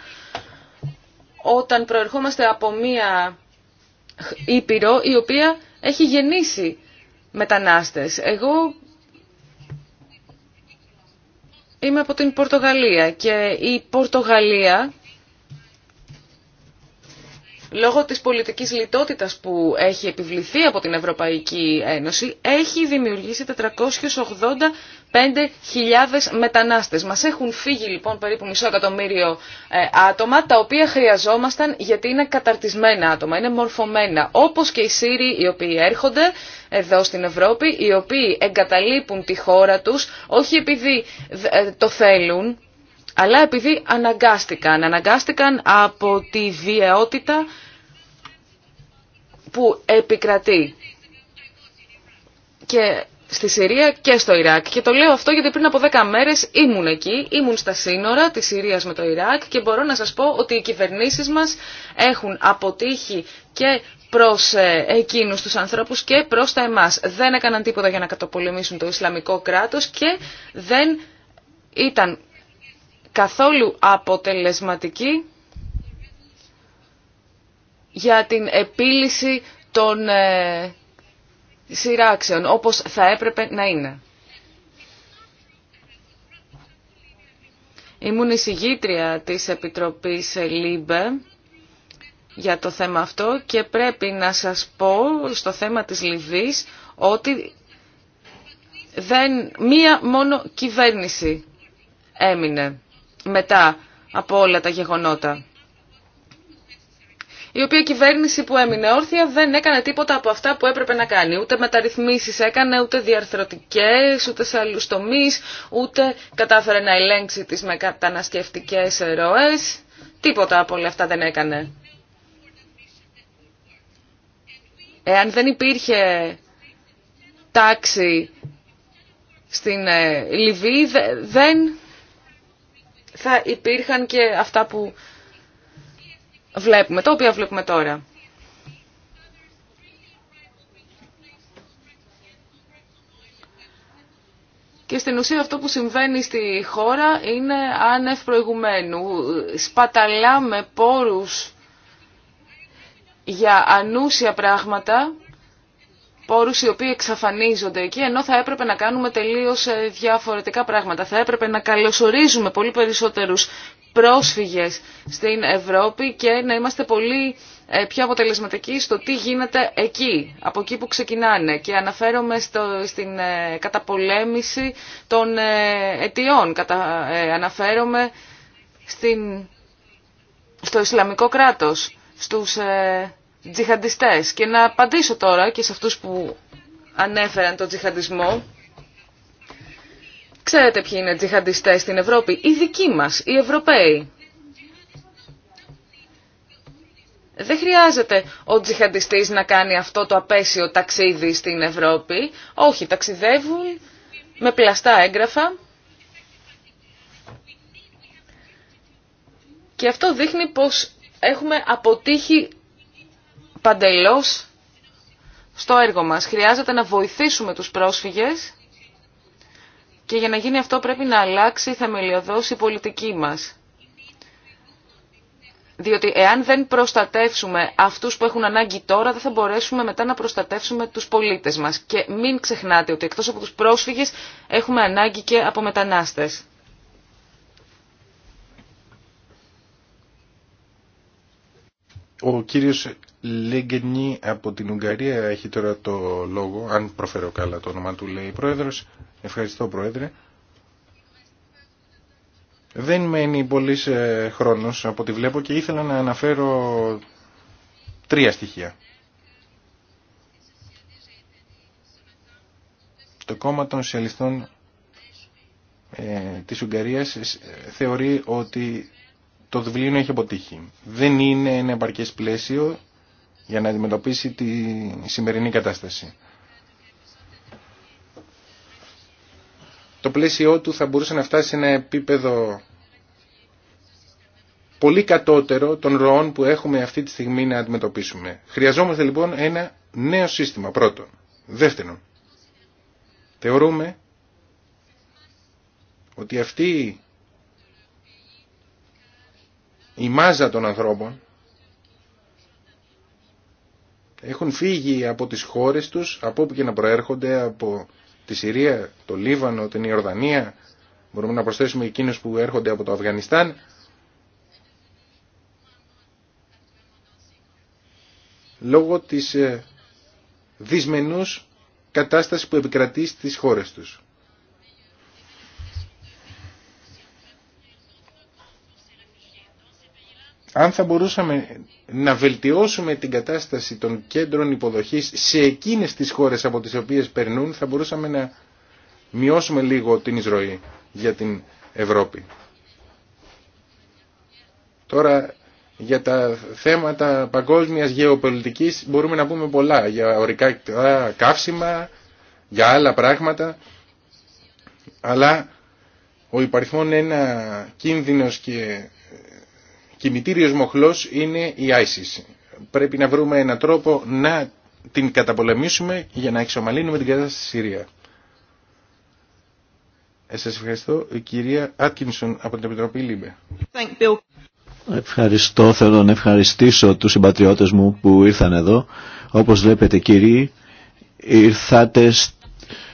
όταν προερχόμαστε από μία ήπειρο η οποία έχει γεννήσει μετανάστες. Εγώ είμαι από την Πορτογαλία και η Πορτογαλία λόγω της πολιτικής λιτότητας που έχει επιβληθεί από την Ευρωπαϊκή Ένωση, έχει δημιουργήσει 485.000 μετανάστες. Μας έχουν φύγει λοιπόν περίπου μισό εκατομμύριο ε, άτομα, τα οποία χρειαζόμασταν γιατί είναι καταρτισμένα άτομα, είναι μορφωμένα, όπως και οι Σύριοι οι οποίοι έρχονται εδώ στην Ευρώπη, οι οποίοι εγκαταλείπουν τη χώρα τους, όχι επειδή ε, το θέλουν, αλλά επειδή αναγκάστηκαν, αναγκάστηκαν από τη βιαιότητα που επικρατεί και στη Συρία και στο Ιράκ. Και το λέω αυτό γιατί πριν από δέκα μέρες ήμουν εκεί, ήμουν στα σύνορα της Συρίας με το Ιράκ και μπορώ να σας πω ότι οι κυβερνήσεις μας έχουν αποτύχει και προς ε, εκείνους τους ανθρώπους και προς τα εμάς. Δεν έκαναν τίποτα για να κατοπολεμήσουν το Ισλαμικό κράτος και δεν ήταν καθόλου αποτελεσματικοί για την επίλυση των ε, σειράξεων, όπως θα έπρεπε να είναι. Ήμουν εισηγήτρια της Επιτροπής ΛΥΜΠΕ για το θέμα αυτό και πρέπει να σας πω στο θέμα της Λιβύης ότι δεν, μία μόνο κυβέρνηση έμεινε μετά από όλα τα γεγονότα η οποία κυβέρνηση που έμεινε όρθια δεν έκανε τίποτα από αυτά που έπρεπε να κάνει. Ούτε μεταρρυθμίσεις έκανε, ούτε διαρθρωτικές, ούτε σε άλλους τομείς, ούτε κατάφερε να ελέγξει τις μεταναστευτικές ροές. Τίποτα από όλα αυτά δεν έκανε. Εάν δεν υπήρχε τάξη στην ε, Λιβύη δεν θα υπήρχαν και αυτά που βλέπουμε, τα οποία βλέπουμε τώρα. Και στην ουσία αυτό που συμβαίνει στη χώρα είναι άνευ προηγουμένου. Σπαταλάμε πόρους για ανούσια πράγματα, πόρους οι οποίοι εξαφανίζονται εκεί, ενώ θα έπρεπε να κάνουμε τελείως ε, διαφορετικά πράγματα. Θα έπρεπε να καλωσορίζουμε πολύ περισσότερους πρόσφυγες στην Ευρώπη και να είμαστε πολύ ε, πιο αποτελεσματικοί στο τι γίνεται εκεί, από εκεί που ξεκινάνε. Και αναφέρομαι στο, στην ε, καταπολέμηση των ε, αιτιών, Κατα, αναφέρομαι στην, στο Ισλαμικό κράτος, στους ε, τζιχαντιστές. Και να απαντήσω τώρα και σε αυτούς που ανέφεραν τον τζιχαντισμό. Ξέρετε ποιοι είναι τζιχαντιστές στην Ευρώπη, οι δικοί μας, οι Ευρωπαίοι. Δεν χρειάζεται ο τζιχαντιστής να κάνει αυτό το απέσιο ταξίδι στην Ευρώπη. Όχι, ταξιδεύουν με πλαστά έγγραφα. Και αυτό δείχνει πως έχουμε αποτύχει παντελώς στο έργο μας. Χρειάζεται να βοηθήσουμε τους πρόσφυγες και για να γίνει αυτό πρέπει να αλλάξει θεμελιωδώς η πολιτική μας. Διότι εάν δεν προστατεύσουμε αυτούς που έχουν ανάγκη τώρα, δεν θα μπορέσουμε μετά να προστατεύσουμε τους πολίτες μας. Και μην ξεχνάτε ότι εκτός από τους πρόσφυγες έχουμε ανάγκη και από μετανάστες. Ο κύριος Λέγκενι από την Ουγγαρία έχει τώρα το λόγο, αν προφέρω καλά το όνομα του λέει η πρόεδρος. Ευχαριστώ Πρόεδρε. Δεν μένει πολύ χρόνος από ό,τι βλέπω και ήθελα να αναφέρω τρία στοιχεία. Το κόμμα των σοσιαλιστών ε, της Ουγγαρίας θεωρεί ότι το Δουβλίνο έχει αποτύχει. Δεν είναι ένα επαρκές πλαίσιο για να αντιμετωπίσει τη σημερινή κατάσταση. το πλαίσιό του θα μπορούσε να φτάσει σε ένα επίπεδο πολύ κατώτερο των ροών που έχουμε αυτή τη στιγμή να αντιμετωπίσουμε. Χρειαζόμαστε λοιπόν ένα νέο σύστημα πρώτον. Δεύτερον, θεωρούμε ότι αυτή η μάζα των ανθρώπων έχουν φύγει από τις χώρες τους, από όπου και να προέρχονται, από τη Συρία, το Λίβανο, την Ιορδανία, μπορούμε να προσθέσουμε εκείνους που έρχονται από το Αφγανιστάν. Λόγω της ε, δυσμενούς κατάστασης που επικρατεί στις χώρες τους. αν θα μπορούσαμε να βελτιώσουμε την κατάσταση των κέντρων υποδοχής σε εκείνες τις χώρες από τις οποίες περνούν, θα μπορούσαμε να μειώσουμε λίγο την εισρωή για την Ευρώπη. Τώρα για τα θέματα παγκόσμιας γεωπολιτικής μπορούμε να πούμε πολλά, για ορικά καύσιμα, για άλλα πράγματα, αλλά ο υπαριθμόν ένα κίνδυνος και κημητήριος μοχλός είναι η ISIS. Πρέπει να βρούμε έναν τρόπο να την καταπολεμήσουμε για να εξομαλύνουμε την κατάσταση στη Συρία. Ε, σας ευχαριστώ. Η κυρία Άτκινσον από την Επιτροπή Λίμπε. Ευχαριστώ. Θέλω να ευχαριστήσω τους συμπατριώτες μου που ήρθαν εδώ. Όπως βλέπετε κύριοι, ήρθατε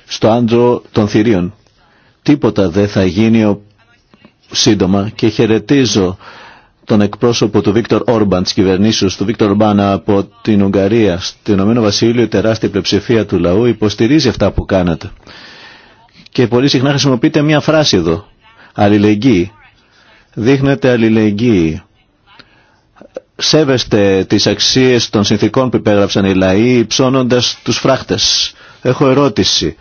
στο άντρο των θηρίων. Τίποτα δεν θα γίνει σύντομα και χαιρετίζω τον εκπρόσωπο του Βίκτορ Όρμπαν, τη κυβερνήσεω του Βίκτορ Όρμπαν από την Ουγγαρία, στο Ηνωμένο Βασίλειο, η τεράστια πλειοψηφία του λαού υποστηρίζει αυτά που κάνατε. Και πολύ συχνά χρησιμοποιείτε μία φράση εδώ. Αλληλεγγύη. Δείχνετε αλληλεγγύη. Σέβεστε τις αξίε των συνθήκων που υπέγραψαν οι λαοί, ψώνοντα τους φράχτες. Έχω ερώτηση.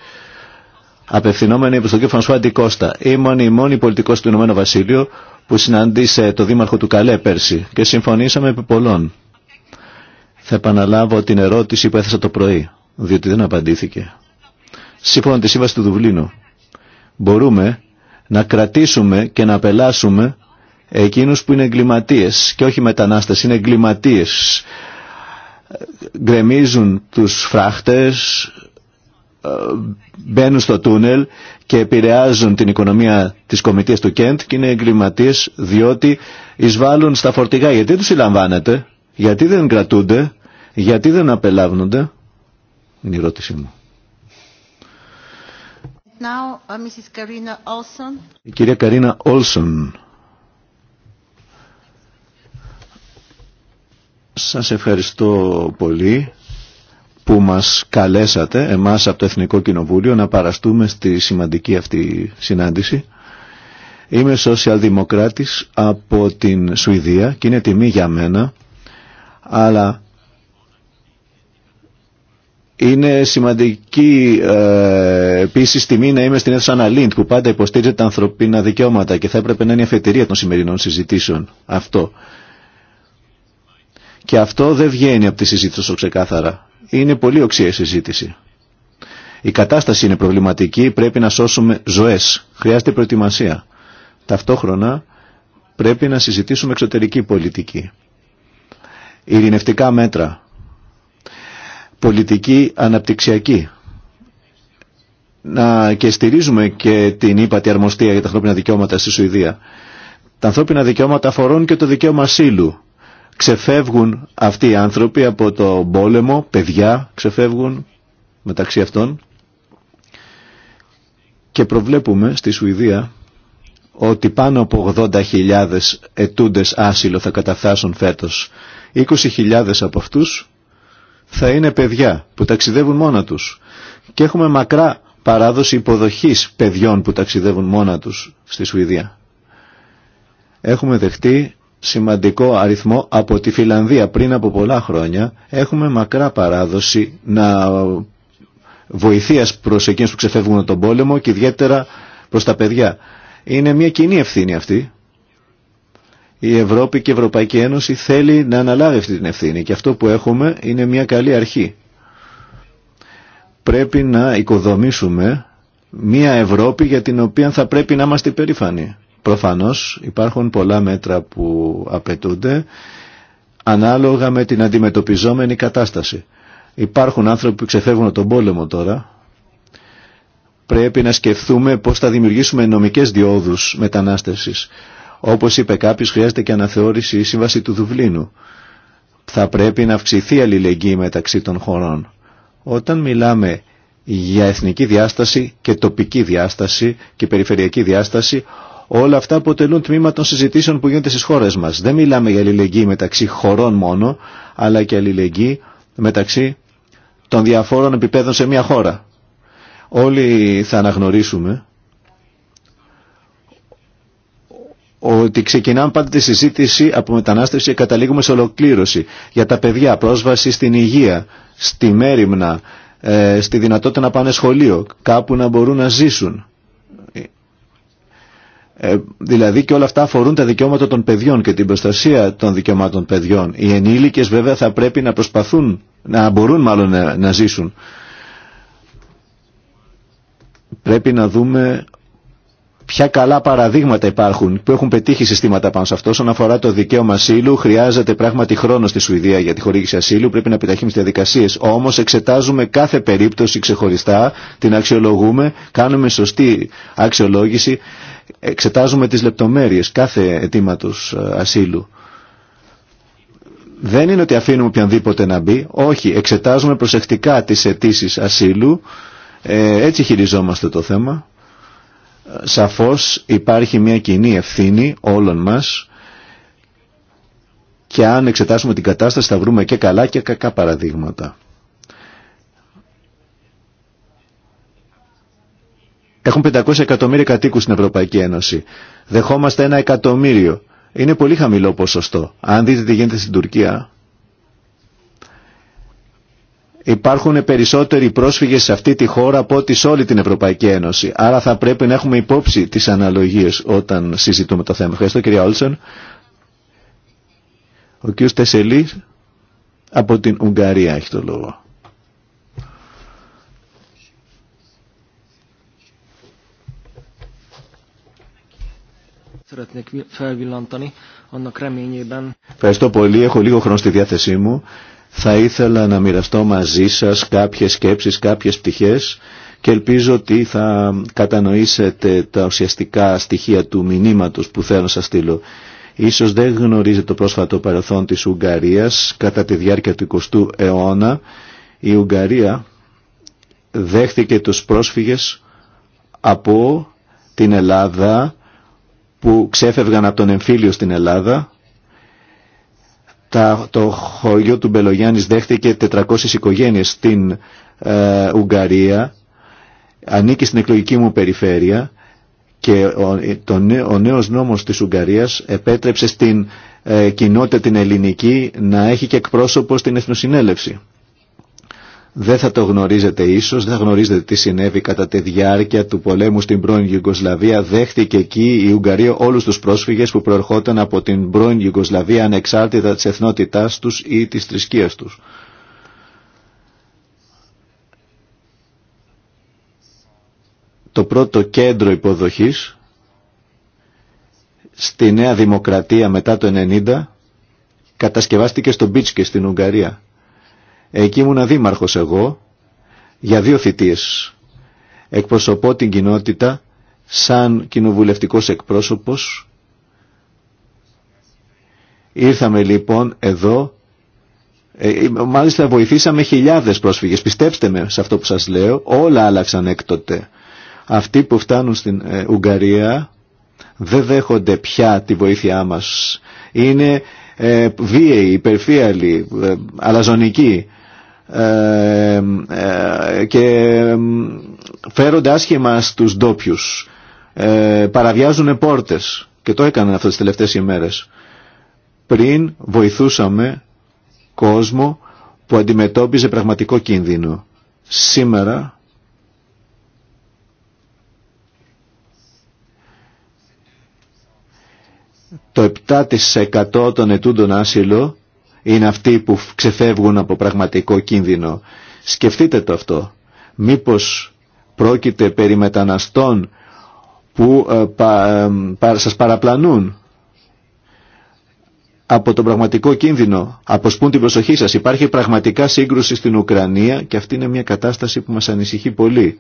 Απευθυνόμενη προς τον κ. Φανσουάντι Κώστα. Ήμουν η μόνη πολιτικός του Ηνωμένου Βασίλειου που συναντήσε το Δήμαρχο του Καλέ πέρσι και συμφωνήσαμε επί πολλών. Θα επαναλάβω την ερώτηση που έθεσα το πρωί, διότι δεν απαντήθηκε. Σύμφωνα τη Σύμβαση του Δουβλίνου, μπορούμε να κρατήσουμε και να απελάσουμε εκείνους που είναι εγκληματίες και όχι μετανάστες, είναι εγκληματίες. Γκρεμίζουν τους φράχτες, ε, μπαίνουν στο τούνελ και επηρεάζουν την οικονομία της κομιτείας του Κέντ και είναι εγκληματίε διότι εισβάλλουν στα φορτηγά. Γιατί τους συλλαμβάνετε, γιατί δεν κρατούνται, γιατί δεν απελάβνονται. Είναι η ερώτησή μου. Uh, η κυρία Καρίνα Όλσον. Σας ευχαριστώ πολύ που μας καλέσατε, εμάς από το Εθνικό Κοινοβούλιο, να παραστούμε στη σημαντική αυτή συνάντηση. Είμαι σοσιαλδημοκράτης από την Σουηδία και είναι τιμή για μένα, αλλά είναι σημαντική ε, επίσης τιμή να είμαι στην αίθουσα Αναλίντ που πάντα υποστήριζε τα ανθρωπίνα δικαιώματα και θα έπρεπε να είναι η αφετηρία των σημερινών συζητήσεων αυτό. Και αυτό δεν βγαίνει από τη συζήτηση τόσο ξεκάθαρα είναι πολύ οξία η συζήτηση. Η κατάσταση είναι προβληματική, πρέπει να σώσουμε ζωές. Χρειάζεται προετοιμασία. Ταυτόχρονα πρέπει να συζητήσουμε εξωτερική πολιτική. Ειρηνευτικά μέτρα. Πολιτική αναπτυξιακή. Να και στηρίζουμε και την ύπατη αρμοστία για τα ανθρώπινα δικαιώματα στη Σουηδία. Τα ανθρώπινα δικαιώματα αφορούν και το δικαίωμα ασύλου ξεφεύγουν αυτοί οι άνθρωποι από το πόλεμο, παιδιά ξεφεύγουν μεταξύ αυτών και προβλέπουμε στη Σουηδία ότι πάνω από 80.000 ετούντες άσυλο θα καταφτάσουν φέτος. 20.000 από αυτούς θα είναι παιδιά που ταξιδεύουν μόνα τους. Και έχουμε μακρά παράδοση υποδοχής παιδιών που ταξιδεύουν μόνα τους στη Σουηδία. Έχουμε δεχτεί σημαντικό αριθμό από τη Φιλανδία πριν από πολλά χρόνια. Έχουμε μακρά παράδοση να βοηθείας προς εκείνους που ξεφεύγουν τον πόλεμο και ιδιαίτερα προς τα παιδιά. Είναι μια κοινή ευθύνη αυτή. Η Ευρώπη και η Ευρωπαϊκή Ένωση θέλει να αναλάβει αυτή την ευθύνη και αυτό που έχουμε είναι μια καλή αρχή. Πρέπει να οικοδομήσουμε μια Ευρώπη για την οποία θα πρέπει να είμαστε υπερήφανοι Προφανώς υπάρχουν πολλά μέτρα που απαιτούνται ανάλογα με την αντιμετωπιζόμενη κατάσταση. Υπάρχουν άνθρωποι που ξεφεύγουν από τον πόλεμο τώρα. Πρέπει να σκεφτούμε πώς θα δημιουργήσουμε νομικές διόδους μετανάστευσης. Όπως είπε κάποιος χρειάζεται και αναθεώρηση η σύμβαση του Δουβλίνου. Θα πρέπει να αυξηθεί η αλληλεγγύη μεταξύ των χωρών. Όταν μιλάμε για εθνική διάσταση και τοπική διάσταση και περιφερειακή διάσταση Όλα αυτά αποτελούν τμήμα των συζητήσεων που γίνονται στις χώρες μας. Δεν μιλάμε για αλληλεγγύη μεταξύ χωρών μόνο, αλλά και αλληλεγγύη μεταξύ των διαφόρων επιπέδων σε μια χώρα. Όλοι θα αναγνωρίσουμε ότι ξεκινάμε πάντα τη συζήτηση από μετανάστευση και καταλήγουμε σε ολοκλήρωση. Για τα παιδιά, πρόσβαση στην υγεία, στη μέρημνα, ε, στη δυνατότητα να πάνε σχολείο, κάπου να μπορούν να ζήσουν. Ε, δηλαδή και όλα αυτά αφορούν τα δικαιώματα των παιδιών και την προστασία των δικαιωμάτων παιδιών. Οι ενήλικες βέβαια θα πρέπει να προσπαθούν, να μπορούν μάλλον να, να ζήσουν. Πρέπει να δούμε ποια καλά παραδείγματα υπάρχουν που έχουν πετύχει συστήματα πάνω σε αυτό. Όσον αφορά το δικαίωμα ασύλου, χρειάζεται πράγματι χρόνο στη Σουηδία για τη χορήγηση ασύλου. Πρέπει να επιταχύνουμε τι διαδικασίε. Όμω εξετάζουμε κάθε περίπτωση ξεχωριστά, την αξιολογούμε, κάνουμε σωστή αξιολόγηση εξετάζουμε τις λεπτομέρειες κάθε αιτήματο ε, ασύλου. Δεν είναι ότι αφήνουμε οποιανδήποτε να μπει, όχι, εξετάζουμε προσεκτικά τις αιτήσει ασύλου, ε, έτσι χειριζόμαστε το θέμα. Σαφώς υπάρχει μια κοινή ευθύνη όλων μας και αν εξετάσουμε την κατάσταση θα βρούμε και καλά και κακά παραδείγματα. Έχουν 500 εκατομμύρια κατοίκους στην Ευρωπαϊκή Ένωση. Δεχόμαστε ένα εκατομμύριο. Είναι πολύ χαμηλό ποσοστό. Αν δείτε τι γίνεται στην Τουρκία, υπάρχουν περισσότεροι πρόσφυγες σε αυτή τη χώρα από ό,τι σε όλη την Ευρωπαϊκή Ένωση. Άρα θα πρέπει να έχουμε υπόψη τις αναλογίες όταν συζητούμε το θέμα. Ευχαριστώ κυρία Όλσον. Ο κύριος Τεσελής από την Ουγγαρία έχει το λόγο. Ευχαριστώ πολύ. Έχω λίγο χρόνο στη διάθεσή μου. Θα ήθελα να μοιραστώ μαζί σας κάποιες σκέψεις, κάποιες πτυχές και ελπίζω ότι θα κατανοήσετε τα ουσιαστικά στοιχεία του μηνύματος που θέλω να σας στείλω. Ίσως δεν γνωρίζετε το πρόσφατο παρελθόν της Ουγγαρίας κατά τη διάρκεια του 20ου αιώνα. Η Ουγγαρία δέχτηκε τους πρόσφυγες από την Ελλάδα που ξέφευγαν από τον εμφύλιο στην Ελλάδα. Το χωριό του Μπελογιάννης δέχτηκε 400 οικογένειες στην ε, Ουγγαρία. Ανήκει στην εκλογική μου περιφέρεια και ο, το, ο νέος νόμος της Ουγγαρίας επέτρεψε στην ε, κοινότητα την ελληνική να έχει και εκπρόσωπο στην Εθνοσυνέλευση. Δεν θα το γνωρίζετε ίσως, δεν θα γνωρίζετε τι συνέβη κατά τη διάρκεια του πολέμου στην πρώην Γιουγκοσλαβία. Δέχτηκε εκεί η Ουγγαρία όλους τους πρόσφυγες που προερχόταν από την πρώην Γιουγκοσλαβία ανεξάρτητα της εθνότητάς τους ή της θρησκείας τους. Το πρώτο κέντρο υποδοχής στη Νέα Δημοκρατία μετά το 1990 κατασκευάστηκε στο Μπίτσκε στην Ουγγαρία Εκεί ήμουν δήμαρχος εγώ για δύο θητείες. Εκπροσωπώ την κοινότητα σαν κοινοβουλευτικός εκπρόσωπος. Ήρθαμε λοιπόν εδώ, ε, ε, μάλιστα βοηθήσαμε χιλιάδες πρόσφυγες. Πιστέψτε με σε αυτό που σας λέω, όλα άλλαξαν έκτοτε. Αυτοί που φτάνουν στην ε, Ουγγαρία δεν δέχονται πια τη βοήθειά μας. Είναι ε, βίαιοι, υπερφύαλοι, ε, αλαζονικοί. Ε, ε, και ε, φέρονται άσχημα στους ντόπιου. παραβιάζουν πόρτες και το έκαναν αυτές τις τελευταίες ημέρες. Πριν βοηθούσαμε κόσμο που αντιμετώπιζε πραγματικό κίνδυνο. Σήμερα το 7% των ετούντων άσυλο είναι αυτοί που ξεφεύγουν από πραγματικό κίνδυνο. Σκεφτείτε το αυτό. Μήπως πρόκειται περί μεταναστών που ε, ε σας παραπλανούν από τον πραγματικό κίνδυνο. Αποσπούν την προσοχή σας. Υπάρχει πραγματικά σύγκρουση στην Ουκρανία και αυτή είναι μια κατάσταση που μας ανησυχεί πολύ.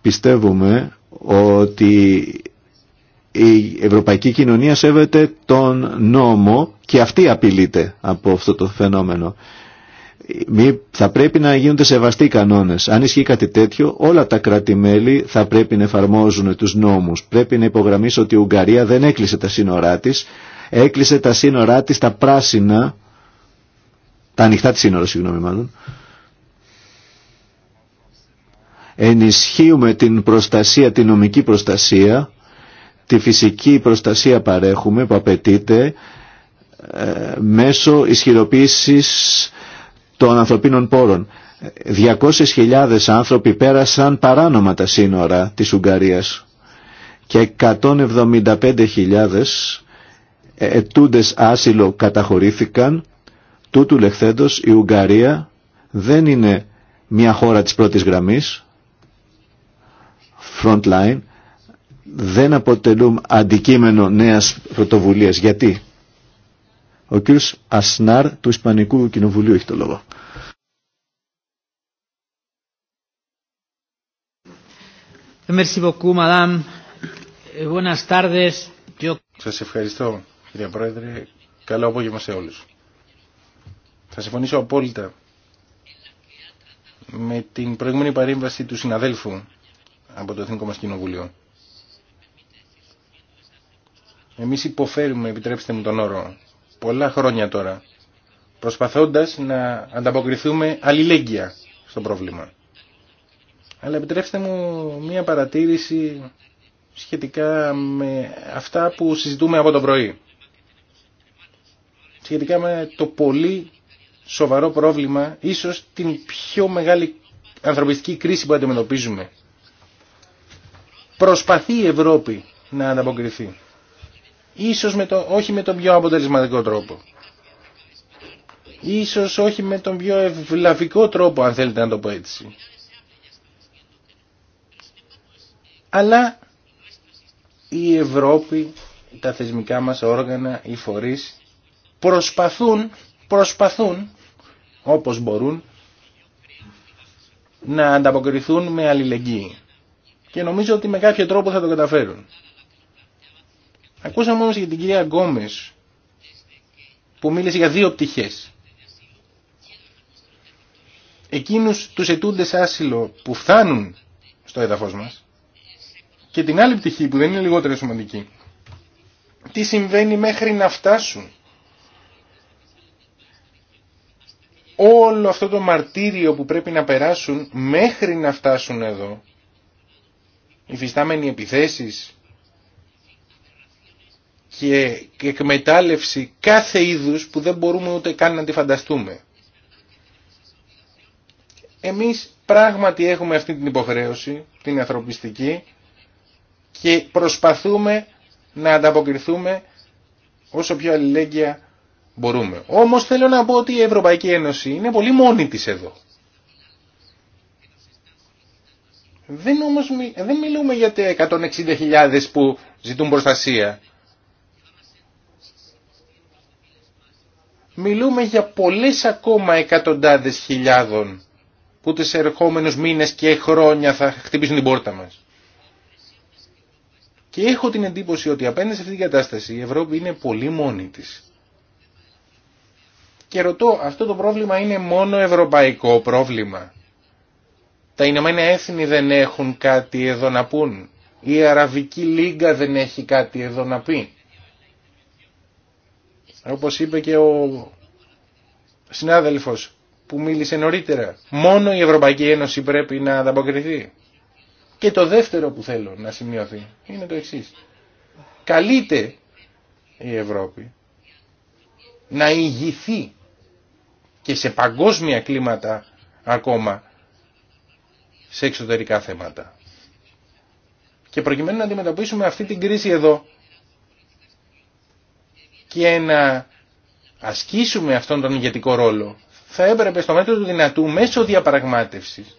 Πιστεύουμε ότι η ευρωπαϊκή κοινωνία σέβεται τον νόμο και αυτή απειλείται από αυτό το φαινόμενο. Μη, θα πρέπει να γίνονται σεβαστοί κανόνες. Αν ισχύει κάτι τέτοιο, όλα τα κράτη-μέλη θα πρέπει να εφαρμόζουν τους νόμους. Πρέπει να υπογραμμίσω ότι η Ουγγαρία δεν έκλεισε τα σύνορά της. Έκλεισε τα σύνορά της τα πράσινα, τα ανοιχτά της σύνορα, συγγνώμη μάλλον. Ενισχύουμε την προστασία, την νομική προστασία τη φυσική προστασία παρέχουμε που απαιτείται ε, μέσω ισχυροποίησης των ανθρωπίνων πόρων. 200.000 άνθρωποι πέρασαν παράνομα τα σύνορα της Ουγγαρίας και 175.000 ετούντες άσυλο καταχωρήθηκαν. Τούτου λεχθέντος η Ουγγαρία δεν είναι μια χώρα της πρώτης γραμμής, front line, δεν αποτελούν αντικείμενο νέας πρωτοβουλίας. Γιατί? Ο κύριος Ασνάρ του Ισπανικού Κοινοβουλίου έχει το λόγο. Σας ευχαριστώ κύριε Πρόεδρε. Καλό απόγευμα σε όλους. Θα συμφωνήσω απόλυτα με την προηγούμενη παρέμβαση του συναδέλφου από το Εθνικό μας Κοινοβουλίο. Εμείς υποφέρουμε, επιτρέψτε μου τον όρο, πολλά χρόνια τώρα, προσπαθώντας να ανταποκριθούμε αλληλέγγυα στο πρόβλημα. Αλλά επιτρέψτε μου μία παρατήρηση σχετικά με αυτά που συζητούμε από το πρωί. Σχετικά με το πολύ σοβαρό πρόβλημα, ίσως την πιο μεγάλη ανθρωπιστική κρίση που αντιμετωπίζουμε. Προσπαθεί η Ευρώπη να ανταποκριθεί. Ίσως με το, όχι με τον πιο αποτελεσματικό τρόπο. Ίσως όχι με τον πιο ευλαβικό τρόπο αν θέλετε να το πω έτσι. Αλλά η Ευρώπη, τα θεσμικά μας όργανα, οι φορείς προσπαθούν, προσπαθούν όπως μπορούν να ανταποκριθούν με αλληλεγγύη. Και νομίζω ότι με κάποιο τρόπο θα το καταφέρουν. Ακούσαμε όμως για την κυρία Γκόμες που μίλησε για δύο πτυχές. Εκείνους τους ετούντες άσυλο που φτάνουν στο έδαφος μας και την άλλη πτυχή που δεν είναι λιγότερο σημαντική. Τι συμβαίνει μέχρι να φτάσουν. Όλο αυτό το μαρτύριο που πρέπει να περάσουν μέχρι να φτάσουν εδώ. Οι φυστάμενοι επιθέσεις, και εκμετάλλευση κάθε είδους που δεν μπορούμε ούτε καν να τη φανταστούμε. Εμείς πράγματι έχουμε αυτή την υποχρέωση, την ανθρωπιστική και προσπαθούμε να ανταποκριθούμε όσο πιο αλληλέγγυα μπορούμε. Όμως θέλω να πω ότι η Ευρωπαϊκή Ένωση είναι πολύ μόνη της εδώ. Δεν, όμως, δεν μιλούμε για τα 160.000 που ζητούν προστασία μιλούμε για πολλές ακόμα εκατοντάδες χιλιάδων που τις ερχόμενους μήνες και χρόνια θα χτυπήσουν την πόρτα μας. Και έχω την εντύπωση ότι απέναντι σε αυτή την κατάσταση η Ευρώπη είναι πολύ μόνη της. Και ρωτώ, αυτό το πρόβλημα είναι μόνο ευρωπαϊκό πρόβλημα. Τα Ηνωμένα Έθνη δεν έχουν κάτι εδώ να πούν. Η Αραβική Λίγκα δεν έχει κάτι εδώ να πει όπως είπε και ο συνάδελφος που μίλησε νωρίτερα, μόνο η Ευρωπαϊκή Ένωση πρέπει να ανταποκριθεί. Και το δεύτερο που θέλω να σημειωθεί είναι το εξής. Καλείται η Ευρώπη να ηγηθεί και σε παγκόσμια κλίματα ακόμα σε εξωτερικά θέματα. Και προκειμένου να αντιμετωπίσουμε αυτή την κρίση εδώ, και να ασκήσουμε αυτόν τον ηγετικό ρόλο θα έπρεπε στο μέτρο του δυνατού μέσω διαπραγμάτευσης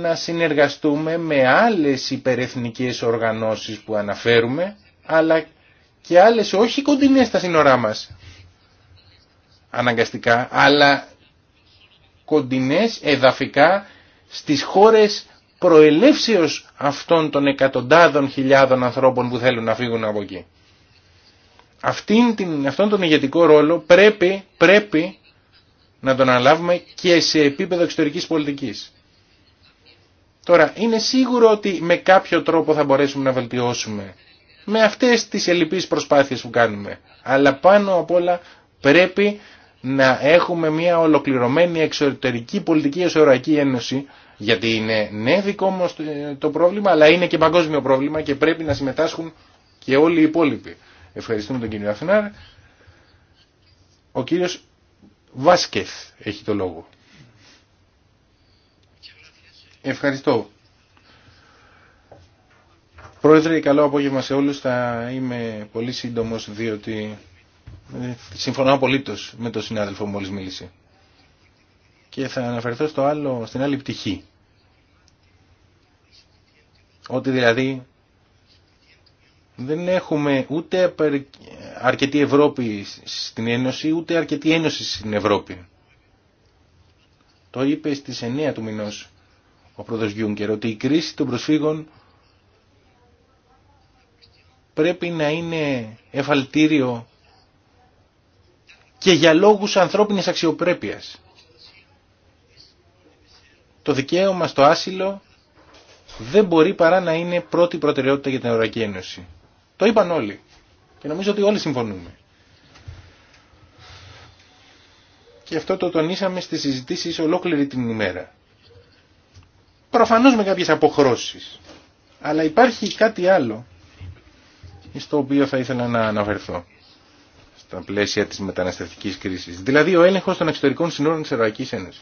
να συνεργαστούμε με άλλες υπερεθνικές οργανώσεις που αναφέρουμε αλλά και άλλες όχι κοντινές στα σύνορά μας αναγκαστικά αλλά κοντινές εδαφικά στις χώρες προελεύσεως αυτών των εκατοντάδων χιλιάδων ανθρώπων που θέλουν να φύγουν από εκεί. Αυτήν την, αυτόν τον ηγετικό ρόλο πρέπει, πρέπει να τον αναλάβουμε και σε επίπεδο εξωτερικής πολιτικής. Τώρα, είναι σίγουρο ότι με κάποιο τρόπο θα μπορέσουμε να βελτιώσουμε με αυτές τις ελλειπείς προσπάθειες που κάνουμε. Αλλά πάνω απ' όλα πρέπει να έχουμε μια ολοκληρωμένη εξωτερική πολιτική ως Ευρωπαϊκή Ένωση γιατί είναι ναι δικό μας το πρόβλημα, αλλά είναι και παγκόσμιο πρόβλημα και πρέπει να συμμετάσχουν και όλοι οι υπόλοιποι. Ευχαριστούμε τον κύριο Αφινάρη. Ο κύριος Βάσκεθ έχει το λόγο. Ευχαριστώ. Πρόεδρε, καλό απόγευμα σε όλους. Θα είμαι πολύ σύντομος διότι ε, συμφωνώ απολύτως με τον συνάδελφο μόλις μίλησε και θα αναφερθώ στο άλλο, στην άλλη πτυχή. Ότι δηλαδή δεν έχουμε ούτε αρκετή Ευρώπη στην Ένωση, ούτε αρκετή Ένωση στην Ευρώπη. Το είπε στις 9 του μηνός ο πρόεδρος Γιούγκερ, ότι η κρίση των προσφύγων πρέπει να είναι εφαλτήριο και για λόγους ανθρώπινης αξιοπρέπειας το δικαίωμα στο άσυλο δεν μπορεί παρά να είναι πρώτη προτεραιότητα για την Ευρωπαϊκή Ένωση. Το είπαν όλοι. Και νομίζω ότι όλοι συμφωνούμε. Και αυτό το τονίσαμε στις συζητήσεις ολόκληρη την ημέρα. Προφανώς με κάποιες αποχρώσεις. Αλλά υπάρχει κάτι άλλο στο οποίο θα ήθελα να αναφερθώ στα πλαίσια της μεταναστευτικής κρίσης. Δηλαδή ο έλεγχος των εξωτερικών συνόρων της Ευρωπαϊκής Ένωσης.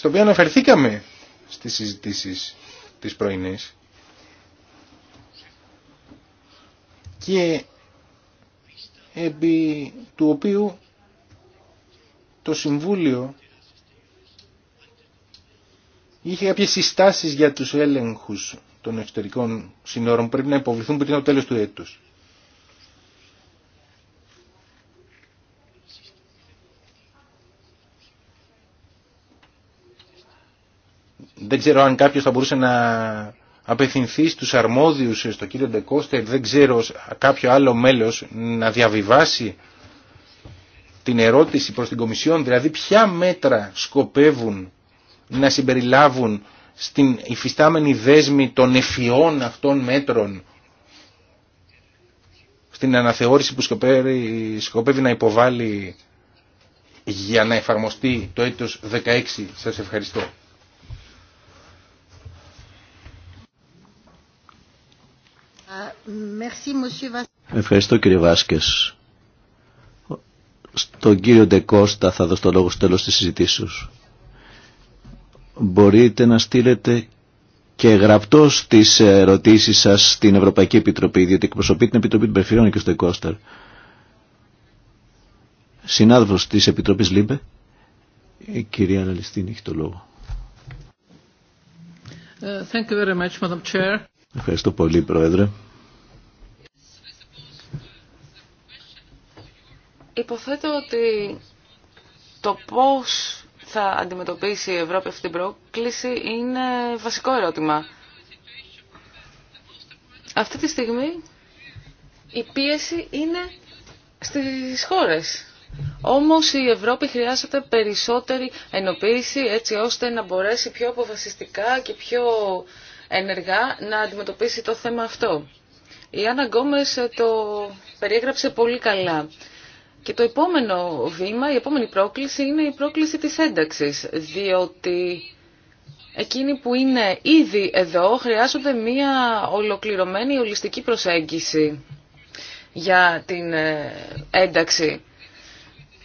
στο οποίο αναφερθήκαμε στις συζητήσεις της πρωινής και επί του οποίου το Συμβούλιο είχε κάποιες συστάσεις για τους έλεγχους των εξωτερικών συνόρων που πρέπει να υποβληθούν πριν το τέλος του έτους. Δεν ξέρω αν κάποιος θα μπορούσε να απευθυνθεί στους αρμόδιους, στο κύριο Ντεκώστερ, δεν ξέρω κάποιο άλλο μέλος να διαβιβάσει την ερώτηση προς την Κομισιόν, δηλαδή ποια μέτρα σκοπεύουν να συμπεριλάβουν στην υφιστάμενη δέσμη των εφιών αυτών μέτρων στην αναθεώρηση που σκοπεύει, σκοπεύει να υποβάλει για να εφαρμοστεί το έτος 16. Σας ευχαριστώ. Ευχαριστώ κύριε Βάσκε. Στον κύριο Ντεκώστα θα δώσω το λόγο στο τέλος της συζητήσεως. Μπορείτε να στείλετε και γραπτό τις ερωτήσεις σας στην Ευρωπαϊκή Επιτροπή, διότι εκπροσωπεί την Επιτροπή των Περιφερειών και στο Ντεκώσταρ. Συνάδελφος της Επιτροπής Λίμπε, η κυρία Αναλυστίνη έχει το λόγο. Ε, thank you very much, Madam Chair. Ευχαριστώ πολύ, Πρόεδρε. Υποθέτω ότι το πώς θα αντιμετωπίσει η Ευρώπη αυτή την πρόκληση είναι βασικό ερώτημα. Αυτή τη στιγμή η πίεση είναι στις χώρες. Όμως η Ευρώπη χρειάζεται περισσότερη ενοποίηση έτσι ώστε να μπορέσει πιο αποφασιστικά και πιο ενεργά να αντιμετωπίσει το θέμα αυτό. Η Άννα Γκόμες το περιέγραψε πολύ καλά. Και το επόμενο βήμα, η επόμενη πρόκληση είναι η πρόκληση της ένταξης, διότι εκείνοι που είναι ήδη εδώ χρειάζονται μία ολοκληρωμένη ολιστική προσέγγιση για την ε, ένταξη.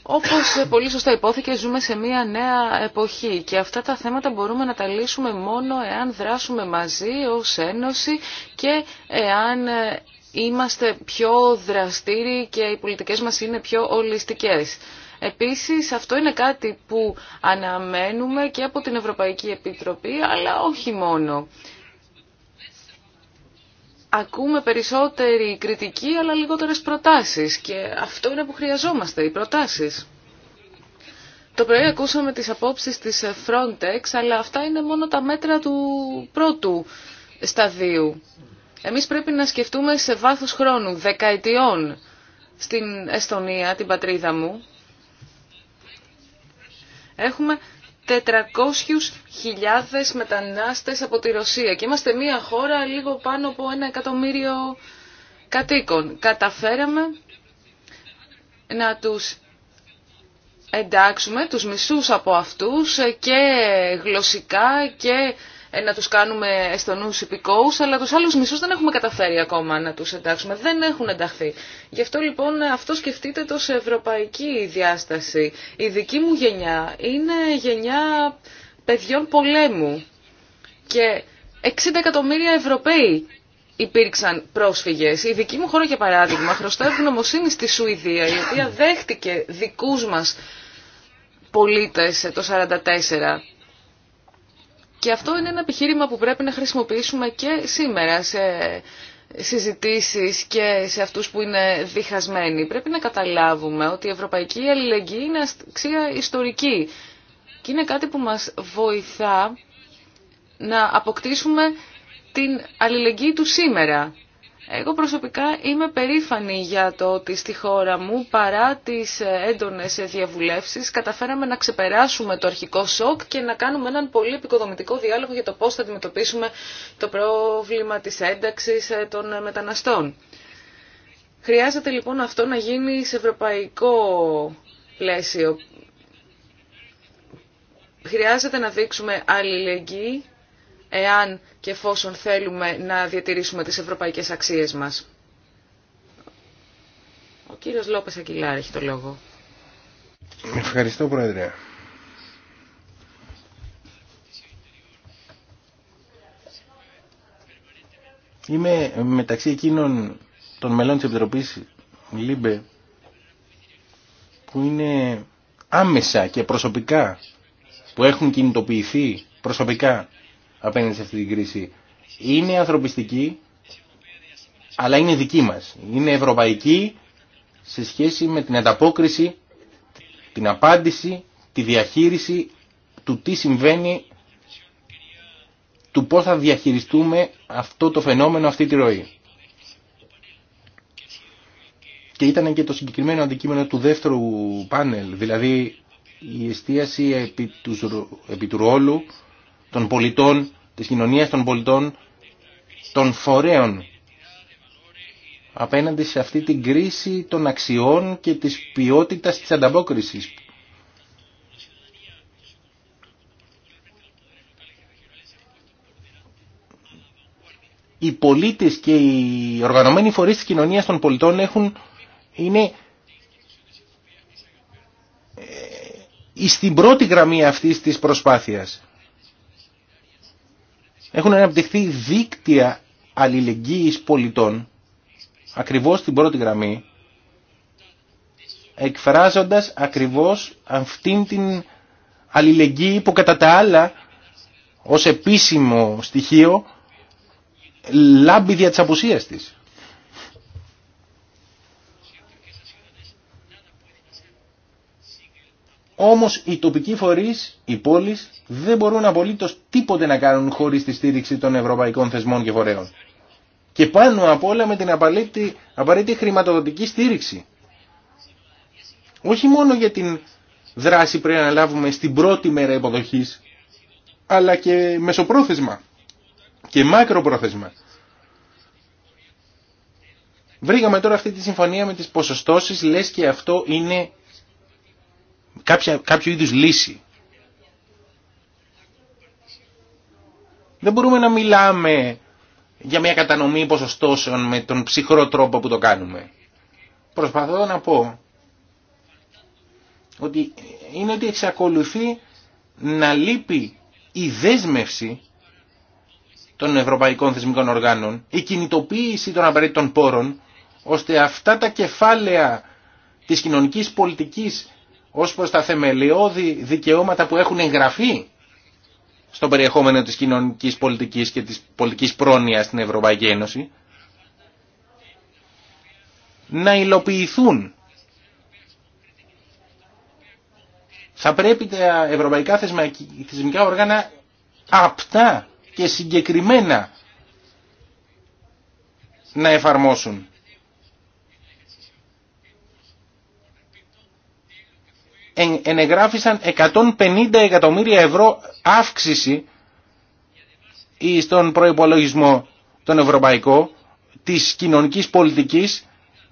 Όπως πολύ σωστά υπόθηκε, ζούμε σε μία νέα εποχή και αυτά τα θέματα μπορούμε να τα λύσουμε μόνο εάν δράσουμε μαζί ως Ένωση και εάν ε, είμαστε πιο δραστήριοι και οι πολιτικές μας είναι πιο ολιστικές. Επίσης αυτό είναι κάτι που αναμένουμε και από την Ευρωπαϊκή Επιτροπή, αλλά όχι μόνο. Ακούμε περισσότερη κριτική, αλλά λιγότερες προτάσεις και αυτό είναι που χρειαζόμαστε, οι προτάσεις. Το πρωί ακούσαμε τις απόψεις της Frontex, αλλά αυτά είναι μόνο τα μέτρα του πρώτου σταδίου. Εμείς πρέπει να σκεφτούμε σε βάθος χρόνου, δεκαετιών, στην Εστονία, την πατρίδα μου. Έχουμε 400.000 μετανάστες από τη Ρωσία και είμαστε μια χώρα λίγο πάνω από ένα εκατομμύριο κατοίκων. Καταφέραμε να τους εντάξουμε τους μισούς από αυτούς και γλωσσικά και ε, να τους κάνουμε εστονούς υπηκόους, αλλά τους άλλους μισούς δεν έχουμε καταφέρει ακόμα να τους εντάξουμε. Δεν έχουν ενταχθεί. Γι' αυτό λοιπόν αυτό σκεφτείτε το σε ευρωπαϊκή διάσταση. Η δική μου γενιά είναι γενιά παιδιών πολέμου και 60 εκατομμύρια Ευρωπαίοι υπήρξαν πρόσφυγες. Η δική μου χώρα για παράδειγμα χρωστά ευγνωμοσύνη στη Σουηδία η οποία δέχτηκε δικούς μας πολίτες ε, το 1944 και αυτό είναι ένα επιχείρημα που πρέπει να χρησιμοποιήσουμε και σήμερα σε συζητήσεις και σε αυτούς που είναι διχασμένοι. Πρέπει να καταλάβουμε ότι η ευρωπαϊκή αλληλεγγύη είναι αξία ιστορική και είναι κάτι που μας βοηθά να αποκτήσουμε την αλληλεγγύη του σήμερα. Εγώ προσωπικά είμαι περήφανη για το ότι στη χώρα μου, παρά τις έντονες διαβουλεύσεις, καταφέραμε να ξεπεράσουμε το αρχικό σοκ και να κάνουμε έναν πολύ επικοδομητικό διάλογο για το πώς θα αντιμετωπίσουμε το πρόβλημα της ένταξης ε, των μεταναστών. Χρειάζεται λοιπόν αυτό να γίνει σε ευρωπαϊκό πλαίσιο. Χρειάζεται να δείξουμε αλληλεγγύη εάν και εφόσον θέλουμε να διατηρήσουμε τις ευρωπαϊκές αξίες μας. Ο κύριος Λόπες Ακυλάρη έχει το λόγο. Ευχαριστώ Πρόεδρε. Είμαι μεταξύ εκείνων των μελών της Επιτροπής ΛΥΜΠΕ που είναι άμεσα και προσωπικά που έχουν κινητοποιηθεί προσωπικά απέναντι σε αυτή την κρίση είναι ανθρωπιστική, αλλά είναι δική μας. Είναι ευρωπαϊκή σε σχέση με την ανταπόκριση, την απάντηση, τη διαχείριση του τι συμβαίνει, του πώς θα διαχειριστούμε αυτό το φαινόμενο, αυτή τη ροή. Και ήταν και το συγκεκριμένο αντικείμενο του δεύτερου πάνελ, δηλαδή η εστίαση του, επί του ρόλου των πολιτών, της κοινωνίας των πολιτών, των φορέων απέναντι σε αυτή την κρίση των αξιών και της ποιότητας της ανταπόκρισης. Οι πολίτες και οι οργανωμένοι φορείς της κοινωνίας των πολιτών έχουν, είναι στην ε, πρώτη γραμμή αυτής της προσπάθειας. Έχουν αναπτυχθεί δίκτυα αλληλεγγύης πολιτών, ακριβώς στην πρώτη γραμμή, εκφράζοντας ακριβώς αυτήν την αλληλεγγύη που κατά τα άλλα ως επίσημο στοιχείο λάμπει δια της απουσίας της. Όμω οι τοπικοί φορείς, οι πόλεις, δεν μπορούν απολύτω τίποτε να κάνουν χωρίς τη στήριξη των ευρωπαϊκών θεσμών και φορέων. Και πάνω απ' όλα με την απαραίτητη, χρηματοδοτική στήριξη. Όχι μόνο για την δράση πρέπει να λάβουμε στην πρώτη μέρα υποδοχή, αλλά και μεσοπρόθεσμα και μακροπρόθεσμα. Βρήκαμε τώρα αυτή τη συμφωνία με τις ποσοστώσεις, λες και αυτό είναι κάποιο είδους λύση. Δεν μπορούμε να μιλάμε για μια κατανομή ποσοστώσεων με τον ψυχρό τρόπο που το κάνουμε. Προσπαθώ να πω ότι είναι ότι εξακολουθεί να λείπει η δέσμευση των ευρωπαϊκών θεσμικών οργάνων, η κινητοποίηση των απαραίτητων πόρων, ώστε αυτά τα κεφάλαια της κοινωνικής πολιτικής ως προς τα θεμελιώδη δικαιώματα που έχουν εγγραφεί στο περιεχόμενο της κοινωνικής πολιτικής και της πολιτικής πρόνοιας στην Ευρωπαϊκή Ένωση, να υλοποιηθούν. Θα πρέπει τα ευρωπαϊκά θεσμικά όργανα απτά και συγκεκριμένα να εφαρμόσουν ενεγράφησαν 150 εκατομμύρια ευρώ αύξηση στον προϋπολογισμό τον ευρωπαϊκό της κοινωνικής πολιτικής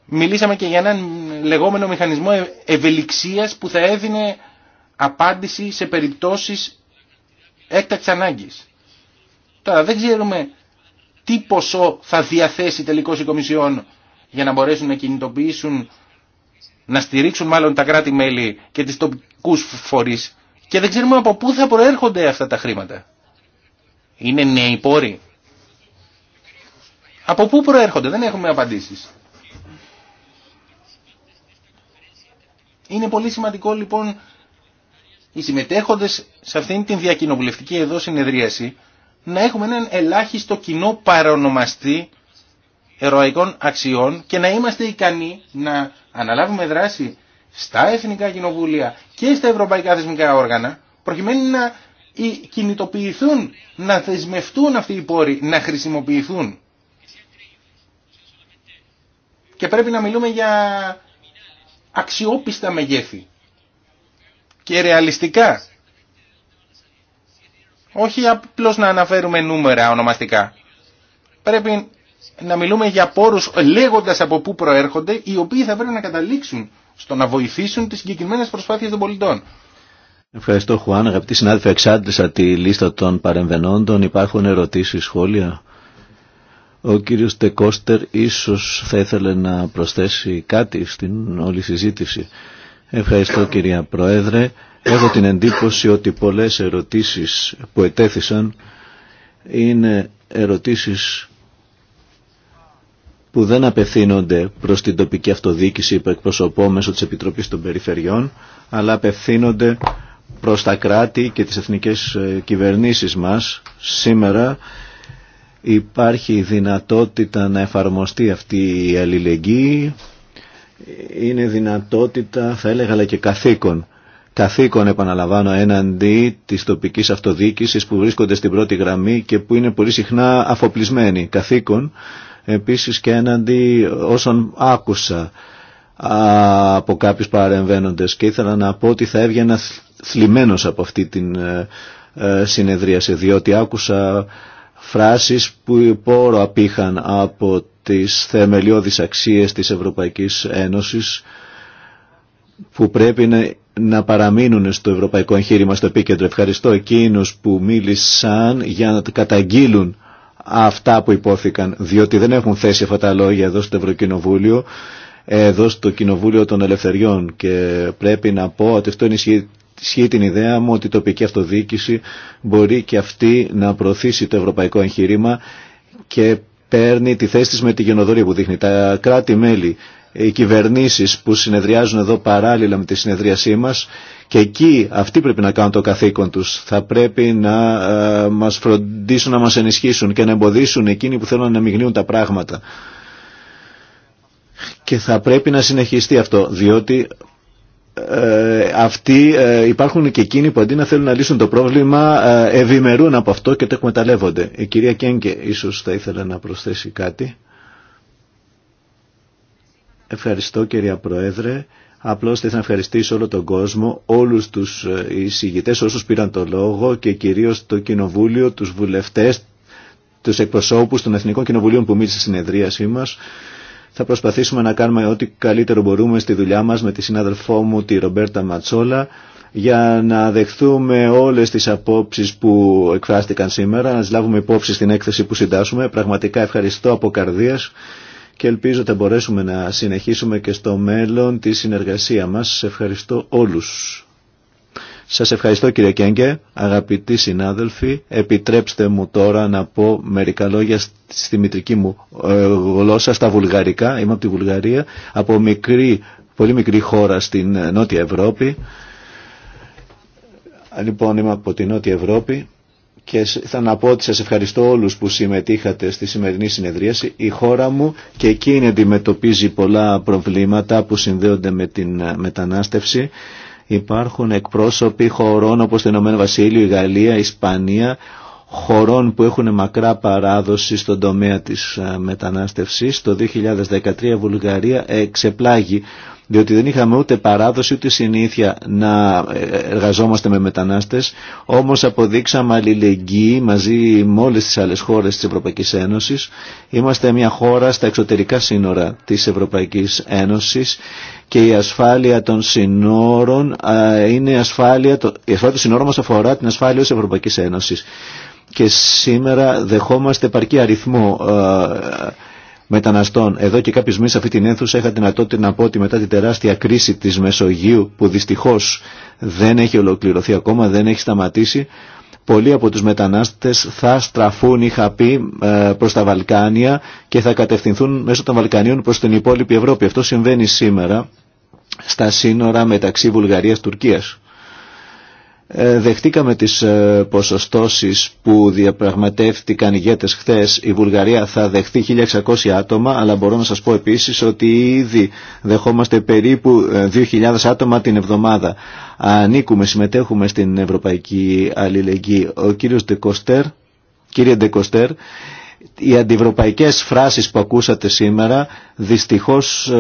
μιλήσαμε και για έναν λεγόμενο μηχανισμό ευελιξίας που θα έδινε απάντηση σε περιπτώσεις έκτακτης ανάγκης. Τώρα δεν ξέρουμε τι ποσό θα διαθέσει τελικώς η Κομισιόν για να μπορέσουν να κινητοποιήσουν να στηρίξουν μάλλον τα κράτη-μέλη και τις τοπικούς φορείς και δεν ξέρουμε από πού θα προέρχονται αυτά τα χρήματα. Είναι νέοι πόροι. Από πού προέρχονται, δεν έχουμε απαντήσεις. Είναι πολύ σημαντικό λοιπόν οι συμμετέχοντες σε αυτήν την διακοινοβουλευτική εδώ συνεδρίαση να έχουμε έναν ελάχιστο κοινό παρονομαστή ερωαϊκών αξιών και να είμαστε ικανοί να αναλάβουμε δράση στα εθνικά κοινοβούλια και στα ευρωπαϊκά θεσμικά όργανα προκειμένου να κινητοποιηθούν, να θεσμευτούν αυτοί οι πόροι, να χρησιμοποιηθούν. Και πρέπει να μιλούμε για αξιόπιστα μεγέθη και ρεαλιστικά. Όχι απλώς να αναφέρουμε νούμερα ονομαστικά. Πρέπει να μιλούμε για πόρους λέγοντας από πού προέρχονται, οι οποίοι θα πρέπει να καταλήξουν στο να βοηθήσουν τις συγκεκριμένες προσπάθειες των πολιτών. Ευχαριστώ Χουάν. Αγαπητοί συνάδελφοι, εξάντλησα τη λίστα των παρεμβενόντων. Υπάρχουν ερωτήσεις, σχόλια. Ο κύριος Τεκώστερ ίσως θα ήθελε να προσθέσει κάτι στην όλη συζήτηση. Ευχαριστώ κυρία Πρόεδρε. Έχω την εντύπωση ότι πολλές ερωτήσεις που ετέθησαν είναι ερωτήσεις που δεν απευθύνονται προς την τοπική αυτοδιοίκηση που εκπροσωπώ μέσω της Επιτροπής των Περιφερειών, αλλά απευθύνονται προς τα κράτη και τις εθνικές ε, κυβερνήσεις μας. Σήμερα υπάρχει δυνατότητα να εφαρμοστεί αυτή η αλληλεγγύη. Είναι δυνατότητα, θα έλεγα, αλλά και καθήκον. Καθήκον, επαναλαμβάνω, έναντι της τοπικής αυτοδιοίκησης που βρίσκονται στην πρώτη γραμμή και που είναι πολύ συχνά αφοπλισμένοι. Καθήκον επίσης και έναντι όσων άκουσα από κάποιους παρεμβαίνοντες και ήθελα να πω ότι θα έβγαινα θλιμμένος από αυτή την ε, ε, συνεδρίαση διότι άκουσα φράσεις που πόρο απήχαν από τις θεμελιώδεις αξίες της Ευρωπαϊκής Ένωσης που πρέπει να παραμείνουν στο ευρωπαϊκό εγχείρημα στο επίκεντρο. Ευχαριστώ εκείνους που μίλησαν για να καταγγείλουν αυτά που υπόθηκαν, διότι δεν έχουν θέσει αυτά τα λόγια εδώ στο Ευρωκοινοβούλιο, εδώ στο Κοινοβούλιο των Ελευθεριών και πρέπει να πω ότι αυτό ενισχύει ισχύει την ιδέα μου ότι η τοπική αυτοδιοίκηση μπορεί και αυτή να προωθήσει το ευρωπαϊκό εγχείρημα και παίρνει τη θέση της με τη γενοδορία που δείχνει. Τα κράτη-μέλη οι κυβερνήσεις που συνεδριάζουν εδώ παράλληλα με τη συνεδρίασή μας και εκεί αυτοί πρέπει να κάνουν το καθήκον τους. Θα πρέπει να ε, μας φροντίσουν να μας ενισχύσουν και να εμποδίσουν εκείνοι που θέλουν να μειγνύουν τα πράγματα. Και θα πρέπει να συνεχιστεί αυτό, διότι ε, αυτοί ε, υπάρχουν και εκείνοι που αντί να θέλουν να λύσουν το πρόβλημα ε, ευημερούν από αυτό και το εκμεταλλεύονται. Η κυρία Κέγκε ίσως θα ήθελε να προσθέσει κάτι. Ευχαριστώ κυρία Πρόεδρε. Απλώς θέλω να ευχαριστήσω όλο τον κόσμο, όλους τους ε, εισηγητές, όσους πήραν το λόγο και κυρίως το Κοινοβούλιο, τους βουλευτές, τους εκπροσώπους των Εθνικών Κοινοβουλίων που μίλησε στη συνεδρίασή μας. Θα προσπαθήσουμε να κάνουμε ό,τι καλύτερο μπορούμε στη δουλειά μας με τη συνάδελφό μου τη Ρομπέρτα Ματσόλα για να δεχθούμε όλες τις απόψεις που εκφράστηκαν σήμερα, να τις λάβουμε υπόψη στην έκθεση που συντάσσουμε. Πραγματικά ευχαριστώ από καρδίας και ελπίζω ότι μπορέσουμε να συνεχίσουμε και στο μέλλον τη συνεργασία μας. Σας ευχαριστώ όλους. Σας ευχαριστώ κύριε Κέγκε, αγαπητοί συνάδελφοι. Επιτρέψτε μου τώρα να πω μερικά λόγια στη μητρική μου ε, γλώσσα, στα βουλγαρικά. Είμαι από τη Βουλγαρία, από μικρή, πολύ μικρή χώρα στην Νότια Ευρώπη. Λοιπόν, είμαι από τη Νότια Ευρώπη και θα να πω ότι σας ευχαριστώ όλους που συμμετείχατε στη σημερινή συνεδρίαση. Η χώρα μου και εκείνη αντιμετωπίζει πολλά προβλήματα που συνδέονται με την ε, μετανάστευση. Υπάρχουν εκπρόσωποι χωρών όπως το Ηνωμένο Βασίλειο, η Γαλλία, η Ισπανία, χωρών που έχουν μακρά παράδοση στον τομέα της ε, μετανάστευσης. Το 2013 η Βουλγαρία εξεπλάγει διότι δεν είχαμε ούτε παράδοση ούτε συνήθεια να ε, εργαζόμαστε με μετανάστες, όμως αποδείξαμε αλληλεγγύη μαζί με όλες τις άλλες χώρες της Ευρωπαϊκής Ένωσης. Είμαστε μια χώρα στα εξωτερικά σύνορα της Ευρωπαϊκής Ένωσης και η ασφάλεια των συνόρων είναι ασφάλεια, η ασφάλεια των συνόρων μας αφορά την ασφάλεια της Ευρωπαϊκής Ένωσης. Και σήμερα δεχόμαστε επαρκή αριθμό μεταναστών. Εδώ και κάποιους μήνες αυτή την ένθουσα είχα δυνατότητα να πω ότι μετά την τεράστια κρίση της Μεσογείου που δυστυχώς δεν έχει ολοκληρωθεί ακόμα, δεν έχει σταματήσει, πολλοί από τους μετανάστες θα στραφούν, είχα πει, ε, προς τα Βαλκάνια και θα κατευθυνθούν μέσω των Βαλκανίων προς την υπόλοιπη Ευρώπη. Αυτό συμβαίνει σήμερα στα σύνορα μεταξύ Βουλγαρίας-Τουρκίας. Ε, δεχτήκαμε τις ε, ποσοστώσεις που διαπραγματεύτηκαν οι ηγέτες χθες. Η Βουλγαρία θα δεχτεί 1.600 άτομα, αλλά μπορώ να σας πω επίσης ότι ήδη δεχόμαστε περίπου 2.000 ε, άτομα την εβδομάδα. Ανήκουμε, συμμετέχουμε στην Ευρωπαϊκή Αλληλεγγύη. Ο κύριος Ντεκοστέρ, κύριε Ντεκοστέρ, οι αντιευρωπαϊκές φράσεις που ακούσατε σήμερα δυστυχώς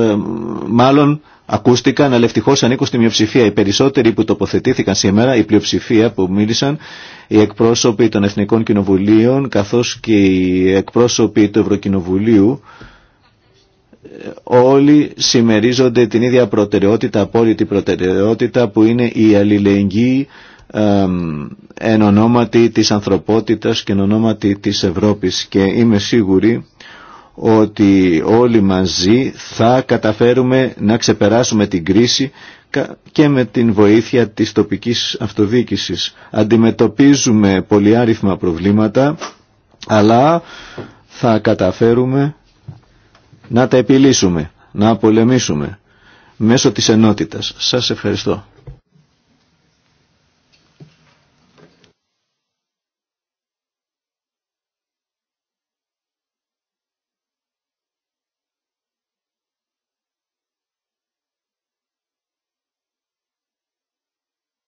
μάλλον ακούστηκαν, αλλά ευτυχώ ανήκουν στη μειοψηφία. Οι περισσότεροι που τοποθετήθηκαν σήμερα, η πλειοψηφία που μίλησαν, οι εκπρόσωποι των Εθνικών Κοινοβουλίων, καθώ και οι εκπρόσωποι του Ευρωκοινοβουλίου, ε, όλοι συμμερίζονται την ίδια προτεραιότητα, απόλυτη προτεραιότητα που είναι η αλληλεγγύη εν ονόματι της ανθρωπότητας και εν ονόματι της Ευρώπης και είμαι σίγουρη ότι όλοι μαζί θα καταφέρουμε να ξεπεράσουμε την κρίση και με την βοήθεια της τοπικής αυτοδιοίκησης. Αντιμετωπίζουμε πολυάριθμα προβλήματα, αλλά θα καταφέρουμε να τα επιλύσουμε, να πολεμήσουμε μέσω της ενότητας. Σας ευχαριστώ.